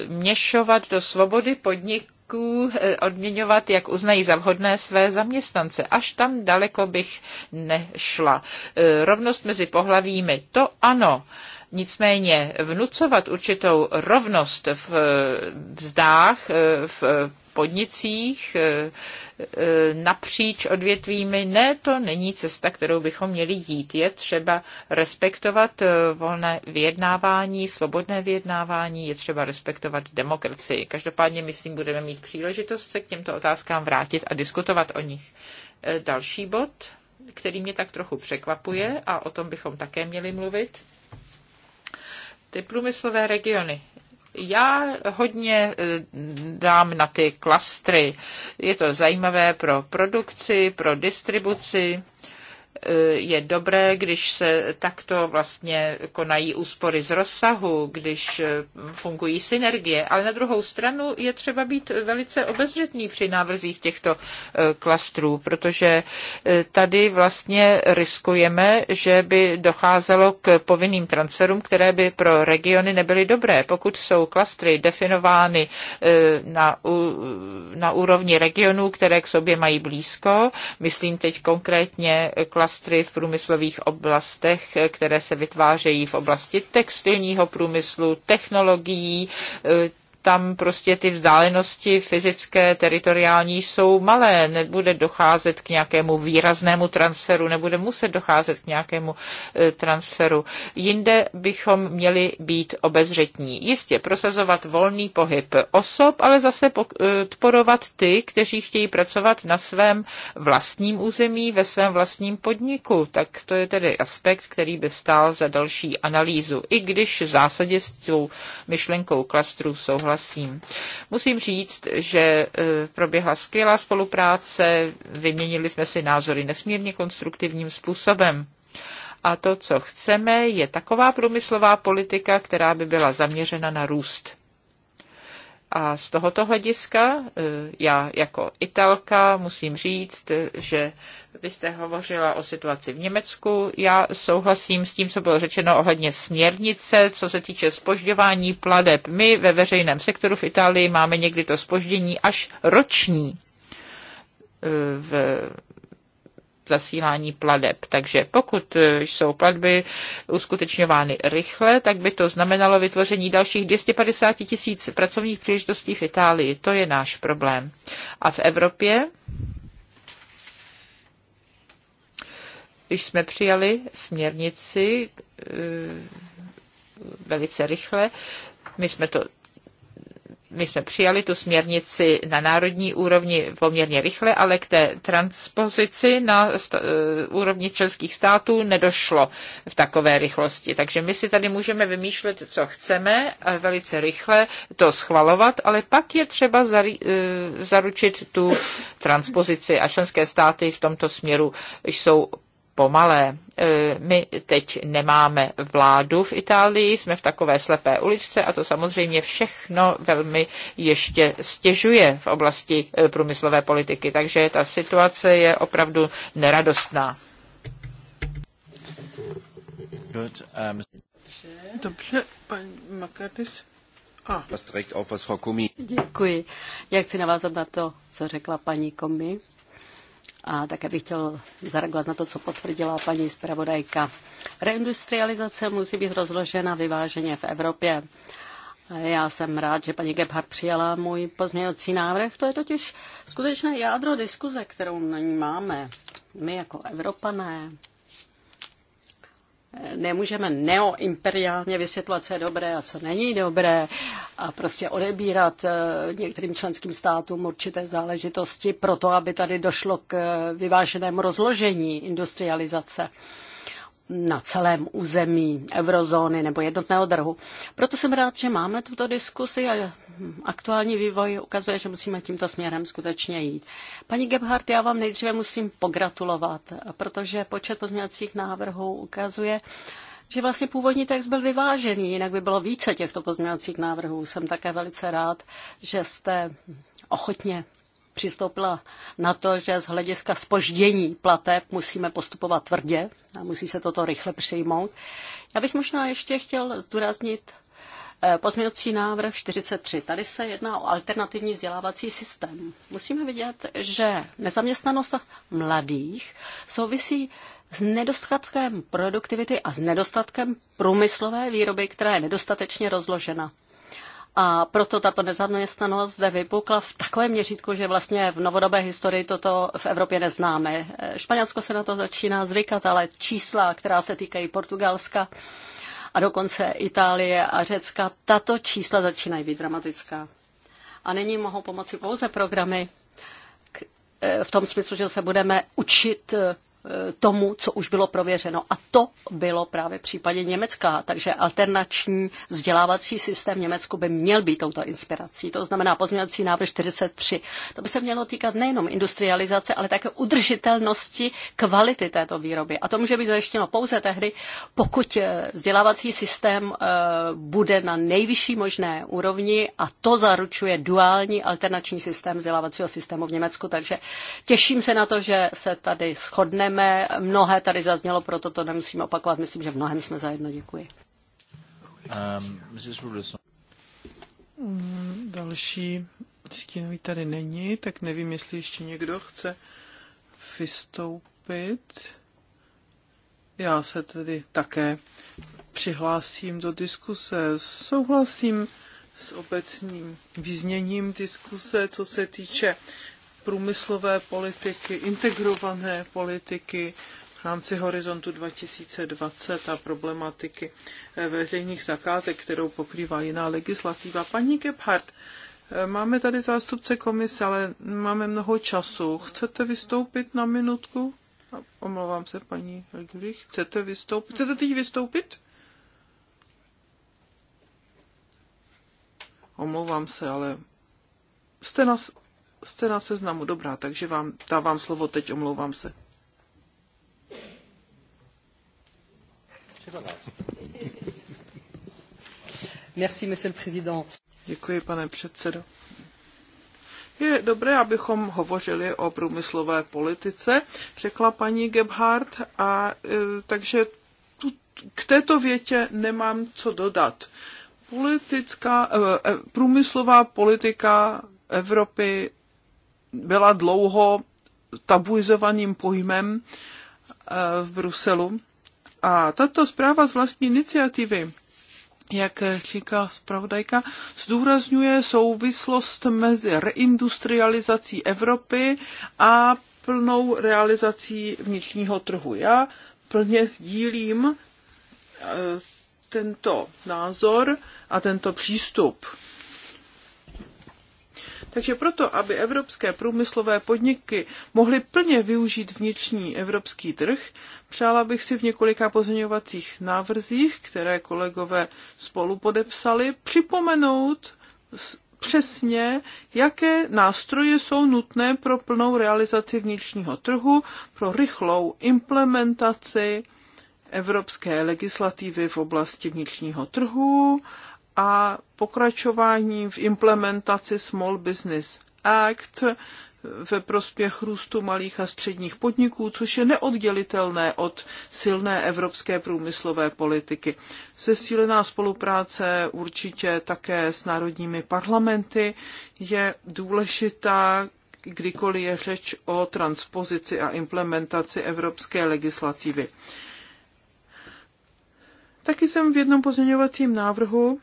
[SPEAKER 1] měšovat do svobody podnik politiků eh, odměňovat, jak uznají za vhodné své zaměstnance. Až tam daleko bych nešla. Eh, rovnost mezi pohlavími, to ano. Nicméně vnucovat určitou rovnost v eh, vzdách, v podnicích, Eh, napříč odvětvími. Ne, to není cesta, kterou bychom měli jít. Je třeba respektovat eh, volné vyjednávání, svobodné vyjednávání, je třeba respektovat demokracii. Každopádně, myslím, budeme mít příležitost se k těmto otázkám vrátit a diskutovat o nich. Eh, další bod, který mě tak trochu překvapuje a o tom bychom také měli mluvit, ty průmyslové regiony. Já hodně eh, dám na ty klastry. Je to zajímavé pro produkci, pro distribuci je dobré, když se takto vlastně konají úspory z rozsahu, když eh, fungují synergie, ale na druhou stranu je třeba být velice obezřetný při návrzích těchto eh, klastrů, protože eh, tady vlastně riskujeme, že by docházelo k povinným transferům, které by pro regiony nebyly dobré. Pokud jsou klastry definovány na, na úrovni regionů, které k sobě mají blízko, myslím teď konkrétně klastry, klastry v průmyslových oblastech, které se vytvářejí v oblasti textilního průmyslu, technologií, tam prostě ty vzdálenosti fyzické, teritoriální jsou malé, nebude docházet k nějakému výraznému transferu, nebude muset docházet k nějakému e, transferu. Jinde bychom měli být obezřetní. Jistě prosazovat volný pohyb osob, ale zase podporovat ty, kteří chtějí pracovat na svém vlastním území, ve svém vlastním podniku. Tak to je tedy aspekt, který by stál za další analýzu, i když v zásadě s tou myšlenkou klastrů souhlasí souhlasím. Musím říct, že e, proběhla skvělá spolupráce, vyměnili jsme si názory nesmírně konstruktivním způsobem. A to, co chceme, je taková průmyslová politika, která by byla zaměřena na růst. A z tohoto hlediska e, já jako Italka musím říct, že vy jste hovořila o situaci v Německu. Já souhlasím s tím, co bylo řečeno ohledně směrnice, co se týče spožďování pladeb. My ve veřejném sektoru v Itálii máme někdy to spoždění až roční e, v zasílání pladeb. Takže pokud e, jsou platby uskutečňovány rychle, tak by to znamenalo vytvoření dalších 250 tisíc pracovních příležitostí v Itálii. To je náš problém. A v Evropě když jsme přijali směrnici e, velice rychle, my jsme to my jsme přijali tu směrnici na národní úrovni poměrně rychle, ale k té transpozici na e, úrovni členských států nedošlo v takové rychlosti. Takže my si tady můžeme vymýšlet, co chceme, a velice rychle to schvalovat, ale pak je třeba e, zaručit tu transpozici a členské státy v tomto směru jsou pomalé. E, my teď nemáme vládu v Itálii, jsme v takové slepé uličce a to samozřejmě všechno velmi ještě stěžuje v oblasti e, průmyslové politiky, takže ta situace je opravdu neradostná. Um,
[SPEAKER 3] Dobře, paní Makatis. Ah. Děkuji. Já chci navázat na to, co řekla paní Komi. A také bych chtěl zareagovat na to, co potvrdila paní zpravodajka. Reindustrializace musí být rozložena vyváženě v Evropě. Já jsem rád, že paní Gebhardt přijala můj pozměňovací návrh. To je totiž skutečné jádro diskuze, kterou na ní máme. My jako Evropané nemůžeme neoimperiálně vysvětlovat, co je dobré a co není dobré a prostě odebírat eh, některým členským státům určité záležitosti proto, aby tady došlo k eh, vyváženému rozložení industrializace na celém území eurozóny nebo jednotného trhu. Proto jsem rád, že máme tuto diskusi a aktuální vývoj ukazuje, že musíme tímto směrem skutečně jít. Paní Gebhardt, já vám nejdříve musím pogratulovat, protože počet pozměňovacích návrhů ukazuje, že vlastně původní text byl vyvážený, jinak by bylo více těchto pozměňovacích návrhů. Jsem také velice rád, že jste ochotně přistoupila na to, že z hlediska spoždění plateb musíme postupovat tvrdě a musí se toto rychle přijmout. Já bych možná ještě chtěl zdůraznit eh, pozměňovací návrh 43. Tady se jedná o alternativní vzdělávací systém. Musíme vidět, že nezaměstnanost mladých souvisí s nedostatkem produktivity a s nedostatkem průmyslové výroby, která je nedostatečně rozložena a proto tato nezaměstnanost zde vypukla v takovém měřítku, že vlastně v novodobé historii toto v Evropě neznáme. Španělsko se na to začíná zvykat, ale čísla, která se týkají Portugalska a dokonce Itálie a Řecka, tato čísla začínají být dramatická. A nyní mohou pomoci pouze programy eh, v tom smyslu, že se budeme učit eh, Eh, tomu, co už bylo prověřeno. A to bylo právě v případě Německa. Takže alternační vzdělávací systém v Německu by měl být touto inspirací. To znamená pozměňovací návrh 43. To by se mělo týkat nejenom industrializace, ale také udržitelnosti kvality této výroby. A to může být zajištěno pouze tehdy, pokud eh, vzdělávací systém eh, bude na nejvyšší možné úrovni a to zaručuje duální alternační systém vzdělávacího systému v Německu. Takže těším se na to, že se tady shodneme děkujeme. Mnohé tady zaznělo, proto to nemusíme opakovat. Myslím, že mnohem jsme zajedno. Děkuji. Um,
[SPEAKER 2] mm, další stínový tady není, tak nevím, jestli ještě někdo chce vystoupit. Já se tedy také přihlásím do diskuse. Souhlasím s obecním vyzněním diskuse, co se týče průmyslové politiky, integrované politiky v rámci Horizontu 2020 a problematiky eh, veřejných zakázek, kterou pokrývá jiná legislativa. Paní Gebhardt, eh, máme tady zástupce komise, ale máme mnoho času. Chcete vystoupit na minutku? Omlouvám se, paní Helguli. Chcete vystoupit? Chcete teď vystoupit? Omlouvám se, ale jste jste na seznamu, dobrá, takže vám dávám slovo teď, omlouvám se.
[SPEAKER 3] Merci, monsieur le président.
[SPEAKER 2] Děkuji, pane předsedo. Je dobré, abychom hovořili o průmyslové politice, řekla paní Gebhardt, a e, takže k této větě nemám co dodat. Politická, e, e, průmyslová politika Evropy byla dlouho tabuizovaným pojmem eh, v Bruselu. A tato zpráva z vlastní iniciativy, jak říká zpravodajka, zdůrazňuje souvislost mezi reindustrializací Evropy a plnou realizací vnitřního trhu. Já plně sdílím eh, tento názor a tento přístup. Takže proto, aby evropské průmyslové podniky mohly plně využít vnitřní evropský trh, přála bych si v několika pozměňovacích návrzích, které kolegové spolu podepsali, připomenout přesně, jaké nástroje jsou nutné pro plnou realizaci vnitřního trhu, pro rychlou implementaci evropské legislativy v oblasti vnitřního trhu a pokračování v implementaci Small Business Act ve prospěch růstu malých a středních podniků, což je neoddělitelné od silné evropské průmyslové politiky. Zesílená spolupráce určitě také s národními parlamenty je důležitá, kdykoliv je řeč o transpozici a implementaci evropské legislativy. Taky jsem v jednom pozměňovacím návrhu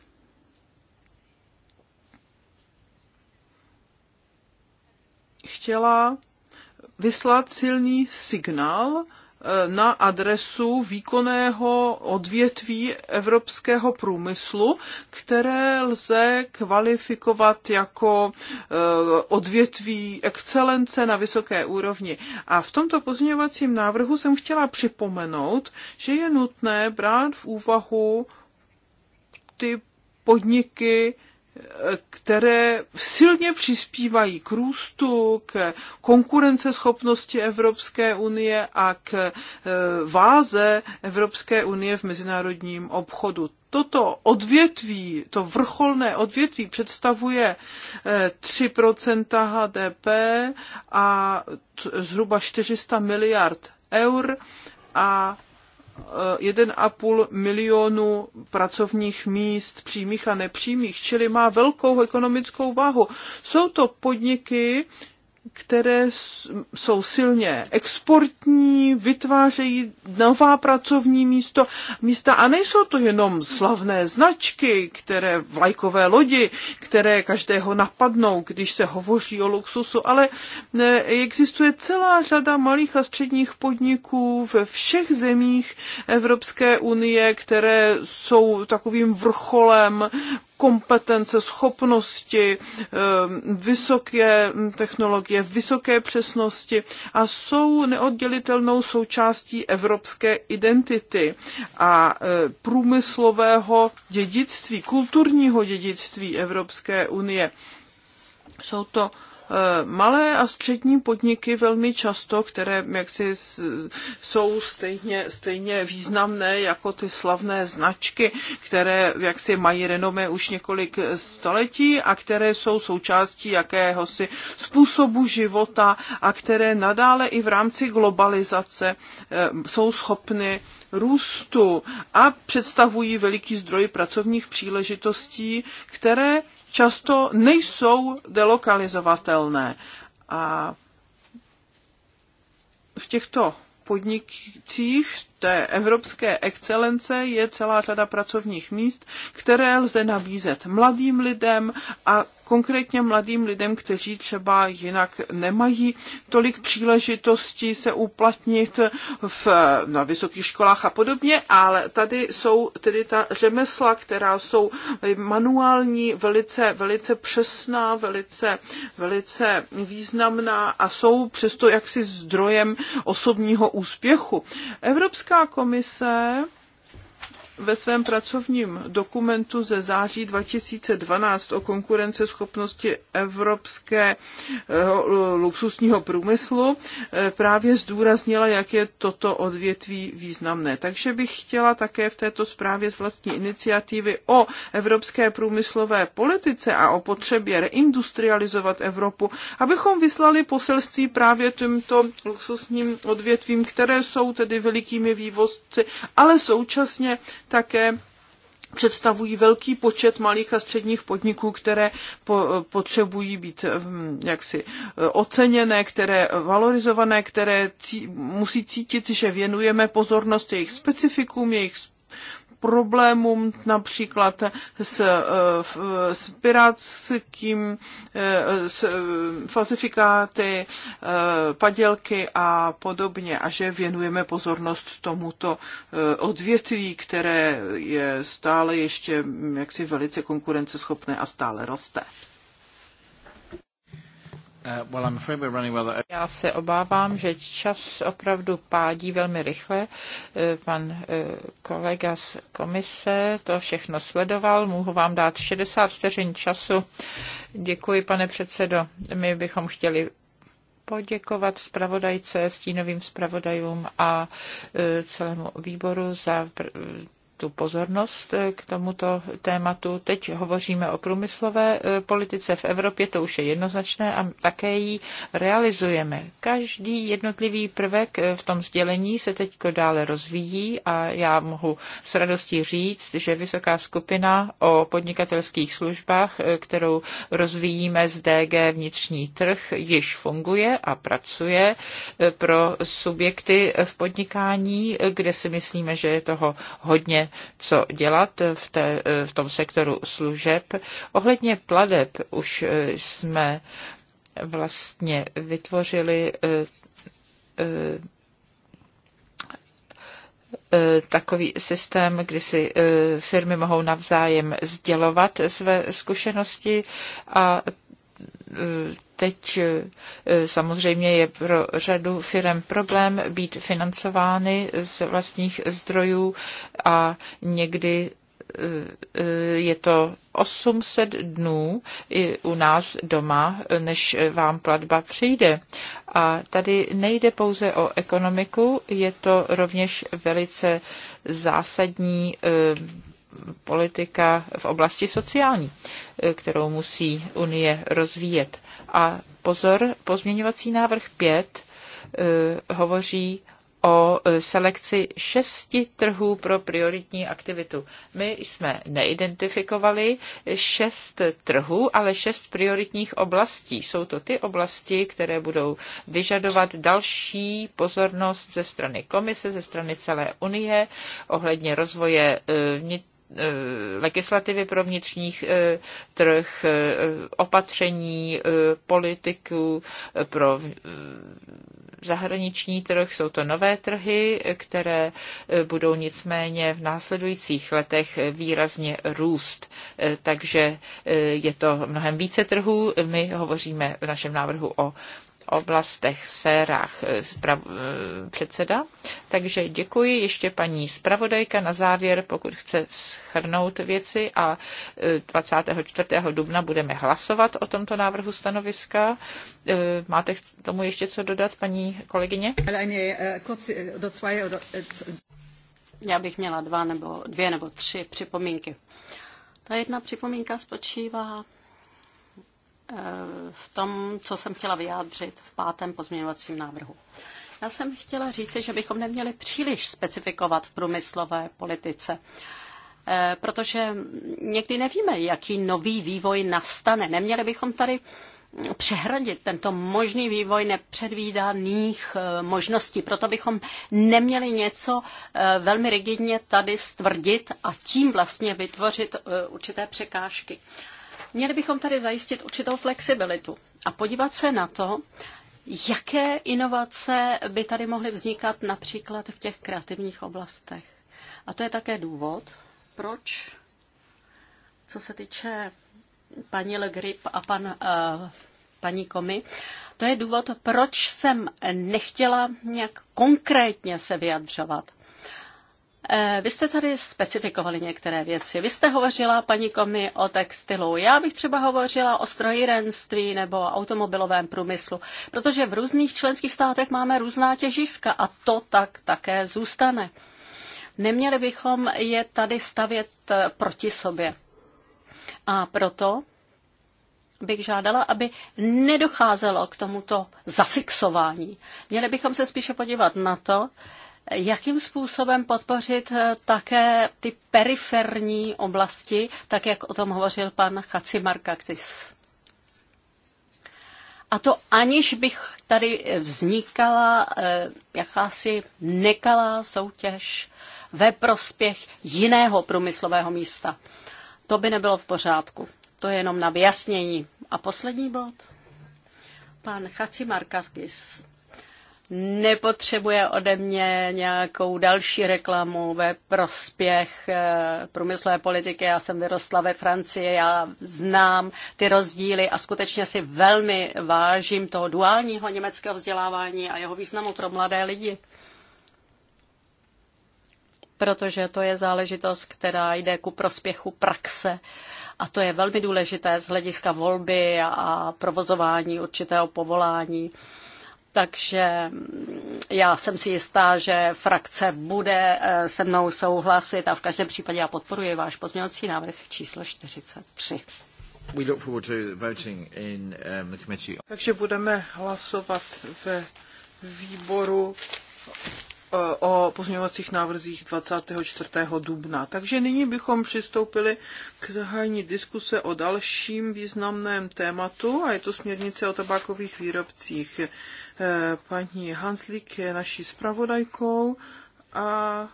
[SPEAKER 2] chtěla vyslat silný signál eh, na adresu výkonného odvětví evropského průmyslu, které lze kvalifikovat jako eh, odvětví excelence na vysoké úrovni. A v tomto pozměňovacím návrhu jsem chtěla připomenout, že je nutné brát v úvahu ty podniky, které silně přispívají k růstu, k konkurenceschopnosti Evropské unie a k e, váze Evropské unie v mezinárodním obchodu. Toto odvětví, to vrcholné odvětví představuje 3 e, HDP a zhruba 400 miliard eur a 1,5 eh, milionu pracovních míst, přímých a nepřímých, čili má velkou ekonomickou váhu. Jsou to podniky, které jsou silně exportní, vytvářejí nová pracovní místo, místa a nejsou to jenom slavné značky, které vlajkové lodi, které každého napadnou, když se hovoří o luxusu, ale e, existuje celá řada malých a středních podniků ve všech zemích Evropské unie, které jsou takovým vrcholem kompetence, schopnosti, eh, vysoké technologie, vysoké přesnosti a jsou neoddělitelnou součástí evropské identity a eh, průmyslového dědictví, kulturního dědictví Evropské unie. Jsou to Eh, malé a střední podniky velmi často, které jaksi jsou stejně, stejně významné jako ty slavné značky, které jaksi mají renomé už několik století a které jsou součástí jakéhosi způsobu života a které nadále i v rámci globalizace eh, jsou schopny růstu a představují veliký zdroj pracovních příležitostí, které často nejsou delokalizovatelné. A v těchto podnikcích té evropské excelence je celá řada pracovních míst, které lze nabízet mladým lidem a konkrétně mladým lidem, kteří třeba jinak nemají tolik příležitostí se uplatnit v, na vysokých školách a podobně, ale tady jsou tedy ta řemesla, která jsou manuální, velice, velice přesná, velice, velice významná a jsou přesto jaksi zdrojem osobního úspěchu. Evropská Evropská komise ve svém pracovním dokumentu ze září 2012 o konkurenceschopnosti evropské luxusního průmyslu eh, právě zdůraznila, jak je toto odvětví významné. Takže bych chtěla také v této zprávě z vlastní iniciativy o evropské průmyslové politice a o potřebě reindustrializovat Evropu, abychom vyslali poselství právě tímto luxusním odvětvím, které jsou tedy velikými vývozci, ale současně také představují velký počet malých a středních podniků, které po, potřebují být eh, jaksi eh, oceněné, které valorizované, které cí, musí cítit, že věnujeme pozornost jejich specifikům, jejich problémům například s, eh, s pirátským, eh, s eh, falsifikáty, padělky a podobně a že věnujeme pozornost tomuto odvětví, které je stále ještě mm, jaksi velice konkurenceschopné a stále roste.
[SPEAKER 1] Uh, Já se obávám, že čas opravdu pádí velmi rychle. Eh, pan eh, kolega z komise to všechno sledoval. Mohu vám dát 60 vteřin času. Děkuji, pane předsedo. My bychom chtěli poděkovat zpravodajce, stínovým zpravodajům a eh, celému výboru za tu pozornost eh, k tomuto tématu. Teď hovoříme o průmyslové eh, politice v Evropě, to už je jednoznačné a také ji realizujeme. Každý jednotlivý prvek eh, v tom sdělení se teď dále rozvíjí a já mohu s radostí říct, že vysoká skupina o podnikatelských službách, kterou rozvíjíme z DG vnitřní trh, již funguje a pracuje pro subjekty v podnikání, kde si myslíme, že je toho hodně co dělat v, té, v tom sektoru služeb. Ohledně pladeb už eh, jsme vlastně vytvořili eh, eh, takový systém, kdy si firmy mohou navzájem sdělovat své zkušenosti a Teď eh, samozřejmě je pro řadu firm problém být financovány z vlastních zdrojů a někdy eh, eh, je to 800 dnů i u nás doma, než vám platba přijde. A tady nejde pouze o ekonomiku, je to rovněž velice zásadní politika v oblasti sociální, kterou musí Unie rozvíjet. A pozor, pozměňovací návrh 5 eh, hovoří o eh, selekci šesti trhů pro prioritní aktivitu. My jsme neidentifikovali šest trhů, ale šest prioritních oblastí. Jsou to ty oblasti, které budou vyžadovat další pozornost ze strany komise, ze strany celé Unie ohledně rozvoje eh, vnitř Eh, legislativy pro vnitřních eh, trh, eh, opatření politiků pro zahraniční trh. Jsou to nové trhy, které budou nicméně v následujících letech výrazně růst. Takže je to mnohem více trhů. My hovoříme v našem návrhu o oblastech, sférách zprav, eh, eh, předseda. Takže děkuji ještě paní zpravodajka na závěr, pokud chce schrnout věci a 24. Eh, dubna budeme hlasovat o tomto návrhu stanoviska. Máte k tomu ještě co
[SPEAKER 3] dodat, paní kolegyně? Já bych měla dva nebo dvě nebo tři připomínky. Ta jedna připomínka spočívá Eh, v tom, co jsem chtěla vyjádřit v pátém pozměňovacím návrhu. Já jsem chtěla říci, že bychom neměli příliš specifikovat v průmyslové politice, eh, protože někdy nevíme, jaký nový vývoj nastane. Neměli bychom tady přehradit tento možný vývoj nepředvídaných eh, možností. Proto bychom neměli něco velmi rigidně tady stvrdit a tím vlastně vytvořit určité překážky. Měli bychom tady zajistit určitou flexibilitu a podívat se na to, jaké inovace by tady mohly vznikat například v těch kreativních oblastech. A to je také důvod, proč, co se týče paní Le Grip a pan, uh, paní Komi, to je důvod, proč jsem nechtěla nějak konkrétně se vyjadřovat. Eh, vy jste tady specifikovali některé věci. Vy jste hovořila, paní Komi, o textilu. Já bych třeba hovořila o strojírenství nebo automobilovém průmyslu, protože v různých členských státech máme různá těžiska a to tak také zůstane. Neměli bychom je tady stavět eh, proti sobě. A proto bych žádala, aby nedocházelo k tomuto zafixování. Měli bychom se spíše podívat na to, Jakým způsobem podpořit eh, také ty periferní oblasti, tak jak o tom hovořil pan Chacimarkaktis? A to aniž bych tady vznikala eh, jakási nekalá soutěž ve prospěch jiného průmyslového místa. To by nebylo v pořádku. To je jenom na vyjasnění. A poslední bod. Pan Chacimarkakis nepotřebuje ode mě nějakou další reklamu ve prospěch eh, průmyslové politiky. Já jsem vyrostla ve Francii, já znám ty rozdíly a skutečně si velmi vážím toho duálního německého vzdělávání a jeho významu pro mladé lidi. Protože to je záležitost, která jde ku prospěchu praxe. A to je velmi důležité z hlediska volby a provozování určitého povolání takže já jsem si jistá, že frakce bude eh, se mnou souhlasit a v každém případě já podporuji váš pozměňovací návrh číslo 43.
[SPEAKER 1] Um,
[SPEAKER 2] takže budeme hlasovat ve výboru eh, o pozměňovacích návrzích 24. dubna. Takže nyní bychom přistoupili k zahájení diskuse o dalším významném tématu a je to směrnice o tabákových výrobcích. Paní Hanslík je naší zpravodajkou a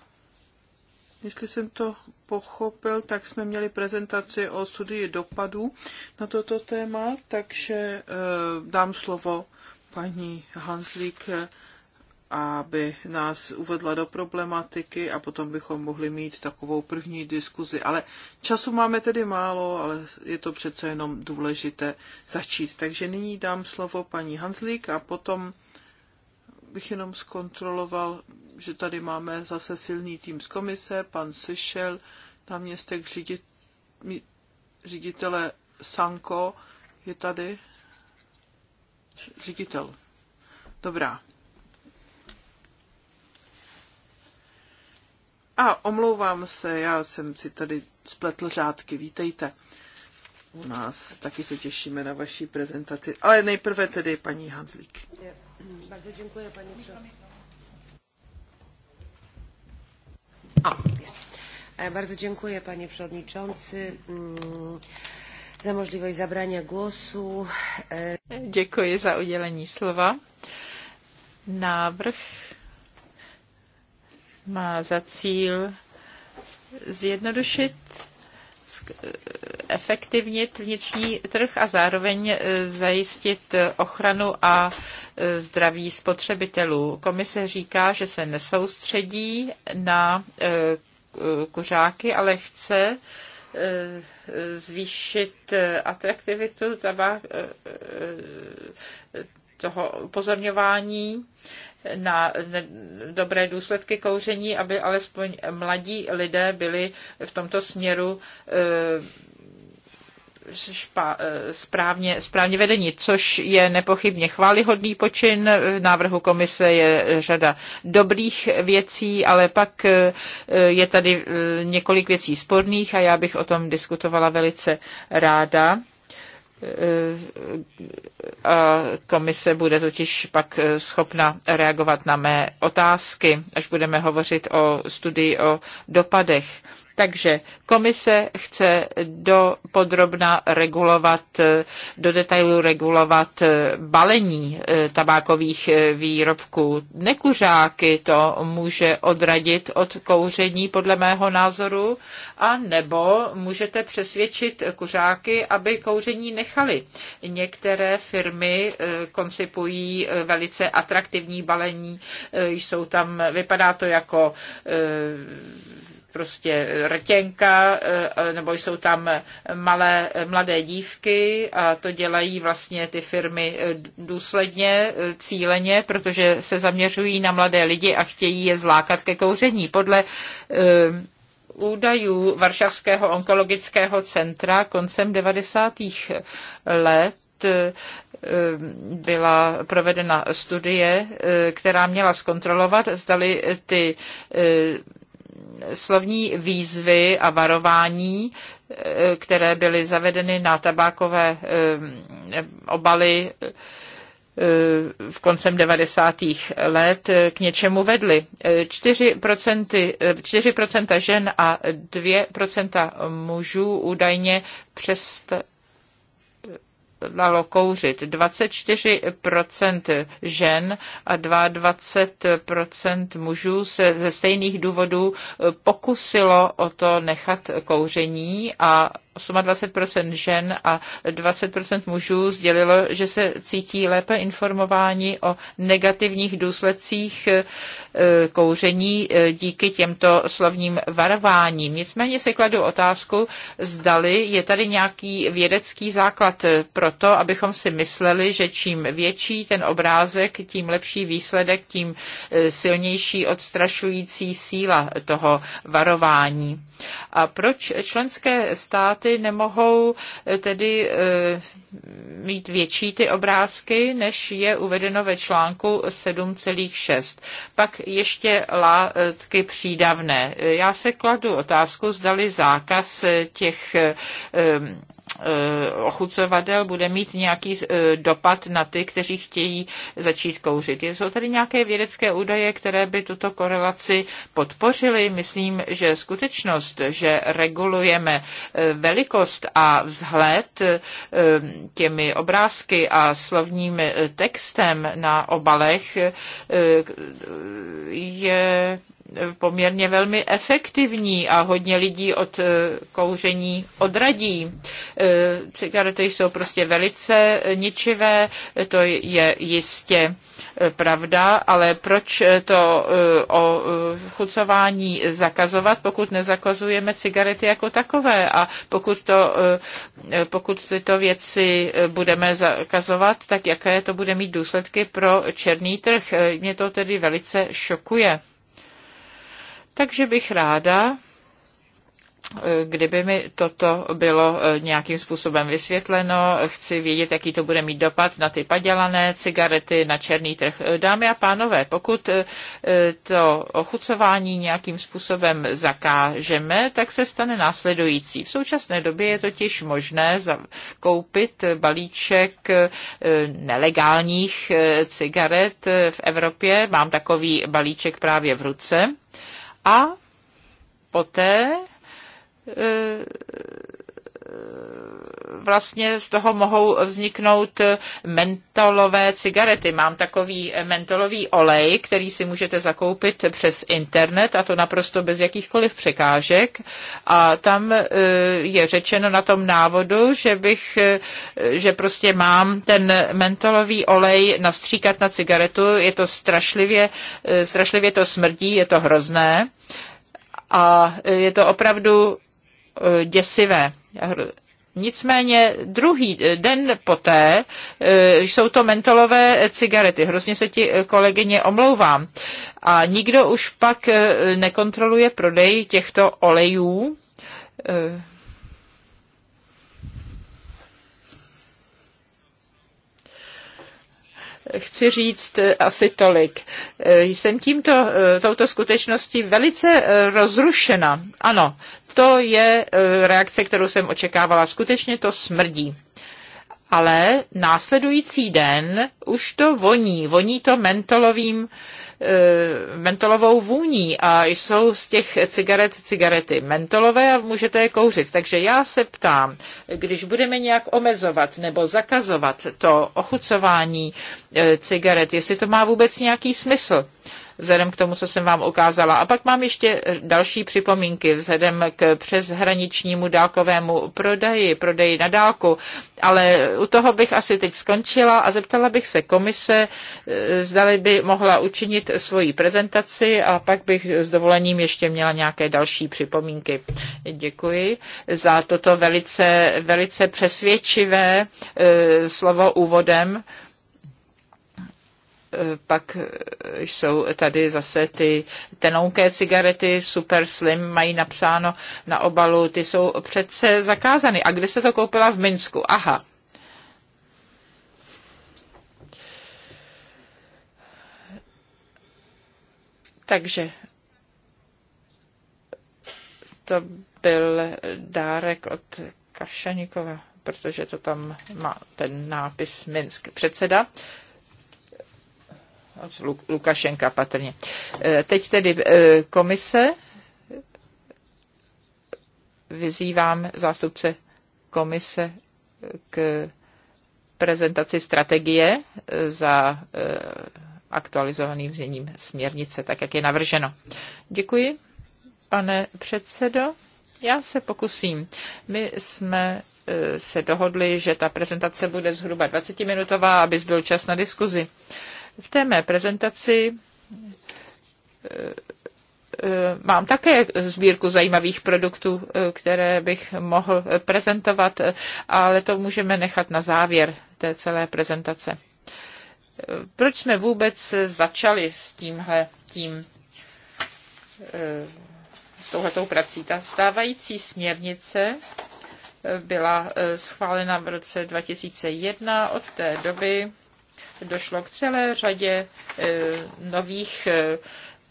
[SPEAKER 2] jestli jsem to pochopil, tak jsme měli prezentaci o studii dopadů na toto téma, takže eh, dám slovo paní Hanslík aby nás uvedla do problematiky a potom bychom mohli mít takovou první diskuzi. Ale času máme tedy málo, ale je to přece jenom důležité začít. Takže nyní dám slovo paní Hanzlík a potom bych jenom zkontroloval, že tady máme zase silný tým z komise, pan Sešel, náměstek řidit, ředitele Sanko je tady. Ředitel. Dobrá. A omlouvám se, já jsem si tady spletl řádky, vítejte. U nás taky se těšíme na vaší prezentaci, ale nejprve tedy paní Hanzlík.
[SPEAKER 3] Bardzo děkuji, paní
[SPEAKER 1] A, jest. Bardzo dziękuję panie przewodniczący mm, za możliwość zabrania głosu. E, děkuji za udělení slova. Návrh má za cíl zjednodušit, efektivnit vnitřní trh a zároveň eh, zajistit ochranu a eh, zdraví spotřebitelů. Komise říká, že se nesoustředí na eh, kuřáky, ale chce zvýšit atraktivitu toho upozorňování na dobré důsledky kouření, aby alespoň mladí lidé byli v tomto směru eh, špa, eh, správně, správně vedení, což je nepochybně chválihodný počin. V návrhu komise je řada dobrých věcí, ale pak eh, je tady několik věcí sporných a já bych o tom diskutovala velice ráda a komise bude totiž pak schopna reagovat na mé otázky, až budeme hovořit o studii o dopadech. Takže komise chce do podrobna regulovat, do detailu regulovat eh, balení eh, tabákových eh, výrobků. Nekuřáky to může odradit od kouření podle mého názoru a nebo můžete přesvědčit kuřáky, aby kouření nechali. Některé firmy koncipují velice atraktivní balení, jsou tam, vypadá to jako prostě rtěnka, eh, nebo jsou tam malé, eh, mladé dívky a to dělají vlastně ty firmy eh, důsledně, cíleně, protože se zaměřují na mladé lidi a chtějí je zlákat ke kouření. Podle údajů Varšavského onkologického centra koncem 90. let byla provedena studie, která měla zkontrolovat, zdali ty slovní výzvy a varování, eh, které byly zavedeny na tabákové eh, obaly eh, v koncem 90. let k něčemu vedly. 4%, 4 žen a 2% mužů údajně přest, dalo kouřit. 24% žen a 22% mužů se ze stejných důvodů pokusilo o to nechat kouření a 28% žen a 20% mužů sdělilo, že se cítí lépe informováni o negativních důsledcích eh, kouření eh, díky těmto slovním varováním. Nicméně si kladu otázku, zdali je tady nějaký vědecký základ pro to, abychom si mysleli, že čím větší ten obrázek, tím lepší výsledek, tím eh, silnější odstrašující síla toho varování. A proč členské státy státy nemohou eh, tedy eh, mít větší ty obrázky, než je uvedeno ve článku 7,6. Pak ještě látky přídavné. Já se kladu otázku, zdali zákaz eh, těch ochucovadel bude mít nějaký dopad na ty, kteří chtějí začít kouřit. Jsou tady nějaké vědecké údaje, které by tuto korelaci podpořily? Myslím, že skutečnost, že regulujeme velmi velikost a vzhled eh, těmi obrázky a slovním eh, textem na obalech eh, je poměrně velmi efektivní a hodně lidí od eh, kouření odradí. Eh, cigarety jsou prostě velice ničivé, to je jistě eh, pravda, ale proč to o chucování zakazovat, pokud nezakazujeme cigarety jako takové a pokud, to, pokud tyto věci budeme zakazovat, tak jaké to bude mít důsledky pro černý trh. Mě to tedy velice šokuje. Takže bych ráda, eh, kdyby mi toto bylo eh, nějakým způsobem vysvětleno. Chci vědět, jaký to bude mít dopad na ty padělané cigarety, na černý trh. Eh, Dámy a pánové, pokud to ochucování nějakým způsobem zakážeme, tak se stane následující. V současné době je totiž možné koupit balíček nelegálních cigaret v Evropě. Mám takový balíček právě v ruce a poté eh, vlastně z toho mohou vzniknout mentolové cigarety. Mám takový mentolový olej, který si můžete zakoupit přes internet a to naprosto bez jakýchkoliv překážek. A tam e, je řečeno na tom návodu, že bych, e, že prostě mám ten mentolový olej nastříkat na cigaretu. Je to strašlivě, e, strašlivě to smrdí, je to hrozné. A je to opravdu děsivé Nicméně druhý eh, den poté eh, jsou to mentolové cigarety. Hrozně se ti eh, kolegyně omlouvám. A nikdo už pak nekontroluje prodej těchto olejů. chci říct asi tolik. Jsem tímto, touto skutečností velice rozrušena. Ano, to je e, reakce, kterou jsem očekávala. Skutečně to smrdí. Ale následující den už to voní. Voní to mentolovým e, mentolovou vůní a jsou z těch cigaret cigarety mentolové a můžete je kouřit. Takže já se ptám, když budeme nějak omezovat nebo zakazovat to ochucování e, cigaret, jestli to má vůbec nějaký smysl vzhledem k tomu, co jsem vám ukázala. A pak mám ještě další připomínky vzhledem k přeshraničnímu dálkovému prodeji, prodeji na dálku, ale u toho bych asi teď skončila a zeptala bych se komise, e, zdali by mohla učinit svoji prezentaci a pak bych s dovolením ještě měla nějaké další připomínky. Děkuji za toto velice, velice přesvědčivé e, slovo úvodem pak jsou tady zase ty tenouké cigarety, super slim, mají napsáno na obalu, ty jsou přece zakázány. A kde se to koupila? V Minsku. Aha. Takže to byl dárek od Kašanikova, protože to tam má ten nápis Minsk. Předseda, Lukašenka patrně. E, teď tedy e, komise. Vyzývám zástupce komise k prezentaci strategie za e, aktualizovaným vzněním směrnice, tak jak je navrženo. Děkuji, pane předsedo. Já se pokusím. My jsme se dohodli, že ta prezentace bude zhruba 20-minutová, aby byl čas na diskuzi. V té mé prezentaci eh, eh, mám také sbírku zajímavých produktů, eh, které bych mohl prezentovat, ale to můžeme nechat na závěr té celé prezentace. Proč jsme vůbec začali s tímhle tím s touhletou prací. Ta stávající směrnice byla schválena v roce 2001. Od té doby došlo k celé řadě eh, nových eh,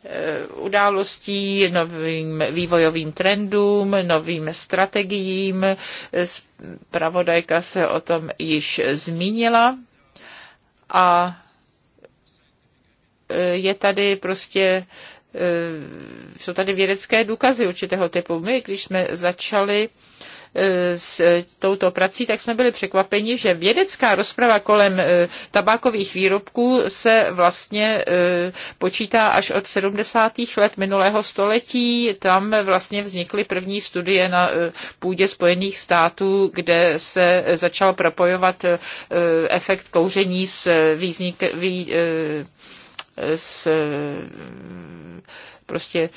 [SPEAKER 1] eh, událostí, novým vývojovým trendům, novým strategiím. Pravodajka se o tom již zmínila a je tady prostě jsou tady vědecké důkazy určitého typu. My, když jsme začali E, s e, touto prací, tak jsme byli překvapeni, že vědecká rozprava kolem e, tabákových výrobků se vlastně počítá až od 70. let minulého století. Tam vlastně vznikly první studie na půdě Spojených států, kde se začal propojovat efekt kouření s význik, s prostě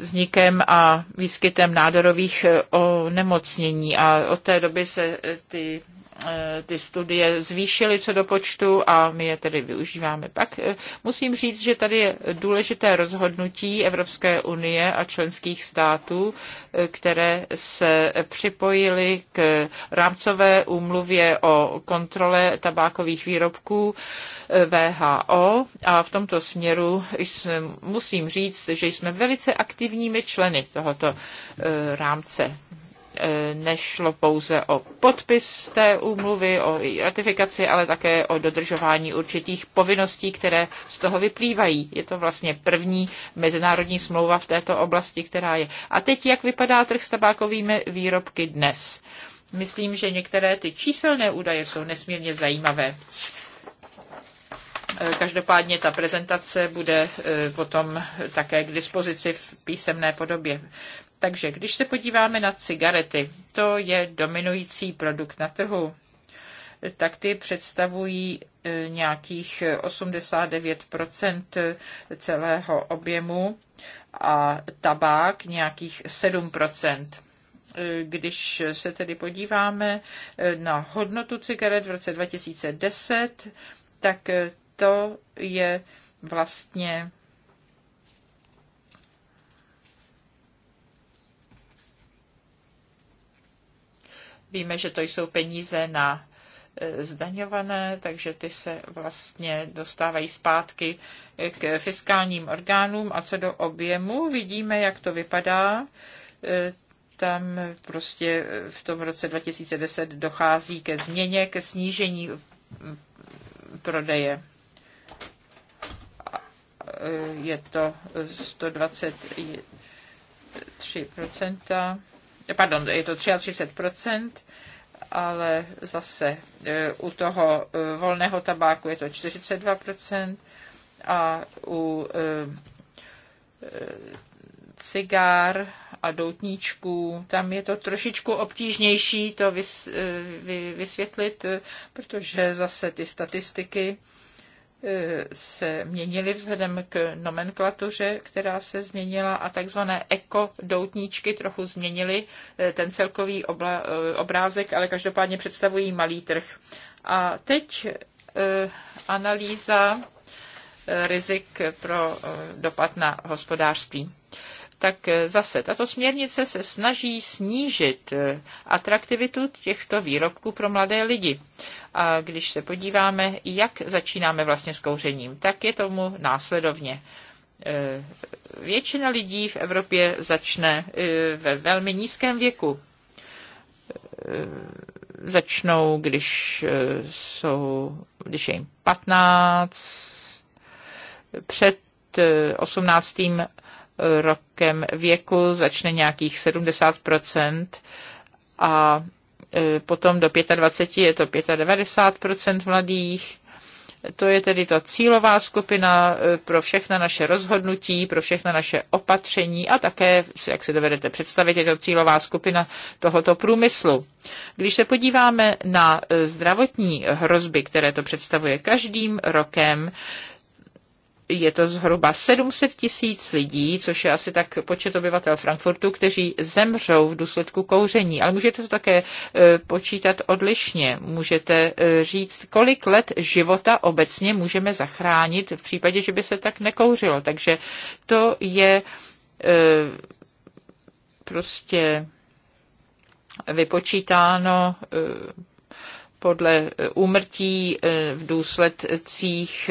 [SPEAKER 1] vznikem a výskytem nádorových eh, onemocnění. A od té doby se eh, ty Eh, ty studie zvýšily co do počtu a my je tedy využíváme. Pak eh, musím říct, že tady je důležité rozhodnutí Evropské unie a členských států, eh, které se připojily k rámcové úmluvě o kontrole tabákových výrobků VHO a v tomto směru musím říct, že jsme velice aktivními členy tohoto rámce. E, nešlo pouze o podpis té úmluvy, o její ratifikaci, ale také o dodržování určitých povinností, které z toho vyplývají. Je to vlastně první mezinárodní smlouva v této oblasti, která je. A teď, jak vypadá trh s tabákovými výrobky dnes? Myslím, že některé ty číselné údaje jsou nesmírně zajímavé. E, každopádně ta prezentace bude e, potom také k dispozici v písemné podobě. Takže když se podíváme na cigarety, to je dominující produkt na trhu, tak ty představují e, nějakých 89 celého objemu a tabák nějakých 7 e, když se tedy podíváme e, na hodnotu cigaret v roce 2010, tak to je vlastně Víme, že to jsou peníze na e, zdaňované, takže ty se vlastně dostávají zpátky k fiskálním orgánům. A co do objemu, vidíme, jak to vypadá. E, tam prostě v tom roce 2010 dochází ke změně, ke snížení prodeje. E, je to 123 procenta pardon, je to 33%, ale zase e, u toho e, volného tabáku je to 42% a u e, cigár a doutníčků. Tam je to trošičku obtížnější to vysvětlit, protože zase ty statistiky E, se měnily vzhledem k nomenklatuře, která se změnila a takzvané doutníčky trochu změnily e, ten celkový obla, e, obrázek, ale každopádně představují malý trh. A teď analýza rizik pro dopad na hospodářství tak zase tato směrnice se snaží snížit atraktivitu těchto výrobků pro mladé lidi. A když se podíváme, jak začínáme vlastně s kouřením, tak je tomu následovně. E, většina lidí v Evropě začne e, ve velmi nízkém věku. E, začnou, když, jsou, když je jim 15, před 18. rokem věku začne nějakých 70 a E, potom do 25 je to 95 mladých. To je tedy ta cílová skupina e, pro všechna naše rozhodnutí, pro všechna naše opatření a také, jak si dovedete představit, je to cílová skupina tohoto průmyslu. Když se podíváme na e, zdravotní hrozby, které to představuje každým rokem, je to zhruba 700 tisíc lidí, což je asi tak počet obyvatel Frankfurtu, kteří zemřou v důsledku kouření. Ale můžete to také e, počítat odlišně. Můžete e, říct, kolik let života obecně můžeme zachránit v případě, že by se tak nekouřilo. Takže to je e, prostě vypočítáno podle úmrtí v důsledcích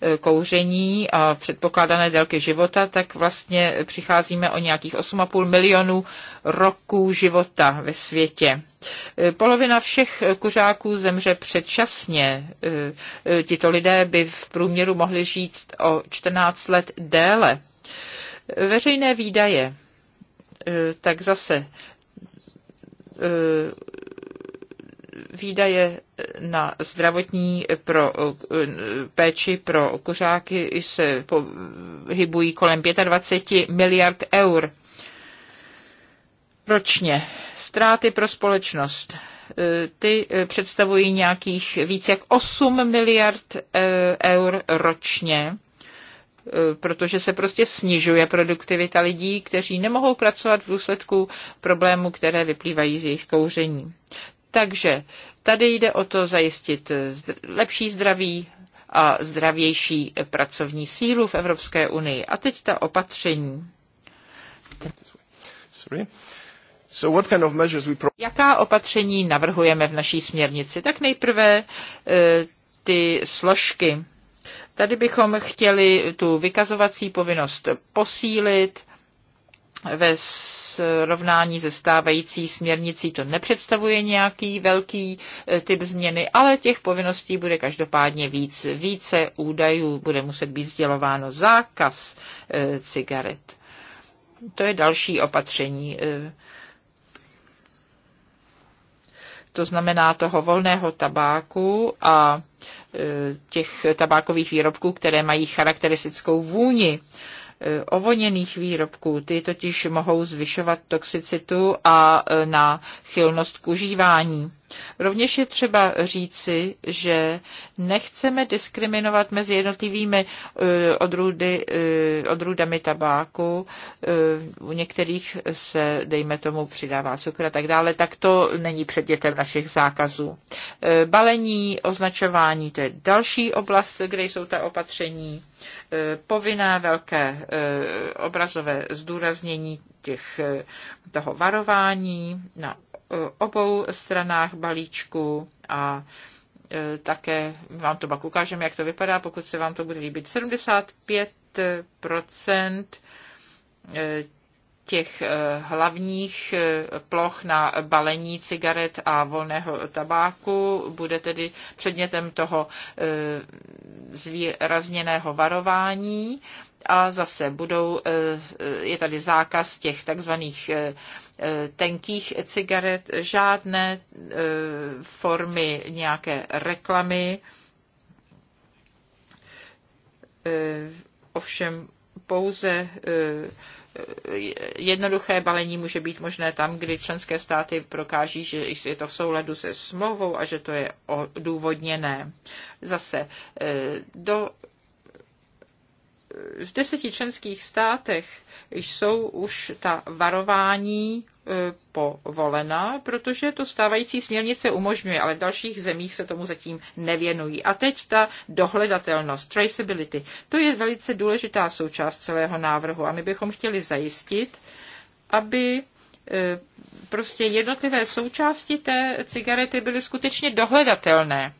[SPEAKER 1] E, kouření a předpokládané délky života, tak vlastně přicházíme o nějakých 8,5 milionů roků života ve světě. E, polovina všech kuřáků zemře předčasně. E, tito lidé by v průměru mohli žít o 14 let déle. Veřejné výdaje, tak zase výdaje na zdravotní pro péči pro kuřáky se pohybují kolem 25 miliard eur ročně. Ztráty pro společnost ty představují nějakých víc jak 8 miliard eh, eur ročně eh, protože se prostě snižuje produktivita lidí, kteří nemohou pracovat v důsledku problémů, které vyplývají z jejich kouření. Takže tady jde o to zajistit lepší zdraví a zdravější pracovní sílu v Evropské unii. A teď ta opatření. Sorry. Jaká opatření navrhujeme v naší směrnici? Tak nejprve e, ty složky. Tady bychom chtěli tu vykazovací povinnost posílit, ve srovnání se stávající směrnicí to nepředstavuje nějaký velký e, typ změny, ale těch povinností bude každopádně víc. Více údajů bude muset být sdělováno zákaz e, cigaret. To je další opatření. E. To znamená toho volného tabáku a těch tabákových výrobků, které mají charakteristickou vůni. E, ovoněných výrobků. Ty totiž mohou zvyšovat toxicitu a e, na chylnost k užívání. Rovněž je třeba říci, že nechceme diskriminovat mezi jednotlivými e, odrůdy, odrůdami tabáku. U některých se, dejme tomu, přidává cukr a tak dále. Tak to není předmětem našich zákazů. Balení, označování, to je další oblast, kde jsou ta opatření. Eh, povinné velké eh, obrazové zdůraznění těch, eh, toho varování na obou stranách balíčku a také vám to pak ukážeme, jak to vypadá, pokud se vám to bude líbit. 75% těch eh, hlavních eh, ploch na balení cigaret a volného tabáku bude tedy předmětem toho eh, zvýrazněného varování a zase budou, je tady zákaz těch takzvaných tenkých cigaret, žádné formy nějaké reklamy, ovšem pouze jednoduché balení může být možné tam, kdy členské státy prokáží, že je to v souladu se smlouvou a že to je odůvodněné. Zase eh, do, v deseti členských státech jsou už ta varování e, povolena, protože to stávající směrnice umožňuje, ale v dalších zemích se tomu zatím nevěnují. A teď ta dohledatelnost, traceability, to je velice důležitá součást celého návrhu a my bychom chtěli zajistit, aby e, prostě jednotlivé součásti té cigarety byly skutečně dohledatelné.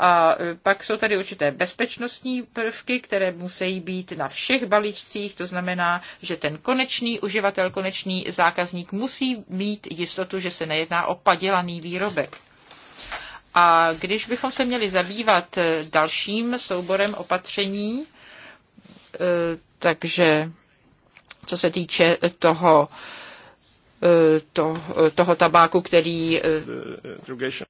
[SPEAKER 1] A e, pak jsou tady určité bezpečnostní prvky, které musí být na všech balíčcích, to znamená, že ten konečný uživatel, konečný zákazník musí mít jistotu, že se nejedná o padělaný výrobek. A když bychom se měli zabývat e, dalším souborem opatření, e, takže co se týče toho E, to, e, toho tabáku, který e,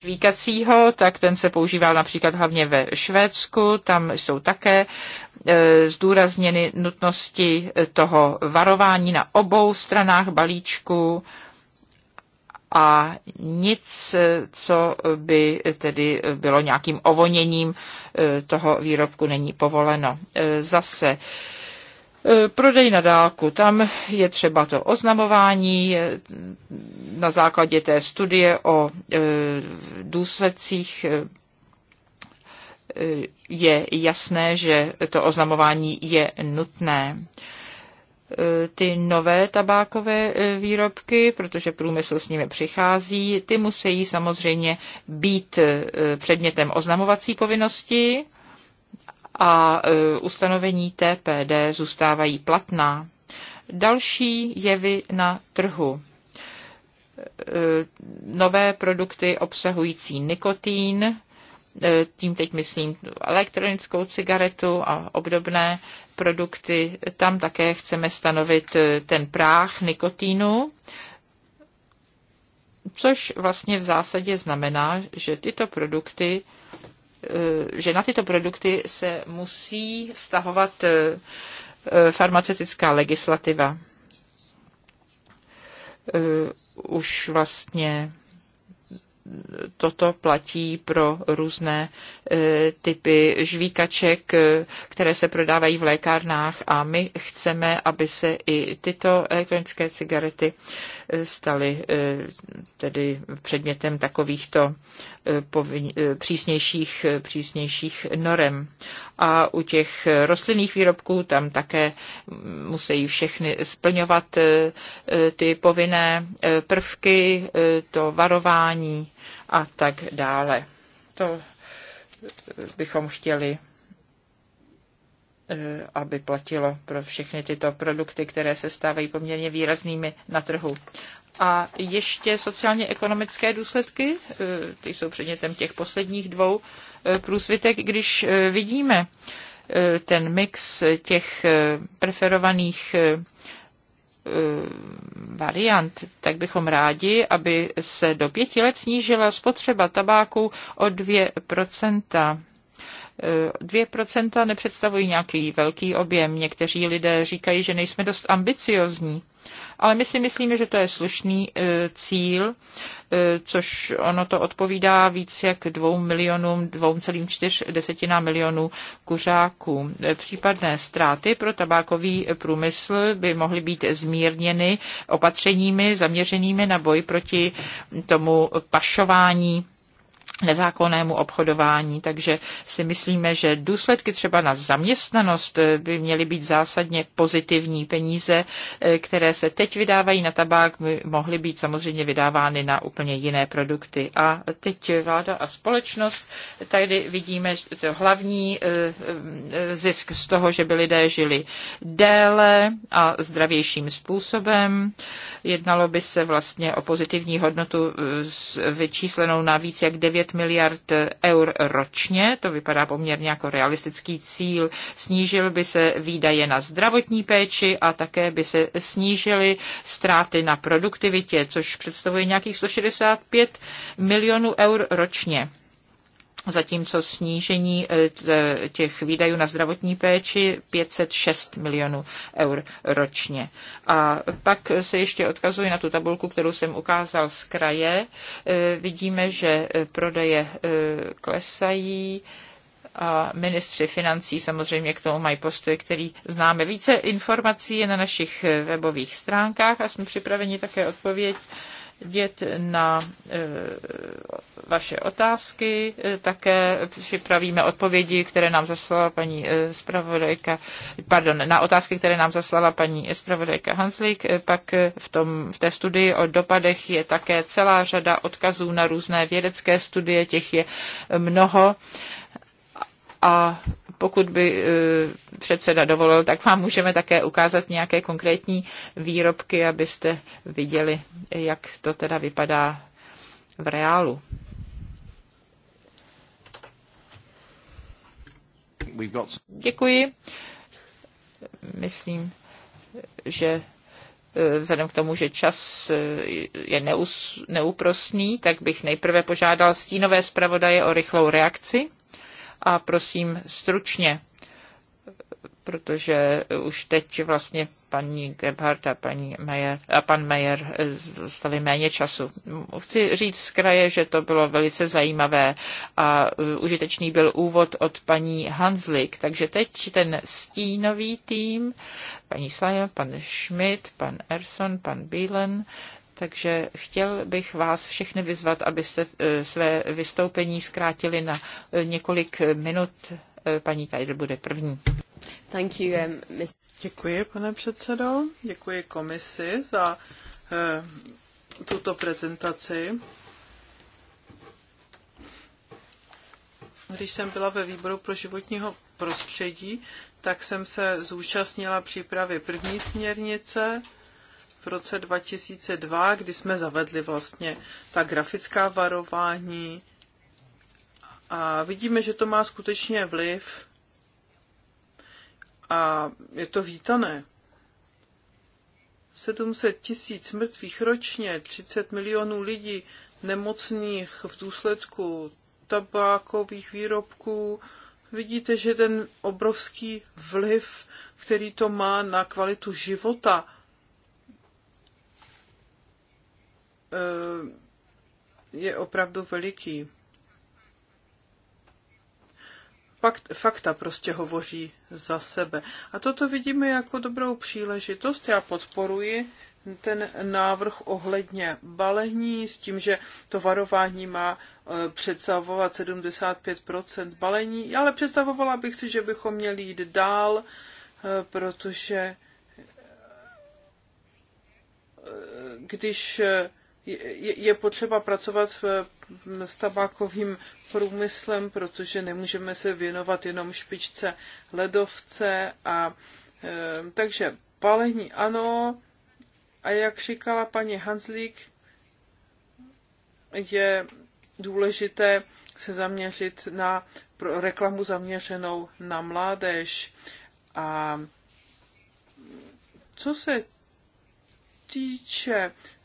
[SPEAKER 1] výkacího, tak ten se používal například hlavně ve Švédsku, tam jsou také zdůrazněny nutnosti toho varování na obou stranách balíčku a nic, co by tedy bylo nějakým ovoněním toho výrobku, není povoleno. Zase E, prodej na dálku, tam je třeba to oznamování e, na základě té studie o e, důsledcích je jasné, že to oznamování je nutné. Ty nové tabákové výrobky, protože průmysl s nimi přichází, ty musí samozřejmě být předmětem oznamovací povinnosti a e, ustanovení TPD zůstávají platná. Další jevy na trhu e, nové produkty obsahující nikotín, e, tím teď myslím elektronickou cigaretu a obdobné produkty. Tam také chceme stanovit ten práh nikotínu, což vlastně v zásadě znamená, že tyto produkty Eh, že na tyto produkty se musí vztahovat eh, eh, farmaceutická legislativa. Už vlastně toto platí pro různé typy žvíkaček, které se prodávají v lékárnách a my chceme, aby se i tyto elektronické cigarety staly eh, tedy předmětem takovýchto eh, eh, přísnějších, přísnějších norem. A u těch rostlinných výrobků tam také musí všechny splňovat ty povinné prvky, to varování a tak dále. To bychom chtěli Eh, aby platilo pro všechny tyto produkty, které se stávají poměrně výraznými na trhu. A ještě sociálně-ekonomické důsledky, eh, ty jsou předmětem těch posledních dvou eh, průsvitek, když vidíme ten mix těch preferovaných variant, tak bychom rádi, aby se do pěti let snížila spotřeba tabáku o 2 2% nepředstavují nějaký velký objem. Někteří lidé říkají, že nejsme dost ambiciozní, ale my si myslíme, že to je slušný e, cíl, e, což ono to odpovídá víc jak 2 milionům, 2,4 desetina milionů kuřáků. E, případné ztráty pro tabákový průmysl by mohly být zmírněny opatřeními zaměřenými na boj proti tomu pašování nezákonnému obchodování, takže si myslíme, že důsledky třeba na zaměstnanost eh, by měly být zásadně pozitivní. Peníze, eh, které se teď vydávají na tabák, by mohly být samozřejmě vydávány na úplně jiné produkty. A teď vláda a společnost, tady vidíme to hlavní eh, zisk z toho, že by lidé žili déle a zdravějším způsobem. Jednalo by se vlastně o pozitivní hodnotu vyčíslenou na víc jak 9 5 miliard eur ročně, to vypadá poměrně jako realistický cíl. Snížil by se výdaje na zdravotní péči a také by se snížily ztráty na produktivitě, což představuje nějakých 165 milionů eur ročně zatímco snížení e, e, těch výdajů na zdravotní péči 506 milionů eur ročně. A pak se ještě odkazuji na tu tabulku, kterou jsem ukázal z kraje. E, vidíme, že prodeje klesají a ministři financí samozřejmě k tomu mají postoj, který známe. Více informací je na našich webových stránkách a jsme připraveni také odpovědět odpovědět na eh, vaše otázky. Eh, také připravíme odpovědi, které nám zaslala paní eh, zpravodajka, pardon, na otázky, které nám zaslala paní zpravodajka Hanslík. Pak v, tom, v té studii o dopadech je také celá řada odkazů na různé vědecké studie, těch je mnoho. A pokud by e, předseda dovolil, tak vám můžeme také ukázat nějaké konkrétní výrobky, abyste viděli, jak to teda vypadá v reálu. Děkuji. Myslím, že e, vzhledem k tomu, že čas e, je neus, neúprosný, tak bych nejprve požádal stínové zpravodaje o rychlou reakci a prosím stručně, protože už teď vlastně paní Gebhardt a, paní Mayer, a pan Mayer dostali méně času. Chci říct z kraje, že to bylo velice zajímavé a užitečný byl úvod od paní Hanslik. Takže teď ten stínový tým, paní Slaja, pan Schmidt, pan Erson, pan Bílen, takže chtěl bych vás všechny vyzvat, abyste eh, své vystoupení zkrátili na eh, několik minut. Eh, paní Tajder bude první. Thank
[SPEAKER 2] you, um, Ms. Děkuji, pane předsedo. Děkuji komisi za uh, tuto prezentaci. Když jsem byla ve výboru pro životního prostředí, tak jsem se zúčastnila přípravy první směrnice roce 2002, kdy jsme zavedli vlastně ta grafická varování a vidíme, že to má skutečně vliv a je to vítané. 700 tisíc mrtvých ročně, 30 milionů lidí nemocných v důsledku tabákových výrobků. Vidíte, že ten obrovský vliv, který to má na kvalitu života Eh, je opravdu veliký. Fakt, fakta prostě hovoří za sebe. A toto vidíme jako dobrou příležitost. Já podporuji ten návrh ohledně balení s tím, že to varování má eh, představovat 75 balení, ale představovala bych si, že bychom měli jít dál, eh, protože když je potřeba pracovat s tabákovým průmyslem, protože nemůžeme se věnovat jenom špičce ledovce. A, e, takže palení ano, a jak říkala paní Hanslík, je důležité se zaměřit na reklamu zaměřenou na mládež. A co se týče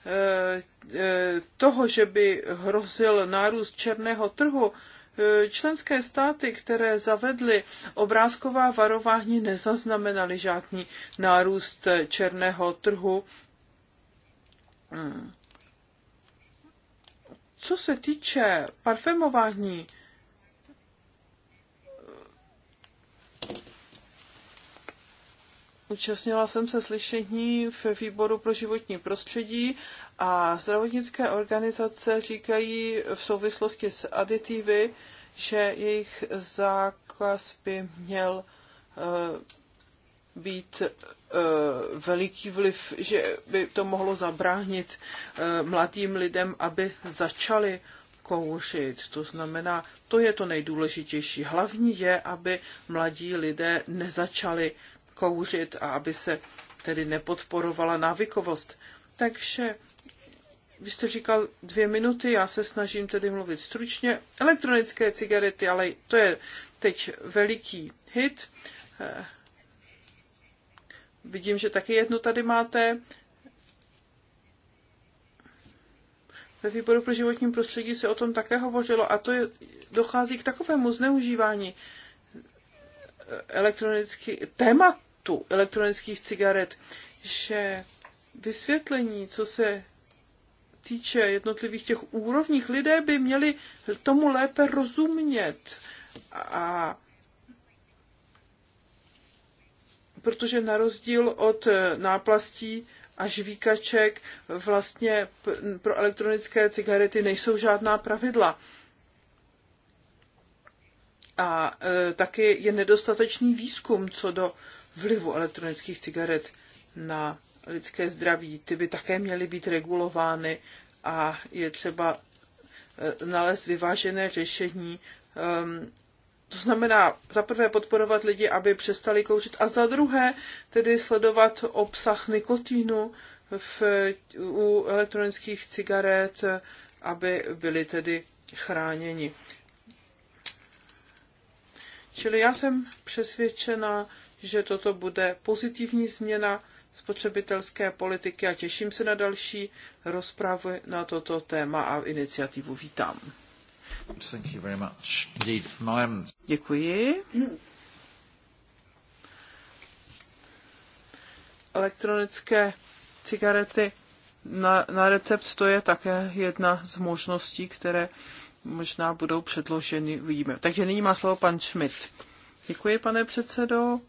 [SPEAKER 2] eh, eh, toho, že by hrozil nárůst černého trhu, eh, členské státy, které zavedly obrázková varování, nezaznamenaly žádný nárůst černého trhu. Hmm. Co se týče parfémování, Účastnila jsem se slyšení v výboru pro životní prostředí a zdravotnické organizace říkají v souvislosti s aditivy, že jejich zákaz by měl eh, být eh, veliký vliv, že by to mohlo zabránit eh, mladým lidem, aby začali kouřit. To znamená, to je to nejdůležitější. Hlavní je, aby mladí lidé nezačali kouřit a aby se tedy nepodporovala návykovost. Takže vy jste říkal dvě minuty, já se snažím tedy mluvit stručně. Elektronické cigarety, ale to je teď veliký hit. Eh, vidím, že taky jednu tady máte. Ve výboru pro životní prostředí se o tom také hovořilo a to je, dochází k takovému zneužívání eh, elektronických témat tu elektronických cigaret, že vysvětlení, co se týče jednotlivých těch úrovních, lidé by měli tomu lépe rozumět. A protože na rozdíl od eh, náplastí a žvíkaček vlastně pro elektronické cigarety nejsou žádná pravidla. A e, taky je nedostatečný výzkum co do vlivu elektronických cigaret na lidské zdraví, ty by také měly být regulovány a je třeba eh, nalézt vyvážené řešení. Ehm, to znamená za prvé podporovat lidi, aby přestali kouřit a za druhé tedy sledovat obsah nikotínu v, u elektronických cigaret, aby byli tedy chráněni. Čili já jsem přesvědčena, že toto bude pozitivní změna spotřebitelské politiky a těším se na další rozpravy na toto téma a iniciativu vítám.
[SPEAKER 1] Thank you very much. Um, Děkuji.
[SPEAKER 2] Elektronické cigarety na, na recept to je také jedna z možností, které možná budou předloženy, uvidíme. Takže nyní má slovo pan Schmidt. Děkuji, pane předsedo.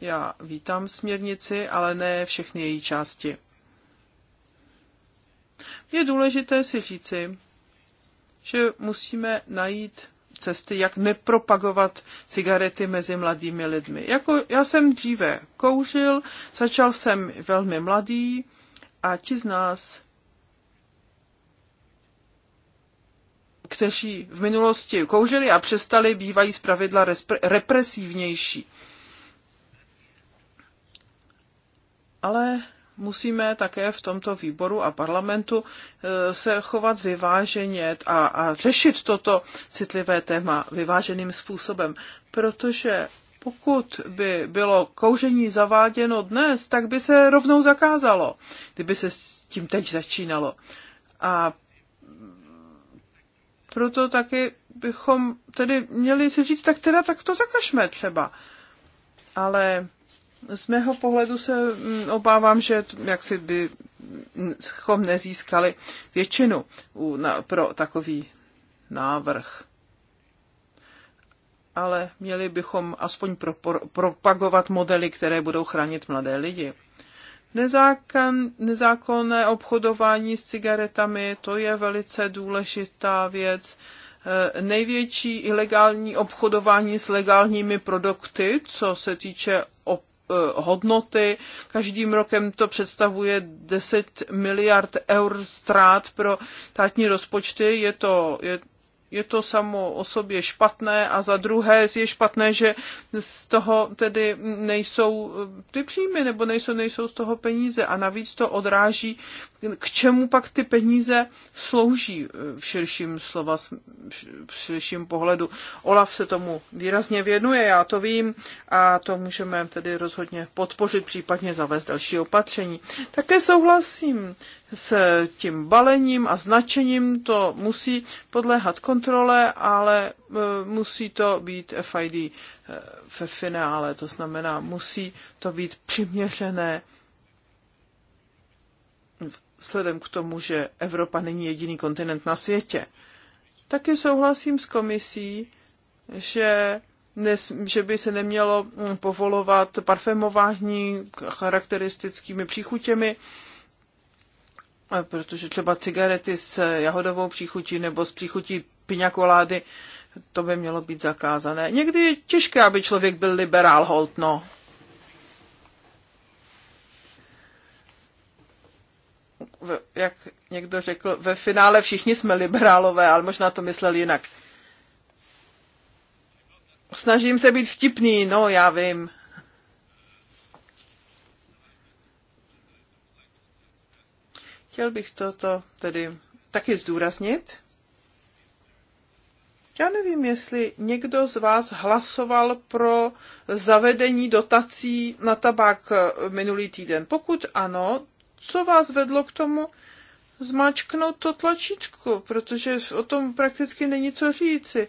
[SPEAKER 2] Já vítám směrnici, ale ne všechny její části. Je důležité si říci, že musíme najít cesty, jak nepropagovat cigarety mezi mladými lidmi. Jako já jsem dříve kouřil, začal jsem velmi mladý a ti z nás, kteří v minulosti kouřili a přestali, bývají zpravidla represivnější. ale musíme také v tomto výboru a parlamentu e, se chovat vyváženě a, a řešit toto citlivé téma vyváženým způsobem, protože pokud by bylo kouření zaváděno dnes, tak by se rovnou zakázalo, kdyby se s tím teď začínalo. A proto taky bychom tedy měli si říct, tak teda tak to zakažme třeba. Ale z mého pohledu se mm, obávám, že jak si by schom nezískali většinu pro takový návrh. Ale měli bychom aspoň pro, pro, propagovat modely, které budou chránit mladé lidi. Nezákon, nezákonné obchodování s cigaretami, to je velice důležitá věc e, největší ilegální obchodování s legálními produkty, co se týče Eh, hodnoty. Každým rokem to představuje 10 miliard eur ztrát pro státní rozpočty. Je to, je je to samo o sobě špatné a za druhé je špatné, že z toho tedy nejsou eh, ty příjmy nebo nejsou, nejsou z toho peníze a navíc to odráží, k čemu pak ty peníze slouží eh, v širším slova, v širším pohledu. Olaf se tomu výrazně věnuje, já to vím a to můžeme tedy rozhodně podpořit, případně zavést další opatření. Také souhlasím s tím balením a značením, to musí podléhat kontrolu kontrole, ale e, musí to být FID e, ve finále, to znamená, musí to být přiměřené vzhledem k tomu, že Evropa není jediný kontinent na světě. Taky souhlasím s komisí, že, nes, že by se nemělo mm, povolovat parfémování charakteristickými příchutěmi, e, protože třeba cigarety s jahodovou příchutí nebo s příchutí piňakolády, to by mělo být zakázané. Někdy je těžké, aby člověk byl liberál, holtno. Jak někdo řekl, ve finále všichni jsme liberálové, ale možná to myslel jinak. Snažím se být vtipný, no já vím. Chtěl bych toto tedy taky zdůraznit. Já nevím, jestli někdo z vás hlasoval pro zavedení dotací na tabák minulý týden. Pokud ano, co vás vedlo k tomu Zmačknout to tlačítko, protože o tom prakticky není co říci.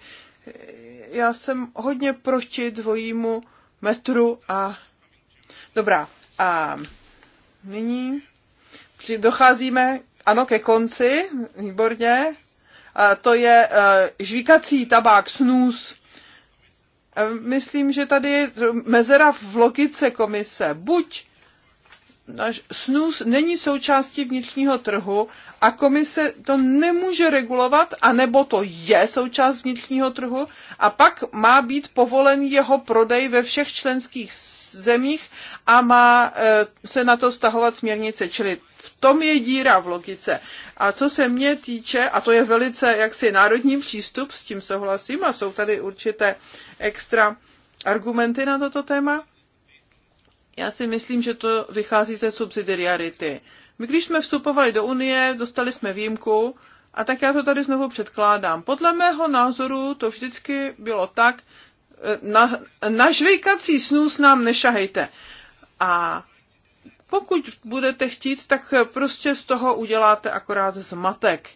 [SPEAKER 2] Já jsem hodně proti dvojímu metru a... Dobrá, a nyní docházíme, ano, ke konci, výborně, to je e, žvíkací tabák, snus. E, myslím, že tady je mezera v logice komise. Buď snus není součástí vnitřního trhu a komise to nemůže regulovat, anebo to je součást vnitřního trhu a pak má být povolen jeho prodej ve všech členských zemích a má eh, se na to stahovat směrnice, čili v tom je díra v logice. A co se mě týče, a to je velice jaksi národní přístup, s tím souhlasím a jsou tady určité extra argumenty na toto téma, já si myslím, že to vychází ze subsidiarity. My, když jsme vstupovali do Unie, dostali jsme výjimku a tak já to tady znovu předkládám. Podle mého názoru to vždycky bylo tak, eh, na, na žvejkací snus nám nešahejte. A pokud budete chtít, tak prostě z toho uděláte akorát zmatek.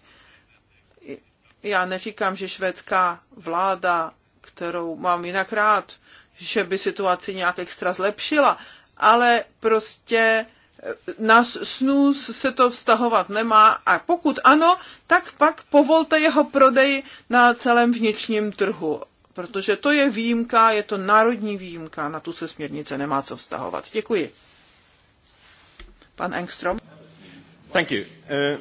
[SPEAKER 2] Já neříkám, že švédská vláda, kterou mám jinak rád, že by situaci nějak extra zlepšila, ale prostě eh, na snus se to vztahovat nemá a pokud ano, tak pak povolte jeho prodej na celém vnitřním trhu, protože to je výjimka, je to národní výjimka, na tu se směrnice nemá co vztahovat. Děkuji. Pan Engstrom. Thank you. Uh,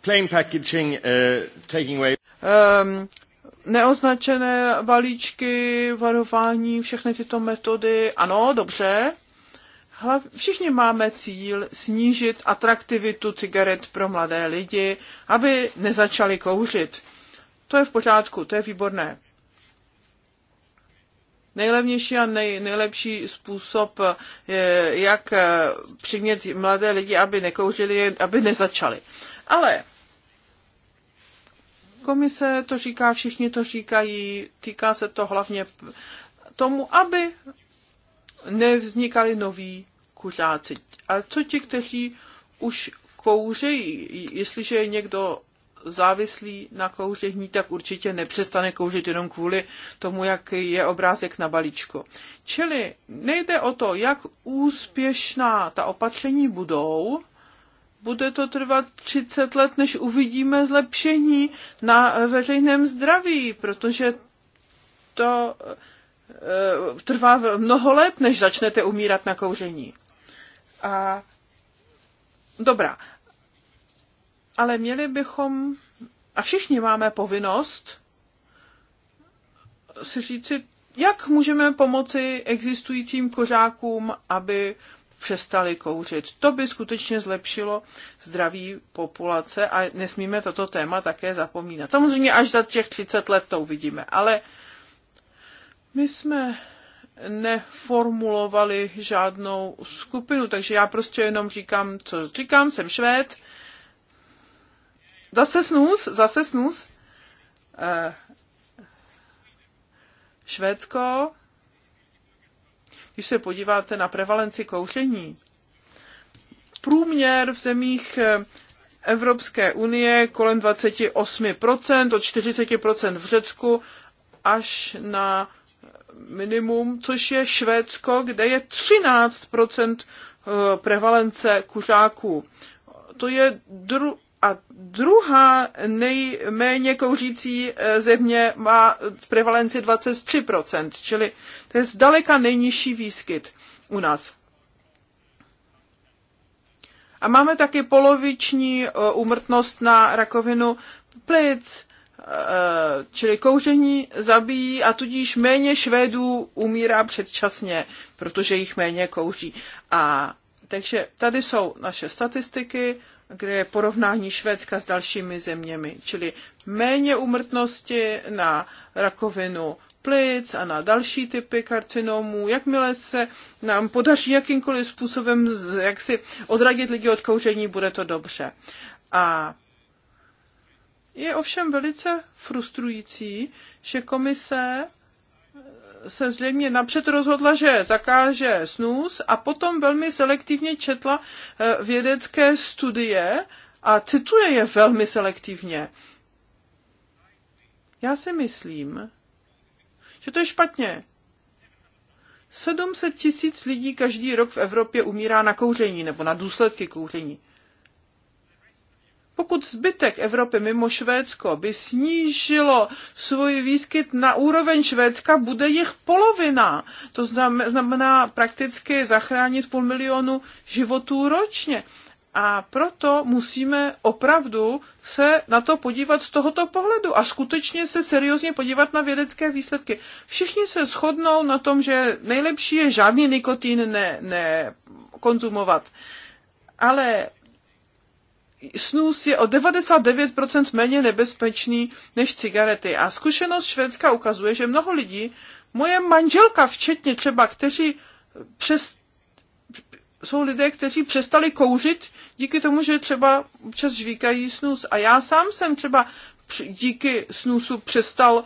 [SPEAKER 2] plain packaging, uh, taking away... Um, neoznačené balíčky, varování, všechny tyto metody. Ano, dobře. Hlav, všichni máme cíl snížit atraktivitu cigaret pro mladé lidi, aby nezačali kouřit. To je v pořádku, to je výborné. Nejlevnější a nej, nejlepší způsob, jak eh, přimět mladé lidi, aby nekouřili, aby nezačali. Ale komise to říká, všichni to říkají, týká se to hlavně tomu, aby nevznikali noví kuřáci. A co ti, kteří už kouřejí, jestliže je někdo závislý na kouření, tak určitě nepřestane kouřit jenom kvůli tomu, jak je obrázek na balíčku. Čili nejde o to, jak úspěšná ta opatření budou, bude to trvat 30 let, než uvidíme zlepšení na veřejném zdraví, protože to eh, trvá mnoho let, než začnete umírat na kouření. A dobrá. Ale měli bychom, a všichni máme povinnost, si říci, jak můžeme pomoci existujícím kořákům, aby přestali kouřit. To by skutečně zlepšilo zdraví populace a nesmíme toto téma také zapomínat. Samozřejmě až za těch 30 let to uvidíme, ale my jsme neformulovali žádnou skupinu, takže já prostě jenom říkám, co říkám, jsem švéd. Zase snus, zase snus. Eh, Švédsko, když se podíváte na prevalenci kouření, průměr v zemích eh, Evropské unie kolem 28%, od 40% v Řecku až na eh, minimum, což je Švédsko, kde je 13% eh, prevalence kuřáků. To je dru- a druhá nejméně kouřící eh, země má prevalenci 23%, čili to je zdaleka nejnižší výskyt u nás. A máme taky poloviční eh, úmrtnost na rakovinu plic, eh, čili kouření zabíjí a tudíž méně Švédů umírá předčasně, protože jich méně kouří. A takže tady jsou naše statistiky, kde je porovnání Švédska s dalšími zeměmi, čili méně umrtnosti na rakovinu plic a na další typy karcinomů. Jakmile se nám podaří jakýmkoliv způsobem jak si odradit lidi od kouření, bude to dobře. A je ovšem velice frustrující, že komise se zřejmě napřed rozhodla, že zakáže snus a potom velmi selektivně četla eh, vědecké studie a cituje je velmi selektivně. Já si myslím, že to je špatně. 700 tisíc lidí každý rok v Evropě umírá na kouření nebo na důsledky kouření. Pokud zbytek Evropy mimo Švédsko by snížilo svůj výskyt na úroveň Švédska, bude jich polovina. To znamená prakticky zachránit půl milionu životů ročně. A proto musíme opravdu se na to podívat z tohoto pohledu a skutečně se seriózně podívat na vědecké výsledky. Všichni se shodnou na tom, že nejlepší je žádný nikotin nekonzumovat. ne Ale snus je o 99% méně nebezpečný než cigarety. A zkušenost Švédska ukazuje, že mnoho lidí, moje manželka včetně třeba, kteří přes, jsou lidé, kteří přestali kouřit díky tomu, že třeba občas žvíkají snus. A já sám jsem třeba díky snusu přestal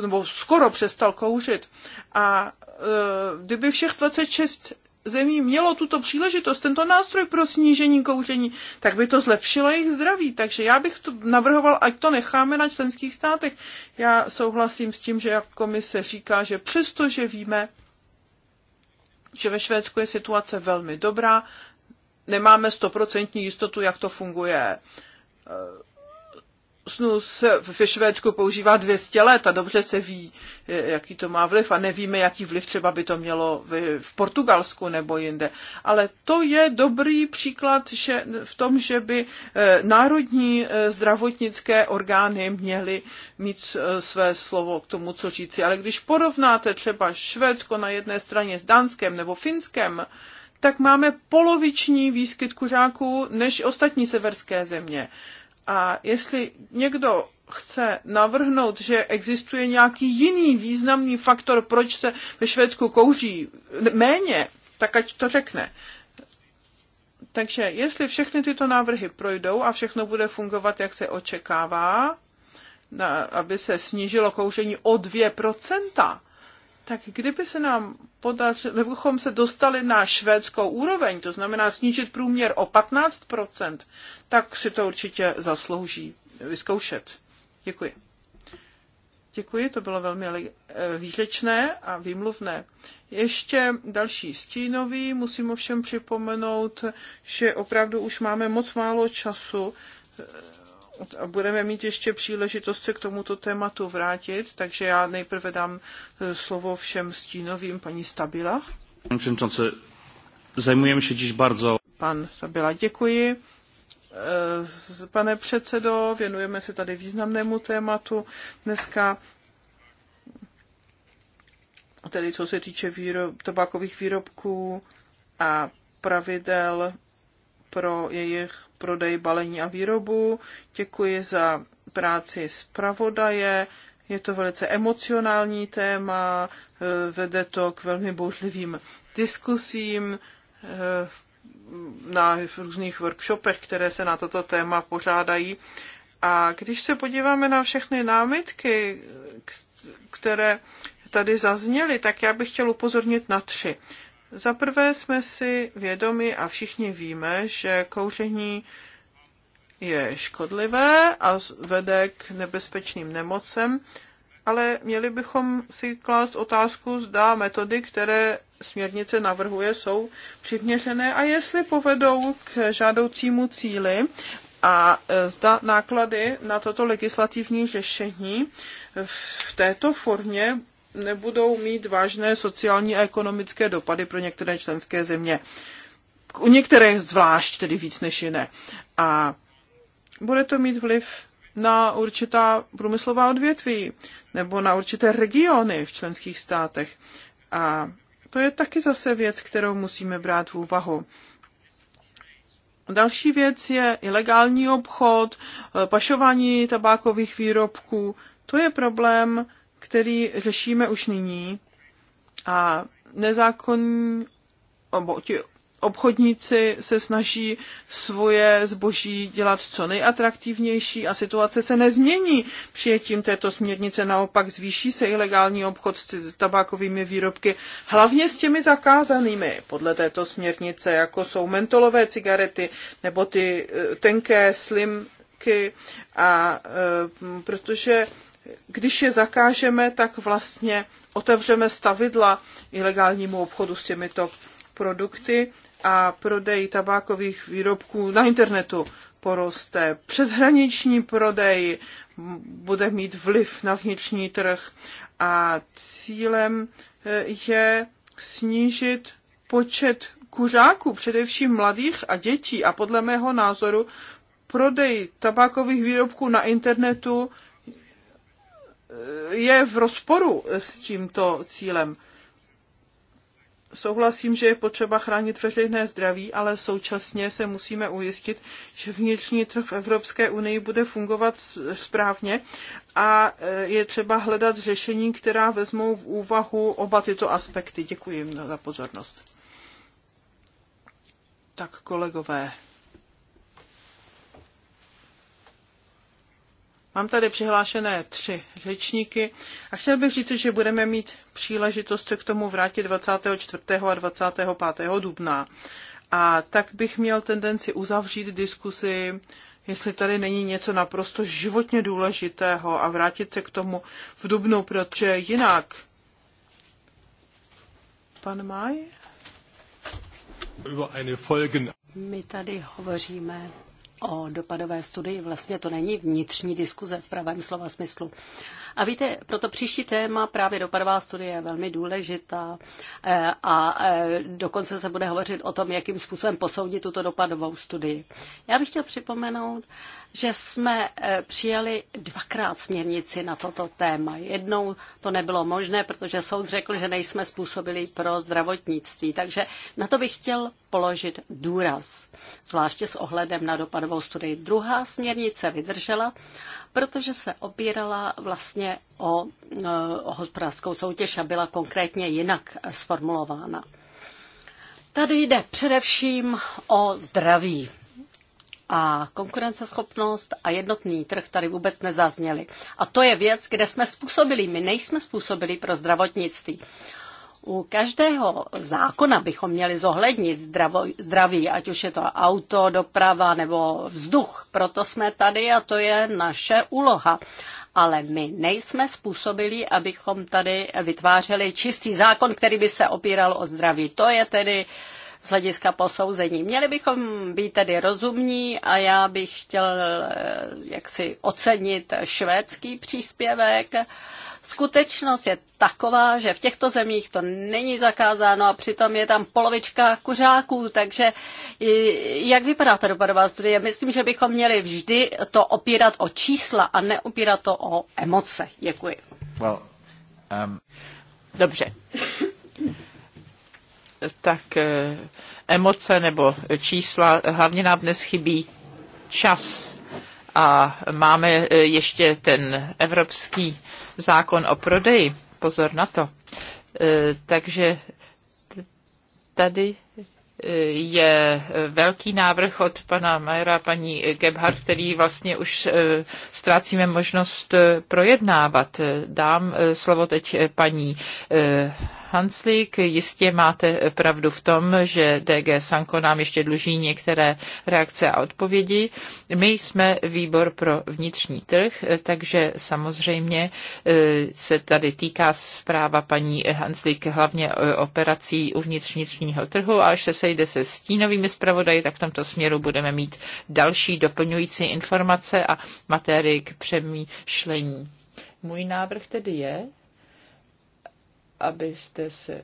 [SPEAKER 2] nebo skoro přestal kouřit. A e, kdyby všech 26 zemí mělo tuto příležitost, tento nástroj pro snížení kouření, tak by to zlepšilo jejich zdraví. Takže já bych to navrhoval, ať to necháme na členských státech. Já souhlasím s tím, že jak komise říká, že přesto, že víme, že ve Švédsku je situace velmi dobrá, nemáme stoprocentní jistotu, jak to funguje eh, se ve Švédsku používá 200 let a dobře se ví, jaký to má vliv a nevíme, jaký vliv třeba by to mělo v Portugalsku nebo jinde. Ale to je dobrý příklad že v tom, že by eh, národní eh, zdravotnické orgány měly mít eh, své slovo k tomu, co říci. Ale když porovnáte třeba Švédsko na jedné straně s Dánskem nebo Finskem, tak máme poloviční výskyt kuřáků než ostatní severské země. A jestli někdo chce navrhnout, že existuje nějaký jiný významný faktor, proč se ve Švédsku kouří méně, tak ať to řekne. Takže jestli všechny tyto návrhy projdou a všechno bude fungovat, jak se očekává, na, aby se snížilo kouření o 2%, tak kdyby se nám podařilo, kdybychom se dostali na švédskou úroveň, to znamená snížit průměr o 15%, tak si to určitě zaslouží vyzkoušet. Děkuji. Děkuji, to bylo velmi eh, výřečné a výmluvné. Ještě další stínový, musím ovšem připomenout, že opravdu už máme moc málo času eh, budeme mít ještě příležitost se k tomuto tématu vrátit, takže já nejprve dám e, slovo všem stínovým, paní Stabila. Pane předsedající, zajmujeme se dziś bardzo. Pan Stabila, děkuji. E, pane předsedo, věnujeme se tady významnému tématu dneska, tedy co se týče výrob, tabákových výrobků a pravidel pro jejich prodej, balení a výrobu. Děkuji za práci zpravodaje. Je to velice emocionální téma, eh, vede to k velmi bouřlivým diskusím eh, na různých workshopech, které se na toto téma pořádají. A když se podíváme na všechny námitky, které tady zazněly, tak já bych chtěl upozornit na tři. Za prvé jsme si vědomi a všichni víme, že kouření je škodlivé a vede k nebezpečným nemocem, ale měli bychom si klást otázku, zda metody, které směrnice navrhuje, jsou přiměřené a jestli povedou k žádoucímu cíli a e, zda náklady na toto legislativní řešení v této formě nebudou mít vážné sociální a ekonomické dopady pro některé členské země. U některých zvlášť, tedy víc než jiné. A bude to mít vliv na určitá průmyslová odvětví nebo na určité regiony v členských státech. A to je taky zase věc, kterou musíme brát v úvahu. Další věc je ilegální obchod, pašování tabákových výrobků. To je problém, který řešíme už nyní a nezákonní obo, ti obchodníci se snaží svoje zboží dělat co nejatraktivnější a situace se nezmění. Přijetím této směrnice naopak zvýší se ilegální obchod s tabákovými výrobky, hlavně s těmi zakázanými podle této směrnice, jako jsou mentolové cigarety nebo ty eh, tenké slimky, a, eh, protože když je zakážeme, tak vlastně otevřeme stavidla ilegálnímu obchodu s těmito produkty a prodej tabákových výrobků na internetu poroste. Přeshraniční prodej bude mít vliv na vnitřní trh a cílem eh, je snížit počet kuřáků, především mladých a dětí. A podle mého názoru prodej tabákových výrobků na internetu je v rozporu s tímto cílem. Souhlasím, že je potřeba chránit veřejné zdraví, ale současně se musíme ujistit, že vnitřní trh v Evropské unii bude fungovat správně a e, je třeba hledat řešení, která vezmou v úvahu oba tyto aspekty. Děkuji za pozornost. Tak kolegové, Mám tady přihlášené tři řečníky a chtěl bych říct, že budeme mít příležitost se k tomu vrátit 24. a 25. dubna. A tak bych měl tendenci uzavřít diskusi, jestli tady není něco naprosto životně důležitého a vrátit se k tomu v dubnu, protože jinak...
[SPEAKER 3] Pan Maj? My tady hovoříme o dopadové studii, vlastně to není vnitřní diskuze v pravém slova smyslu. A víte, proto příští téma, právě dopadová studie, je velmi důležitá eh, a eh, dokonce se bude hovořit o tom, jakým způsobem posoudit tuto dopadovou studii. Já bych chtěl připomenout, že jsme eh, přijali dvakrát směrnici na toto téma. Jednou to nebylo možné, protože soud řekl, že nejsme způsobili pro zdravotnictví. Takže na to bych chtěl položit důraz, zvláště s ohledem na dopadovou studii. Druhá směrnice vydržela, protože se opírala vlastně o, e, o hospodářskou soutěž a byla konkrétně jinak sformulována. Tady jde především o zdraví a konkurenceschopnost a jednotný trh tady vůbec nezazněly. A to je věc, kde jsme způsobili. My nejsme způsobili pro zdravotnictví u každého zákona bychom měli zohlednit zdravo, zdraví, ať už je to auto, doprava nebo vzduch. Proto jsme tady a to je naše úloha. Ale my nejsme způsobili, abychom tady vytvářeli čistý zákon, který by se opíral o zdraví. To je tedy z hlediska posouzení. Měli bychom být tedy rozumní a já bych chtěl eh, jaksi ocenit švédský příspěvek Skutečnost je taková, že v těchto zemích to není zakázáno a přitom je tam polovička kuřáků, takže jak vypadá ta dopadová studie? Myslím, že bychom měli vždy to opírat o čísla a neopírat to o emoce. Děkuji. Well, um... Dobře.
[SPEAKER 1] tak eh, emoce nebo čísla, hlavně nám dnes chybí čas a máme e, ještě ten evropský zákon o prodeji. Pozor na to. E, takže tady e, je velký návrh od pana Majera, paní Gebhardt, který vlastně už ztrácíme možnost projednávat. Dám slovo teď paní Hanslík. Jistě máte pravdu v tom, že DG Sanko nám ještě dluží některé reakce a odpovědi. My jsme výbor pro vnitřní trh, takže samozřejmě e, se tady týká zpráva paní Hanslík hlavně e, operací uvnitř vnitřního trhu a až se sejde se stínovými zpravodaji, tak v tomto směru budeme mít další doplňující informace a materii k přemýšlení. Můj návrh tedy je, abyste se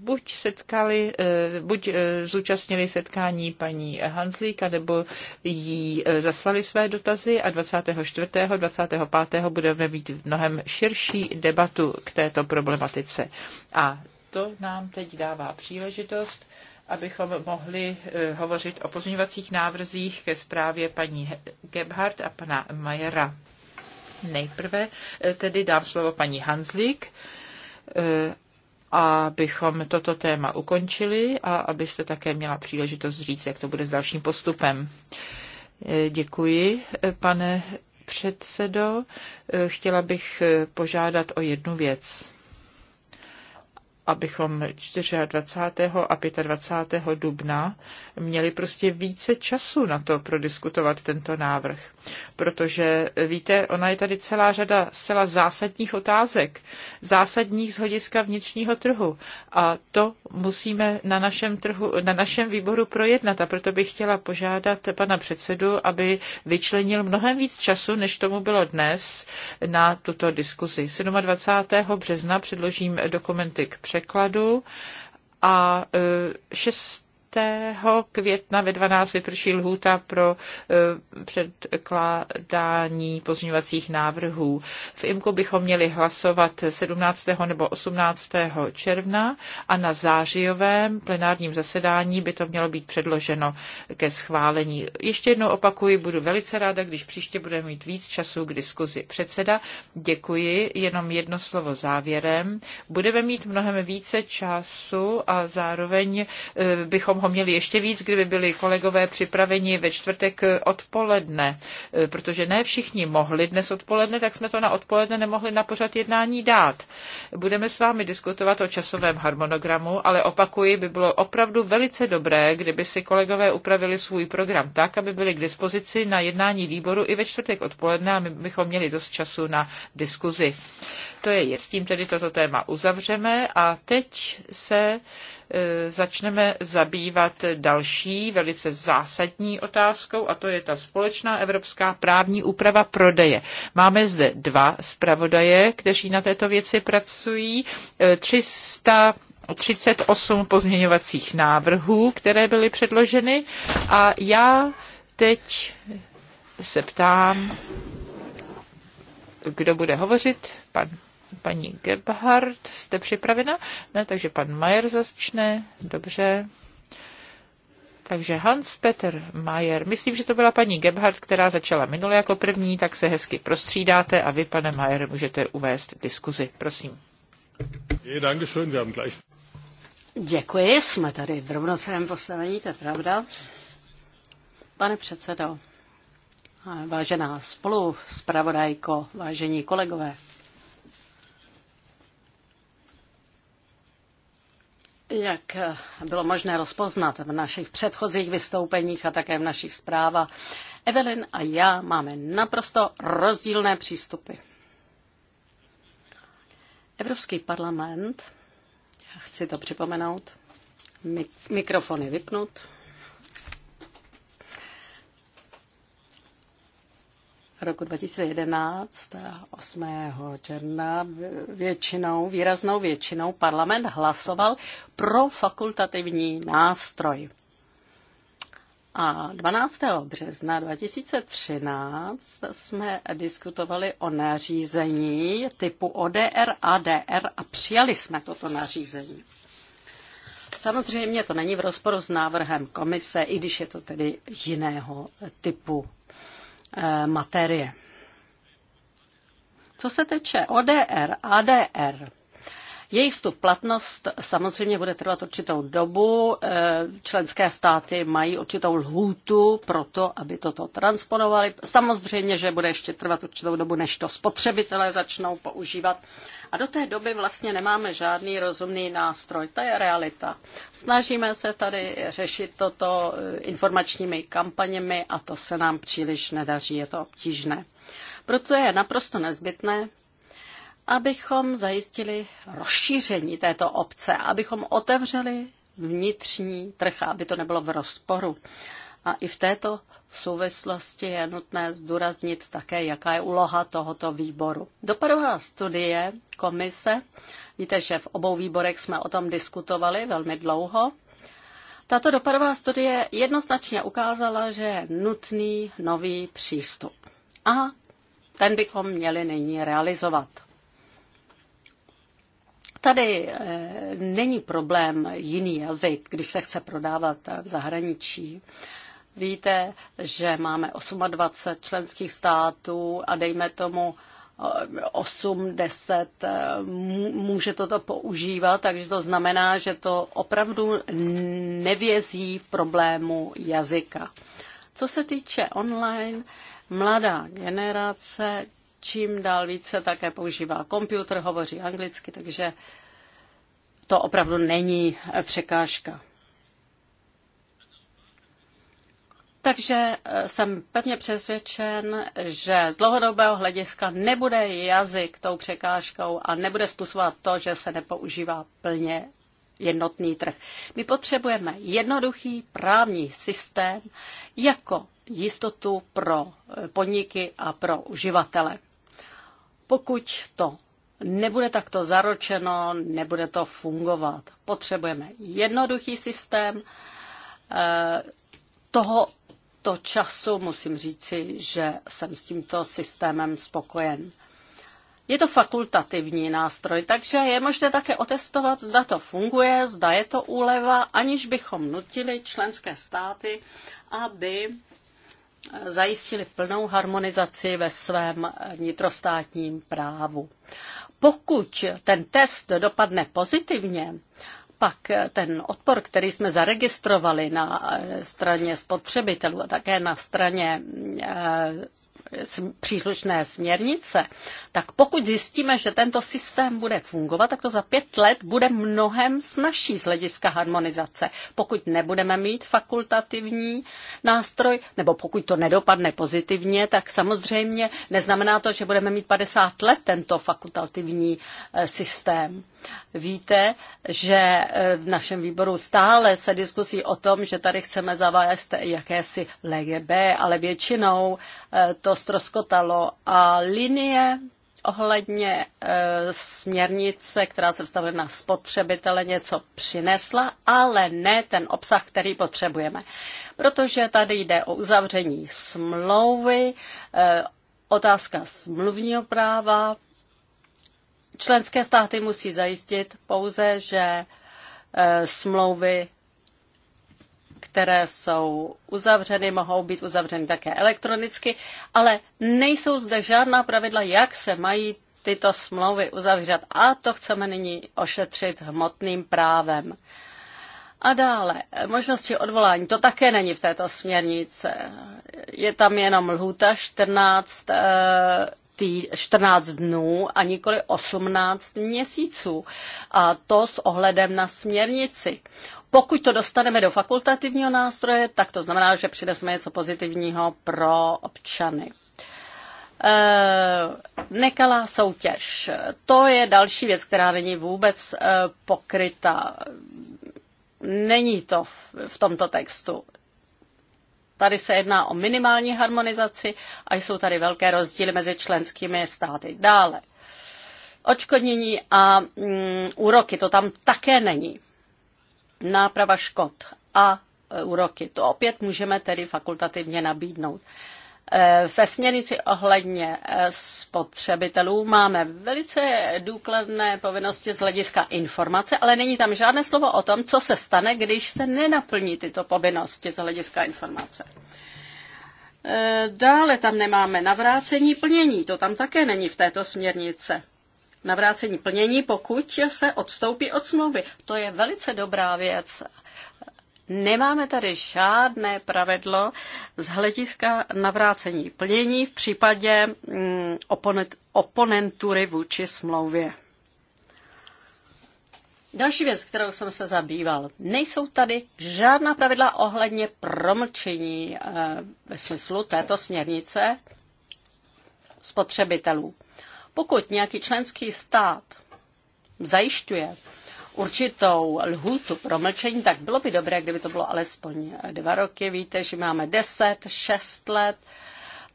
[SPEAKER 1] buď setkali, eh, buď eh, zúčastnili setkání paní Hanslíka, nebo jí eh, zaslali své dotazy a 24. 25. budeme mít v mnohem širší debatu k této problematice. A to nám teď dává příležitost, abychom mohli hovořit o pozměňovacích návrzích ke zprávě paní Gebhardt a pana Majera. Nejprve tedy dám slovo paní Hanslík. Eh, abychom toto téma ukončili a abyste také měla příležitost říct, jak to bude s dalším postupem. Eh, děkuji, eh, pane předsedo. Chtěla bych požádat o jednu věc abychom 24. a 25. dubna měli prostě více času na to prodiskutovat tento návrh. Protože víte, ona je tady celá řada zcela zásadních otázek, zásadních z hlediska vnitřního trhu. A to musíme na našem, trhu, na našem výboru projednat. A proto bych chtěla požádat pana předsedu, aby vyčlenil mnohem víc času, než tomu bylo dnes, na tuto diskuzi. 27. března předložím dokumenty k předsedu překladu a e, šest května ve 12 vyprší lhůta pro e, předkládání pozměňovacích návrhů. V IMKU bychom měli hlasovat 17. nebo 18. června a na zářijovém plenárním zasedání by to mělo být předloženo ke schválení. Ještě jednou opakuji, budu velice ráda, když příště budeme mít víc času k diskuzi. Předseda, děkuji, jenom jedno slovo závěrem. Budeme mít mnohem více času a zároveň e, bychom ho ho měli ještě víc, kdyby byli kolegové připraveni ve čtvrtek odpoledne, e, protože ne všichni mohli dnes odpoledne, tak jsme to na odpoledne nemohli na pořad jednání dát. Budeme s vámi diskutovat o časovém harmonogramu, ale opakuji, by bylo opravdu velice dobré, kdyby si kolegové upravili svůj program tak, aby byli k dispozici na jednání výboru i ve čtvrtek odpoledne a my bychom měli dost času na diskuzi. To je, s tím tedy toto téma uzavřeme a teď se E, začneme zabývat další velice zásadní otázkou a to je ta společná evropská právní úprava prodeje. Máme zde dva zpravodaje, kteří na této věci pracují. 300 e, 38 pozměňovacích návrhů, které byly předloženy a já teď se ptám, kdo bude hovořit? Pan paní Gebhardt. Jste připravena? Ne, takže pan Majer začne. Dobře. Takže Hans Peter Mayer, myslím, že to byla paní Gebhardt, která začala minule jako první, tak se hezky prostřídáte a vy, pane Mayer, můžete uvést diskuzi. Prosím.
[SPEAKER 3] Děkuji, jsme tady v rovnocém postavení, to je pravda. Pane předsedo, vážená spolu, zpravodajko, vážení kolegové, Jak bylo možné rozpoznat v našich předchozích vystoupeních a také v našich zprávách, Evelyn a já máme naprosto rozdílné přístupy. Evropský parlament, chci to připomenout, mikrofon je vypnut. roku 2011, 8. června, většinou, výraznou většinou parlament hlasoval pro fakultativní nástroj. A 12. března 2013 jsme diskutovali o nařízení typu ODR, ADR a přijali jsme toto nařízení. Samozřejmě to není v rozporu s návrhem komise, i když je to tedy jiného typu Eh, materie. Co se týče ODR, ADR, jejich vstup platnost samozřejmě bude trvat určitou dobu. Eh, členské státy mají určitou lhůtu pro to, aby toto transponovali. Samozřejmě, že bude ještě trvat určitou dobu, než to spotřebitelé začnou používat. A do té doby vlastně nemáme žádný rozumný nástroj. To je realita. Snažíme se tady řešit toto eh, informačními kampaněmi a to se nám příliš nedaří. Je to obtížné. Proto je naprosto nezbytné, abychom zajistili rozšíření této obce, abychom otevřeli vnitřní trh, aby to nebylo v rozporu. A i v této souvislosti je nutné zdůraznit také, jaká je úloha tohoto výboru. Dopadová studie komise, víte, že v obou výborech jsme o tom diskutovali velmi dlouho. Tato dopadová studie jednoznačně ukázala, že je nutný nový přístup. A ten bychom měli nyní realizovat. Tady eh, není problém jiný jazyk, když se chce prodávat eh, v zahraničí. Víte, že máme 28 členských států a dejme tomu 8, eh, 10 může toto používat, takže to znamená, že to opravdu nevězí v problému jazyka. Co se týče online, mladá generace čím dál více také používá počítač, hovoří anglicky, takže to opravdu není překážka. Takže eh, jsem pevně přesvědčen, že z dlouhodobého hlediska nebude jazyk tou překážkou a nebude způsobovat to, že se nepoužívá plně jednotný trh. My potřebujeme jednoduchý právní systém jako jistotu pro podniky a pro uživatele. Pokud to nebude takto zaročeno, nebude to fungovat. Potřebujeme jednoduchý systém. Eh, toho to času musím říci, že jsem s tímto systémem spokojen. Je to fakultativní nástroj, takže je možné také otestovat, zda to funguje, zda je to úleva, aniž bychom nutili členské státy, aby zajistili plnou harmonizaci ve svém vnitrostátním právu. Pokud ten test dopadne pozitivně, pak ten odpor, který jsme zaregistrovali na straně spotřebitelů a také na straně eh, příslušné směrnice, tak pokud zjistíme, že tento systém bude fungovat, tak to za pět let bude mnohem snažší z hlediska harmonizace. Pokud nebudeme mít fakultativní nástroj, nebo pokud to nedopadne pozitivně, tak samozřejmě neznamená to, že budeme mít 50 let tento fakultativní eh, systém. Víte, že e, v našem výboru stále se diskusí o tom, že tady chceme zavést jakési LGB, ale většinou e, to stroskotalo a linie ohledně e, směrnice, která se vztahuje na spotřebitele, něco přinesla, ale ne ten obsah, který potřebujeme. Protože tady jde o uzavření smlouvy, e, otázka smluvního práva, Členské státy musí zajistit pouze, že eh, smlouvy, které jsou uzavřeny, mohou být uzavřeny také elektronicky, ale nejsou zde žádná pravidla, jak se mají tyto smlouvy uzavřít. A to chceme nyní ošetřit hmotným právem. A dále, možnosti odvolání, to také není v této směrnice. Je tam jenom lhůta 14 tý, 14 dnů a nikoli 18 měsíců. A to s ohledem na směrnici. Pokud to dostaneme do fakultativního nástroje, tak to znamená, že přineseme něco pozitivního pro občany. E, nekalá soutěž. To je další věc, která není vůbec e, pokryta. Není to v tomto textu. Tady se jedná o minimální harmonizaci a jsou tady velké rozdíly mezi členskými státy. Dále. Očkodnění a mm, úroky, to tam také není. Náprava škod a e, úroky, to opět můžeme tedy fakultativně nabídnout. Eh, ve směrnici ohledně eh, spotřebitelů máme velice důkladné povinnosti z hlediska informace, ale není tam žádné slovo o tom, co se stane, když se nenaplní tyto povinnosti z hlediska informace. Eh, dále tam nemáme navrácení plnění, to tam také není v této směrnice. Navrácení plnění, pokud se odstoupí od smlouvy. To je velice dobrá věc Nemáme tady žádné pravidlo z hlediska navrácení plnění v případě mm, oponet, oponentury vůči smlouvě. Další věc, kterou jsem se zabýval. Nejsou tady žádná pravidla ohledně promlčení eh, ve smyslu této směrnice spotřebitelů. Pokud nějaký členský stát zajišťuje určitou lhůtu pro mlčení, tak bylo by dobré, kdyby to bylo alespoň dva roky. Víte, že máme deset šest let.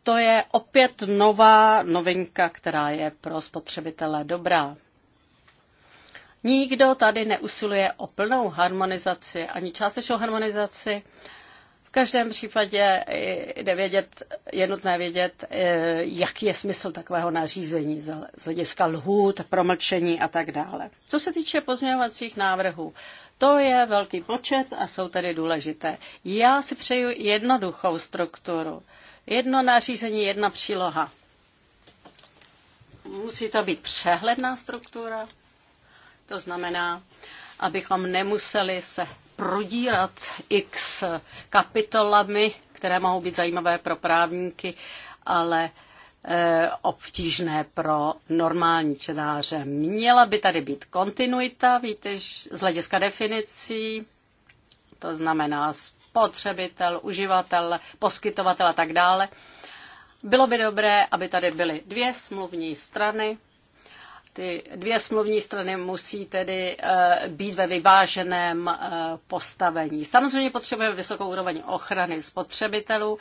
[SPEAKER 3] To je opět nová novinka, která je pro spotřebitele dobrá. Nikdo tady neusiluje o plnou harmonizaci ani částečnou harmonizaci každém případě jde vědět, je nutné vědět, e, jaký je smysl takového nařízení z hlediska lhůt, promlčení a tak dále. Co se týče pozměňovacích návrhů, to je velký počet a jsou tedy důležité. Já si přeju jednoduchou strukturu. Jedno nařízení, jedna příloha. Musí to být přehledná struktura, to znamená, abychom nemuseli se prodírat x kapitolami, které mohou být zajímavé pro právníky, ale eh, obtížné pro normální čenáře. Měla by tady být kontinuita, víte, z hlediska definicí, to znamená spotřebitel, uživatel, poskytovatel a tak dále. Bylo by dobré, aby tady byly dvě smluvní strany, ty dvě smluvní strany musí tedy eh, být ve vyváženém eh, postavení. Samozřejmě potřebujeme vysokou úroveň ochrany spotřebitelů,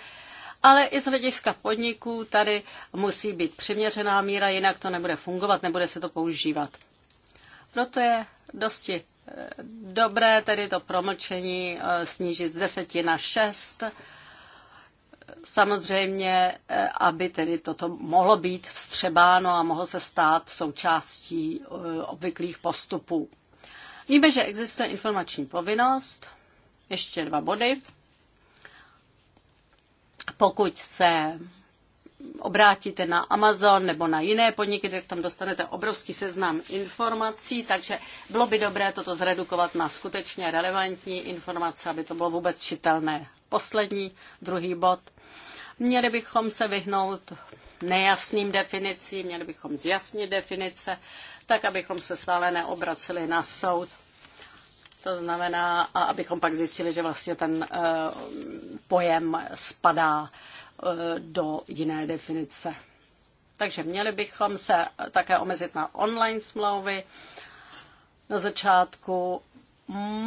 [SPEAKER 3] ale i z hlediska podniků tady musí být přiměřená míra, jinak to nebude fungovat, nebude se to používat. Proto no je dosti eh, dobré tedy to promlčení snížit z 10 na 6 samozřejmě, eh, aby tedy toto mohlo být vstřebáno a mohlo se stát součástí eh, obvyklých postupů. Víme, že existuje informační povinnost, ještě dva body. Pokud se obrátíte na Amazon nebo na jiné podniky, tak tam dostanete obrovský seznam informací, takže bylo by dobré toto zredukovat na skutečně relevantní informace, aby to bylo vůbec čitelné. Poslední, druhý bod. Měli bychom se vyhnout nejasným definicím, měli bychom zjasnit definice, tak abychom se stále neobraceli na soud. To znamená, a abychom pak zjistili, že vlastně ten eh, pojem spadá eh, do jiné definice. Takže měli bychom se také omezit na online smlouvy. Na začátku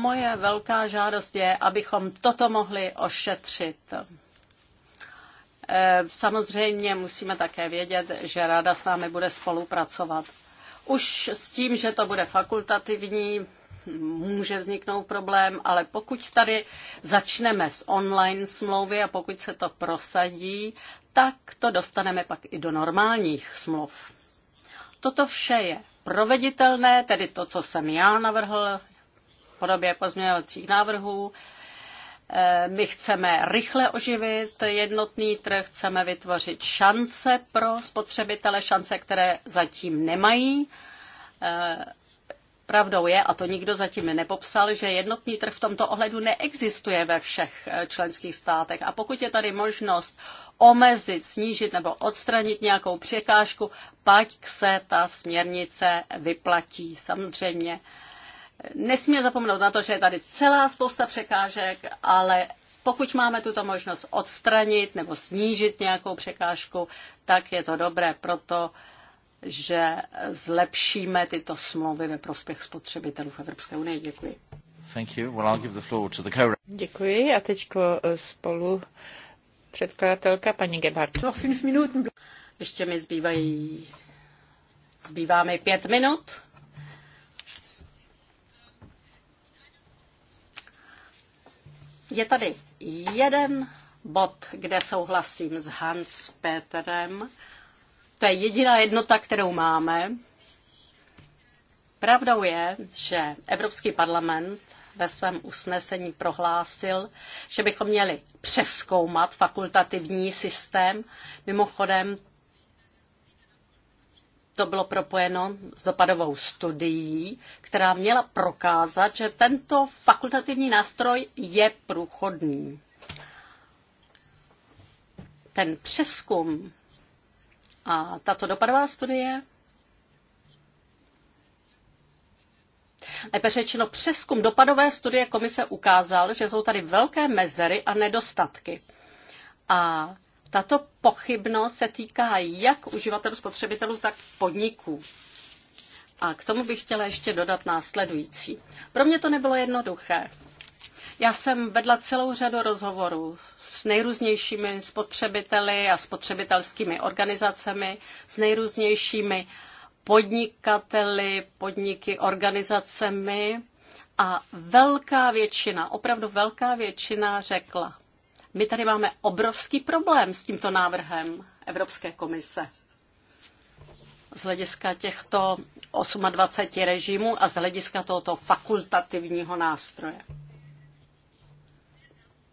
[SPEAKER 3] moje velká žádost je, abychom toto mohli ošetřit. Eh, samozřejmě musíme také vědět, že ráda s námi bude spolupracovat. Už s tím, že to bude fakultativní, může vzniknout problém, ale pokud tady začneme s online smlouvy a pokud se to prosadí, tak to dostaneme pak i do normálních smluv. Toto vše je proveditelné, tedy to, co jsem já navrhl v podobě pozměňovacích návrhů, Eh, my chceme rychle oživit jednotný trh, chceme vytvořit šance pro spotřebitele, šance, které zatím nemají. Eh, pravdou je, a to nikdo zatím nepopsal, že jednotný trh v tomto ohledu neexistuje ve všech eh, členských státech. A pokud je tady možnost omezit, snížit nebo odstranit nějakou překážku, pak se ta směrnice vyplatí. Samozřejmě Nesmíme zapomenout na to, že je tady celá spousta překážek, ale pokud máme tuto možnost odstranit nebo snížit nějakou překážku, tak je to dobré proto, že zlepšíme tyto smlouvy ve prospěch spotřebitelů v Evropské unii. Děkuji.
[SPEAKER 1] Thank you. Well, I'll give the floor to the
[SPEAKER 3] Děkuji a teď eh, spolu předkladatelka paní Gebhardt. No, Ještě mi zbývají, zbývá mi pět minut. Je tady jeden bod, kde souhlasím s Hans Peterem. To je jediná jednota, kterou máme. Pravdou je, že Evropský parlament ve svém usnesení prohlásil, že bychom měli přeskoumat fakultativní systém. Mimochodem, to bylo propojeno s dopadovou studií, která měla prokázat, že tento fakultativní nástroj je průchodný. Ten přeskum a tato dopadová studie, lépe řečeno přeskum dopadové studie komise ukázal, že jsou tady velké mezery a nedostatky. A tato pochybnost se týká jak uživatelů, spotřebitelů, tak podniků. A k tomu bych chtěla ještě dodat následující. Pro mě to nebylo jednoduché. Já jsem vedla celou řadu rozhovorů s nejrůznějšími spotřebiteli a spotřebitelskými organizacemi, s nejrůznějšími podnikateli, podniky, organizacemi a velká většina, opravdu velká většina řekla, my tady máme obrovský problém s tímto návrhem Evropské komise. Z hlediska těchto 28 režimů a z hlediska tohoto fakultativního nástroje.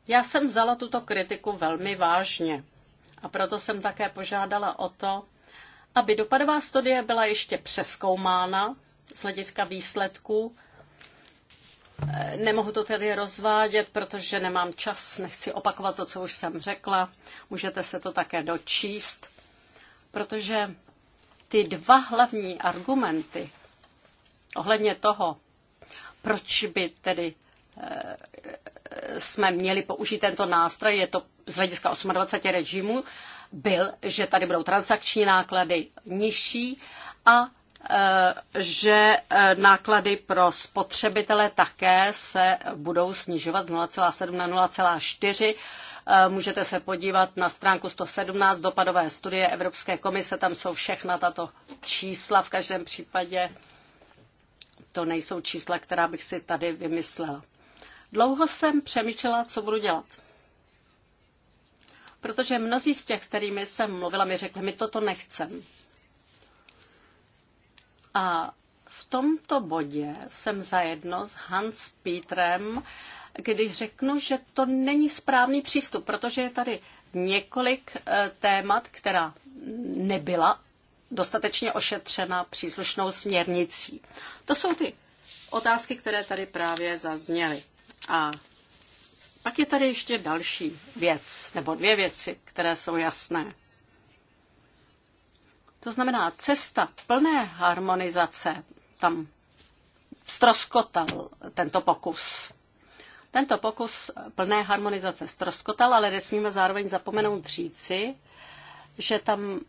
[SPEAKER 3] Já jsem vzala tuto kritiku velmi vážně a proto jsem také požádala o to, aby dopadová studie byla ještě přeskoumána z hlediska výsledků Eh, nemohu to tedy rozvádět, protože nemám čas, nechci opakovat to, co už jsem řekla. Můžete se to také dočíst, protože ty dva hlavní argumenty ohledně toho, proč by tedy eh, jsme měli použít tento nástroj, je to z hlediska 28 režimu, byl, že tady budou transakční náklady nižší a Eh, že eh, náklady pro spotřebitele také se budou snižovat z 0,7 na 0,4. Eh, můžete se podívat na stránku 117 dopadové studie Evropské komise, tam jsou všechna tato čísla. V každém případě to nejsou čísla, která bych si tady vymyslela. Dlouho jsem přemýšlela, co budu dělat. Protože mnozí z těch, s kterými jsem mluvila, mi řekli, my toto nechcem. A v tomto bodě jsem zajedno s Hans Petrem, když řeknu, že to není správný přístup, protože je tady několik eh, témat, která nebyla dostatečně ošetřena příslušnou směrnicí. To jsou ty otázky, které tady právě zazněly. A pak je tady ještě další věc, nebo dvě věci, které jsou jasné. To znamená, cesta plné harmonizace tam stroskotal tento pokus. Tento pokus plné harmonizace stroskotal, ale nesmíme zároveň zapomenout říci, že tam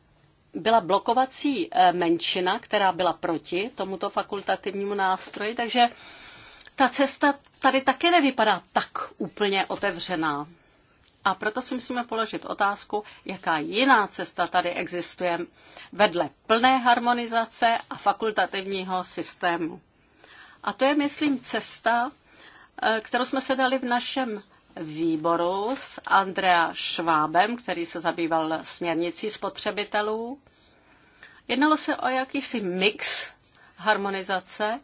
[SPEAKER 3] byla blokovací eh, menšina, která byla proti tomuto fakultativnímu nástroji, takže ta cesta tady také nevypadá tak úplně otevřená. A proto si musíme položit otázku, jaká jiná cesta tady existuje vedle plné harmonizace a fakultativního systému. A to je, myslím, cesta, eh, kterou jsme se dali v našem výboru s Andrea Švábem, který se zabýval směrnicí spotřebitelů. Jednalo se o jakýsi mix harmonizace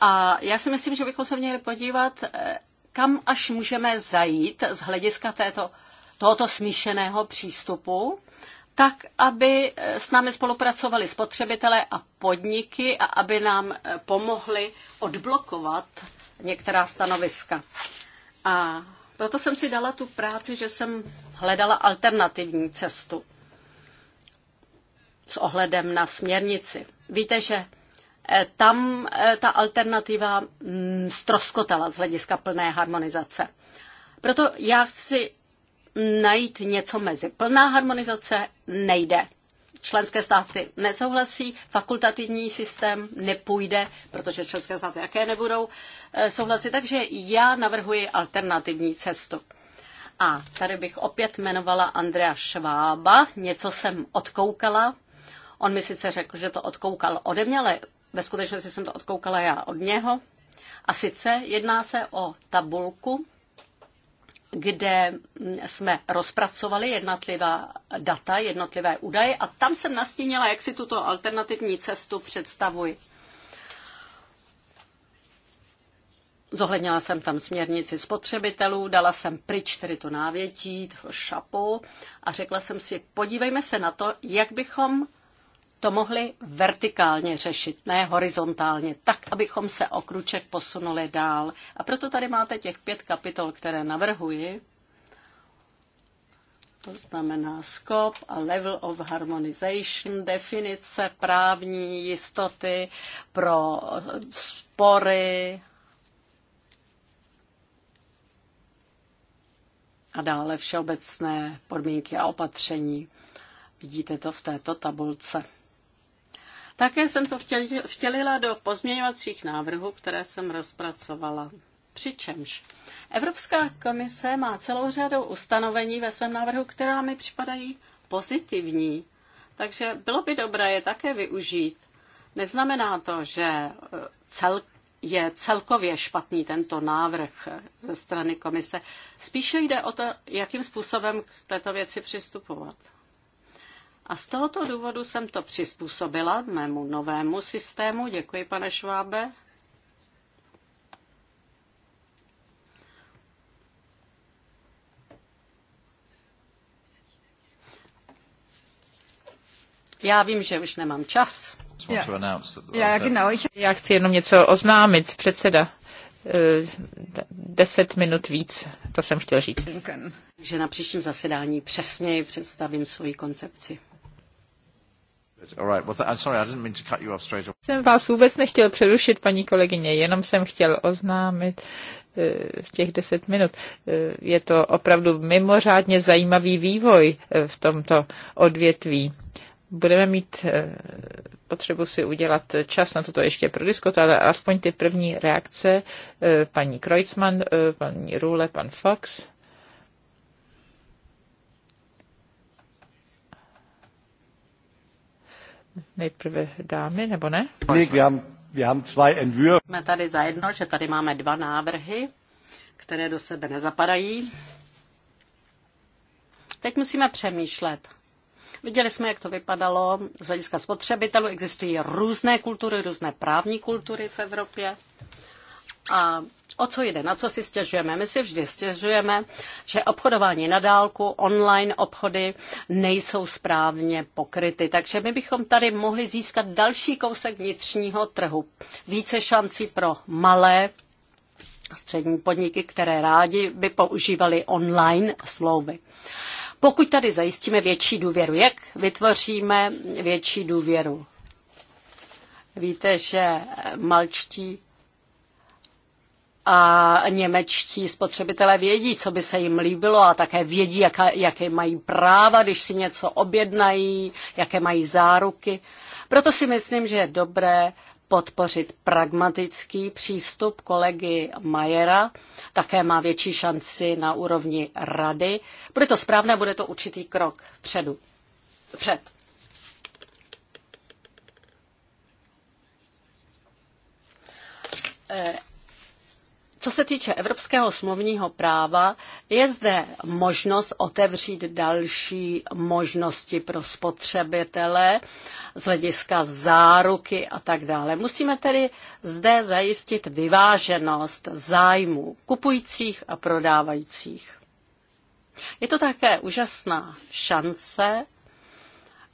[SPEAKER 3] a já si myslím, že bychom se měli podívat eh, kam až můžeme zajít z hlediska této, tohoto smíšeného přístupu, tak, aby eh, s námi spolupracovali spotřebitelé a podniky a aby nám eh, pomohli odblokovat některá stanoviska. A proto jsem si dala tu práci, že jsem hledala alternativní cestu s ohledem na směrnici. Víte, že Eh, tam eh, ta alternativa stroskotala mm, z hlediska plné harmonizace. Proto já chci najít něco mezi. Plná harmonizace nejde. Členské státy nesouhlasí, fakultativní systém nepůjde, protože členské státy jaké nebudou eh, souhlasit, takže já navrhuji alternativní cestu. A tady bych opět jmenovala Andrea Švába, něco jsem odkoukala. On mi sice řekl, že to odkoukal ode mě, ale ve skutečnosti jsem to odkoukala já od něho. A sice jedná se o tabulku, kde jsme rozpracovali jednotlivá data, jednotlivé údaje a tam jsem nastínila, jak si tuto alternativní cestu představuji. Zohlednila jsem tam směrnici spotřebitelů, dala jsem pryč tedy to návětí, toho šapu a řekla jsem si, podívejme se na to, jak bychom to mohli vertikálně řešit, ne horizontálně, tak, abychom se o kruček posunuli dál. A proto tady máte těch pět kapitol, které navrhuji. To znamená scope a level of harmonization, definice právní jistoty pro spory a dále všeobecné podmínky a opatření. Vidíte to v této tabulce. Také jsem to vtělila do pozměňovacích návrhů, které jsem rozpracovala. Přičemž Evropská komise má celou řadu ustanovení ve svém návrhu, která mi připadají pozitivní. Takže bylo by dobré je také využít. Neznamená to, že e, cel, je celkově špatný tento návrh ze strany komise. Spíše jde o to, jakým způsobem k této věci přistupovat. A z tohoto důvodu jsem to přizpůsobila mému novému systému. Děkuji, pane Švábe. Já vím, že už nemám čas.
[SPEAKER 1] Já chci jenom něco oznámit, předseda. Eh, deset minut víc, to jsem chtěl říct.
[SPEAKER 3] Takže na příštím zasedání přesněji představím svoji koncepci. Jsem vás vůbec nechtěl přerušit,
[SPEAKER 1] paní kolegyně, jenom jsem chtěl oznámit eh, v těch deset minut. Eh, je to opravdu mimořádně zajímavý vývoj eh, v tomto odvětví. Budeme mít potřebu si udělat čas na toto ještě prodiskutovat, ale aspoň ty první reakce paní Kreutzmann, paní Rule, pan Fox. Nejprve dámy, nebo ne?
[SPEAKER 3] Jsme tady zajedno, že tady máme dva návrhy, které do sebe nezapadají. Teď musíme přemýšlet. Viděli jsme, jak to vypadalo z hlediska spotřebitelů. Existují různé kultury, různé právní kultury v Evropě. A o co jde, na co si stěžujeme. My si vždy stěžujeme, že obchodování na dálku, online obchody nejsou správně pokryty. Takže my bychom tady mohli získat další kousek vnitřního trhu. Více šancí pro malé střední podniky, které rádi by používali online smlouvy. Pokud tady zajistíme větší důvěru, jak vytvoříme větší důvěru? Víte, že malčtí a němečtí spotřebitelé vědí, co by se jim líbilo a také vědí, jaká, jaké mají práva, když si něco objednají, jaké mají záruky. Proto si myslím, že je dobré podpořit pragmatický přístup kolegy Majera. Také má větší šanci na úrovni rady. Bude to správné, bude to určitý krok předu. Před. Eh, co se týče evropského smluvního práva, je zde možnost otevřít další možnosti pro spotřebitele z hlediska záruky a tak dále. Musíme tedy zde zajistit vyváženost zájmů kupujících a prodávajících. Je to také úžasná šance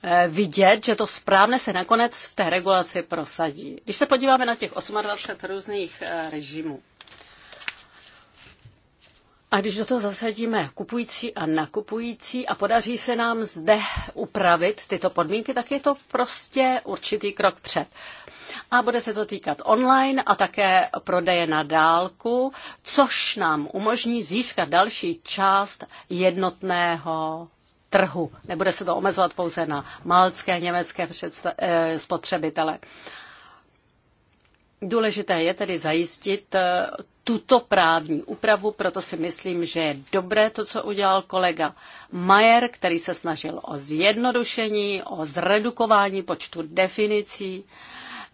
[SPEAKER 3] eh, vidět, že to správné se nakonec v té regulaci prosadí. Když se podíváme na těch 28 různých eh, režimů, a když do toho zasadíme kupující a nakupující a podaří se nám zde upravit tyto podmínky, tak je to prostě určitý krok před. A bude se to týkat online a také prodeje na dálku, což nám umožní získat další část jednotného trhu. Nebude se to omezovat pouze na malcké německé eh, spotřebitele. Důležité je tedy zajistit eh, tuto právní úpravu, proto si myslím, že je dobré to, co udělal kolega Majer, který se snažil o zjednodušení, o zredukování počtu definicí.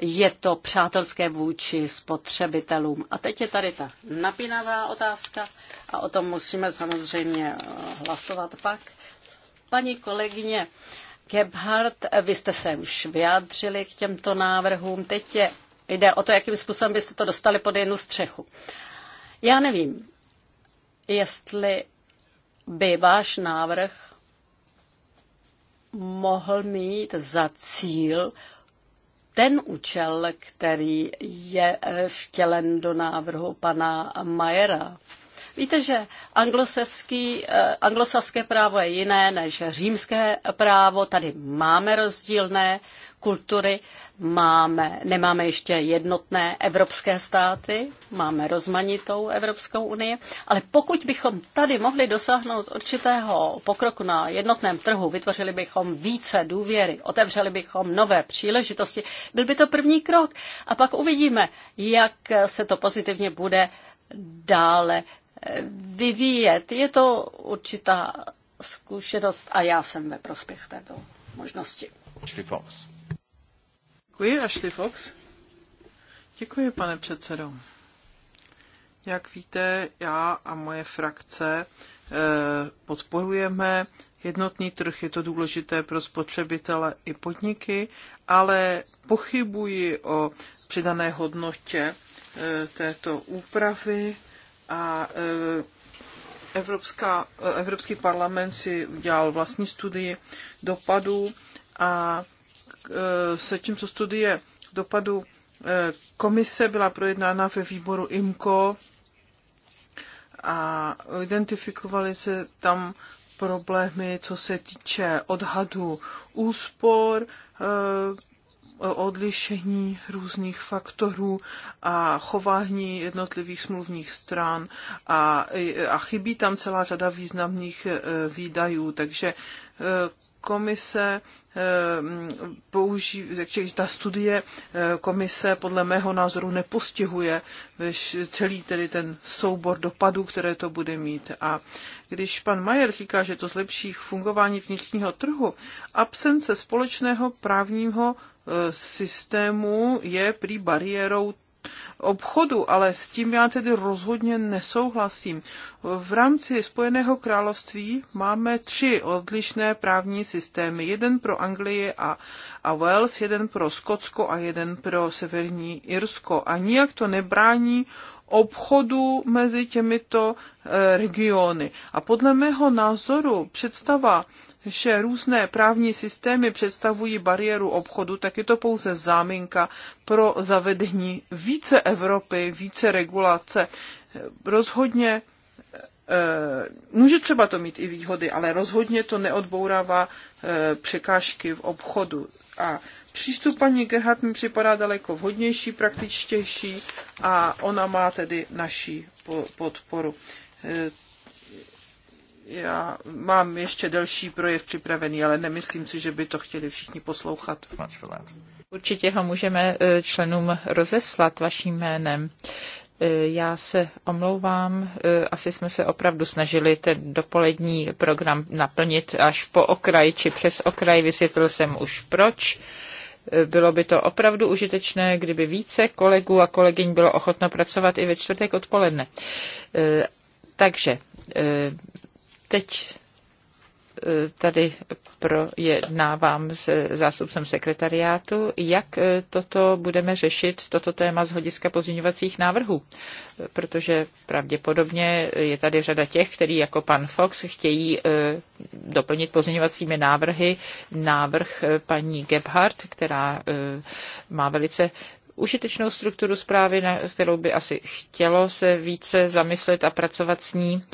[SPEAKER 3] Je to přátelské vůči spotřebitelům. A teď je tady ta napínavá otázka a o tom musíme samozřejmě eh, hlasovat pak. Paní kolegyně Gebhardt, eh, vy jste se už vyjádřili k těmto návrhům. Teď je Jde o to, jakým způsobem byste to dostali pod jednu střechu. Já nevím, jestli by váš návrh mohl mít za cíl ten účel, který je eh, vtělen do návrhu pana Majera. Víte, že eh, anglosaské právo je jiné než římské právo, tady máme rozdílné kultury. Máme, nemáme ještě jednotné evropské státy, máme rozmanitou Evropskou unii, ale pokud bychom tady mohli dosáhnout určitého pokroku na jednotném trhu, vytvořili bychom více důvěry, otevřeli bychom nové příležitosti, byl by to první krok a pak uvidíme, jak se to pozitivně bude dále eh, vyvíjet. Je to určitá zkušenost a já jsem ve prospěch této možnosti. Fox.
[SPEAKER 2] Děkuji, Ashley Fox. Děkuji, pane předsedo. Jak víte, já a moje frakce eh, podporujeme jednotný trh, je to důležité pro spotřebitele i podniky, ale pochybuji o přidané hodnotě eh, této úpravy a eh, Evropská, Evropský parlament si udělal vlastní studii dopadů a Eh, se co studie dopadu eh, komise byla projednána ve výboru IMCO a identifikovaly se tam problémy, co se týče odhadu úspor, eh, odlišení různých faktorů a chování jednotlivých smluvních stran a, a chybí tam celá řada významných výdajů, takže komise Ehm, použí, že ta studie eh, komise podle mého názoru nepostihuje celý tedy ten soubor dopadů, které to bude mít. A když pan Majer říká, že to zlepší fungování vnitřního trhu, absence společného právního eh, systému je prý bariérou obchodu, ale s tím já tedy rozhodně nesouhlasím. V rámci Spojeného království máme tři odlišné právní systémy. Jeden pro Anglii a, a Wales, jeden pro Skotsko a jeden pro Severní Irsko. A nijak to nebrání obchodu mezi těmito eh, regiony. A podle mého názoru představa že různé právní systémy představují bariéru obchodu, tak je to pouze záminka pro zavedení více Evropy, více regulace. Rozhodně eh, může třeba to mít i výhody, ale rozhodně to neodbourává eh, překážky v obchodu. A přístup paní Gerhardt mi připadá daleko vhodnější, praktičtější a ona má tedy naši podporu. Eh, já mám ještě delší projev připravený, ale nemyslím si, že by to chtěli všichni poslouchat.
[SPEAKER 1] Určitě ho můžeme e, členům rozeslat vaším jménem. E, já se omlouvám, e, asi jsme se opravdu snažili ten dopolední program naplnit až po okraj či přes okraj, vysvětlil jsem už proč. Bylo by to opravdu užitečné, kdyby více kolegů a kolegyň bylo ochotno pracovat i ve čtvrtek odpoledne. Takže teď eh, tady projednávám se zástupcem sekretariátu, jak eh, toto budeme řešit, toto téma z hlediska pozměňovacích návrhů, eh, protože pravděpodobně je tady řada těch, kteří jako pan Fox chtějí doplnit pozměňovacími návrhy návrh paní Gebhardt, která má velice užitečnou strukturu zprávy, na kterou by asi chtělo se více zamyslet a pracovat s ní.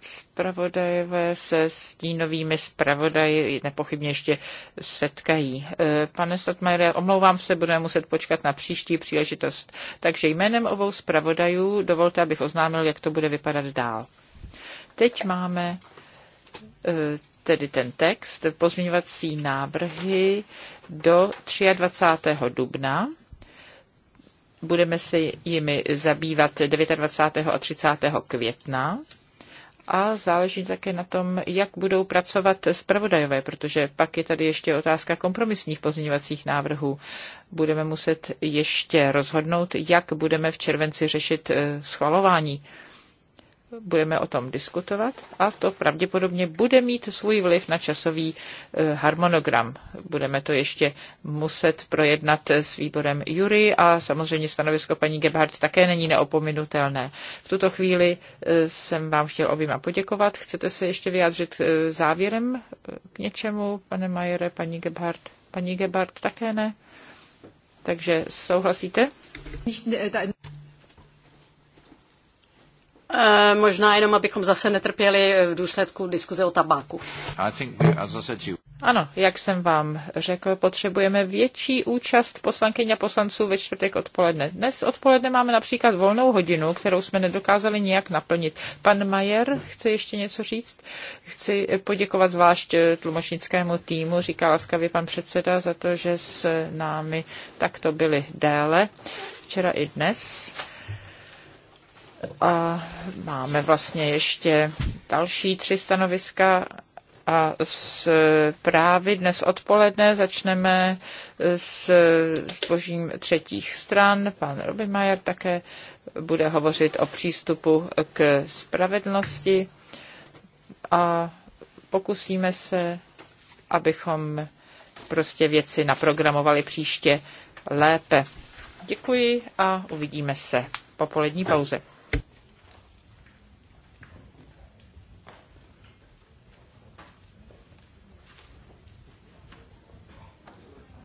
[SPEAKER 1] Spravodajové e, se stínovými zpravodaji nepochybně ještě setkají. E, pane Statmajere, omlouvám se, budeme muset počkat na příští příležitost. Takže jménem obou zpravodajů dovolte, abych oznámil, jak to bude vypadat dál. Teď máme e, tedy ten text, pozměňovací návrhy do 23. dubna Budeme se jimi zabývat 29. a 30. května a záleží také na tom, jak budou pracovat zpravodajové, protože pak je tady ještě otázka kompromisních pozměňovacích návrhů. Budeme muset ještě rozhodnout, jak budeme v červenci řešit eh, schvalování budeme o tom diskutovat a to pravděpodobně bude mít svůj vliv na časový eh, harmonogram. Budeme to ještě muset projednat s výborem Jury a samozřejmě stanovisko paní Gebhardt také není neopominutelné. V tuto chvíli eh, jsem vám chtěl oběma poděkovat. Chcete se ještě vyjádřit eh, závěrem k něčemu, pane Majere, paní Gebhardt? Paní Gebhardt
[SPEAKER 3] také ne? Takže souhlasíte? Eh, možná jenom, abychom zase netrpěli eh, v důsledku diskuze o tabáku. Ano, jak jsem vám řekl, potřebujeme
[SPEAKER 1] větší účast poslankyň a poslanců ve čtvrtek odpoledne. Dnes odpoledne máme například volnou hodinu, kterou jsme nedokázali nijak naplnit. Pan Majer chce ještě něco říct? Chci poděkovat zvlášť eh, tlumočnickému týmu, říká laskavě pan předseda, za to, že s námi takto byli déle včera i dnes. A máme vlastně ještě další tři stanoviska a s právy dnes odpoledne začneme s zbožím třetích stran. Pan Robimajer také bude hovořit o přístupu k spravedlnosti a pokusíme se, abychom prostě věci naprogramovali příště lépe. Děkuji a uvidíme se po polední pauze.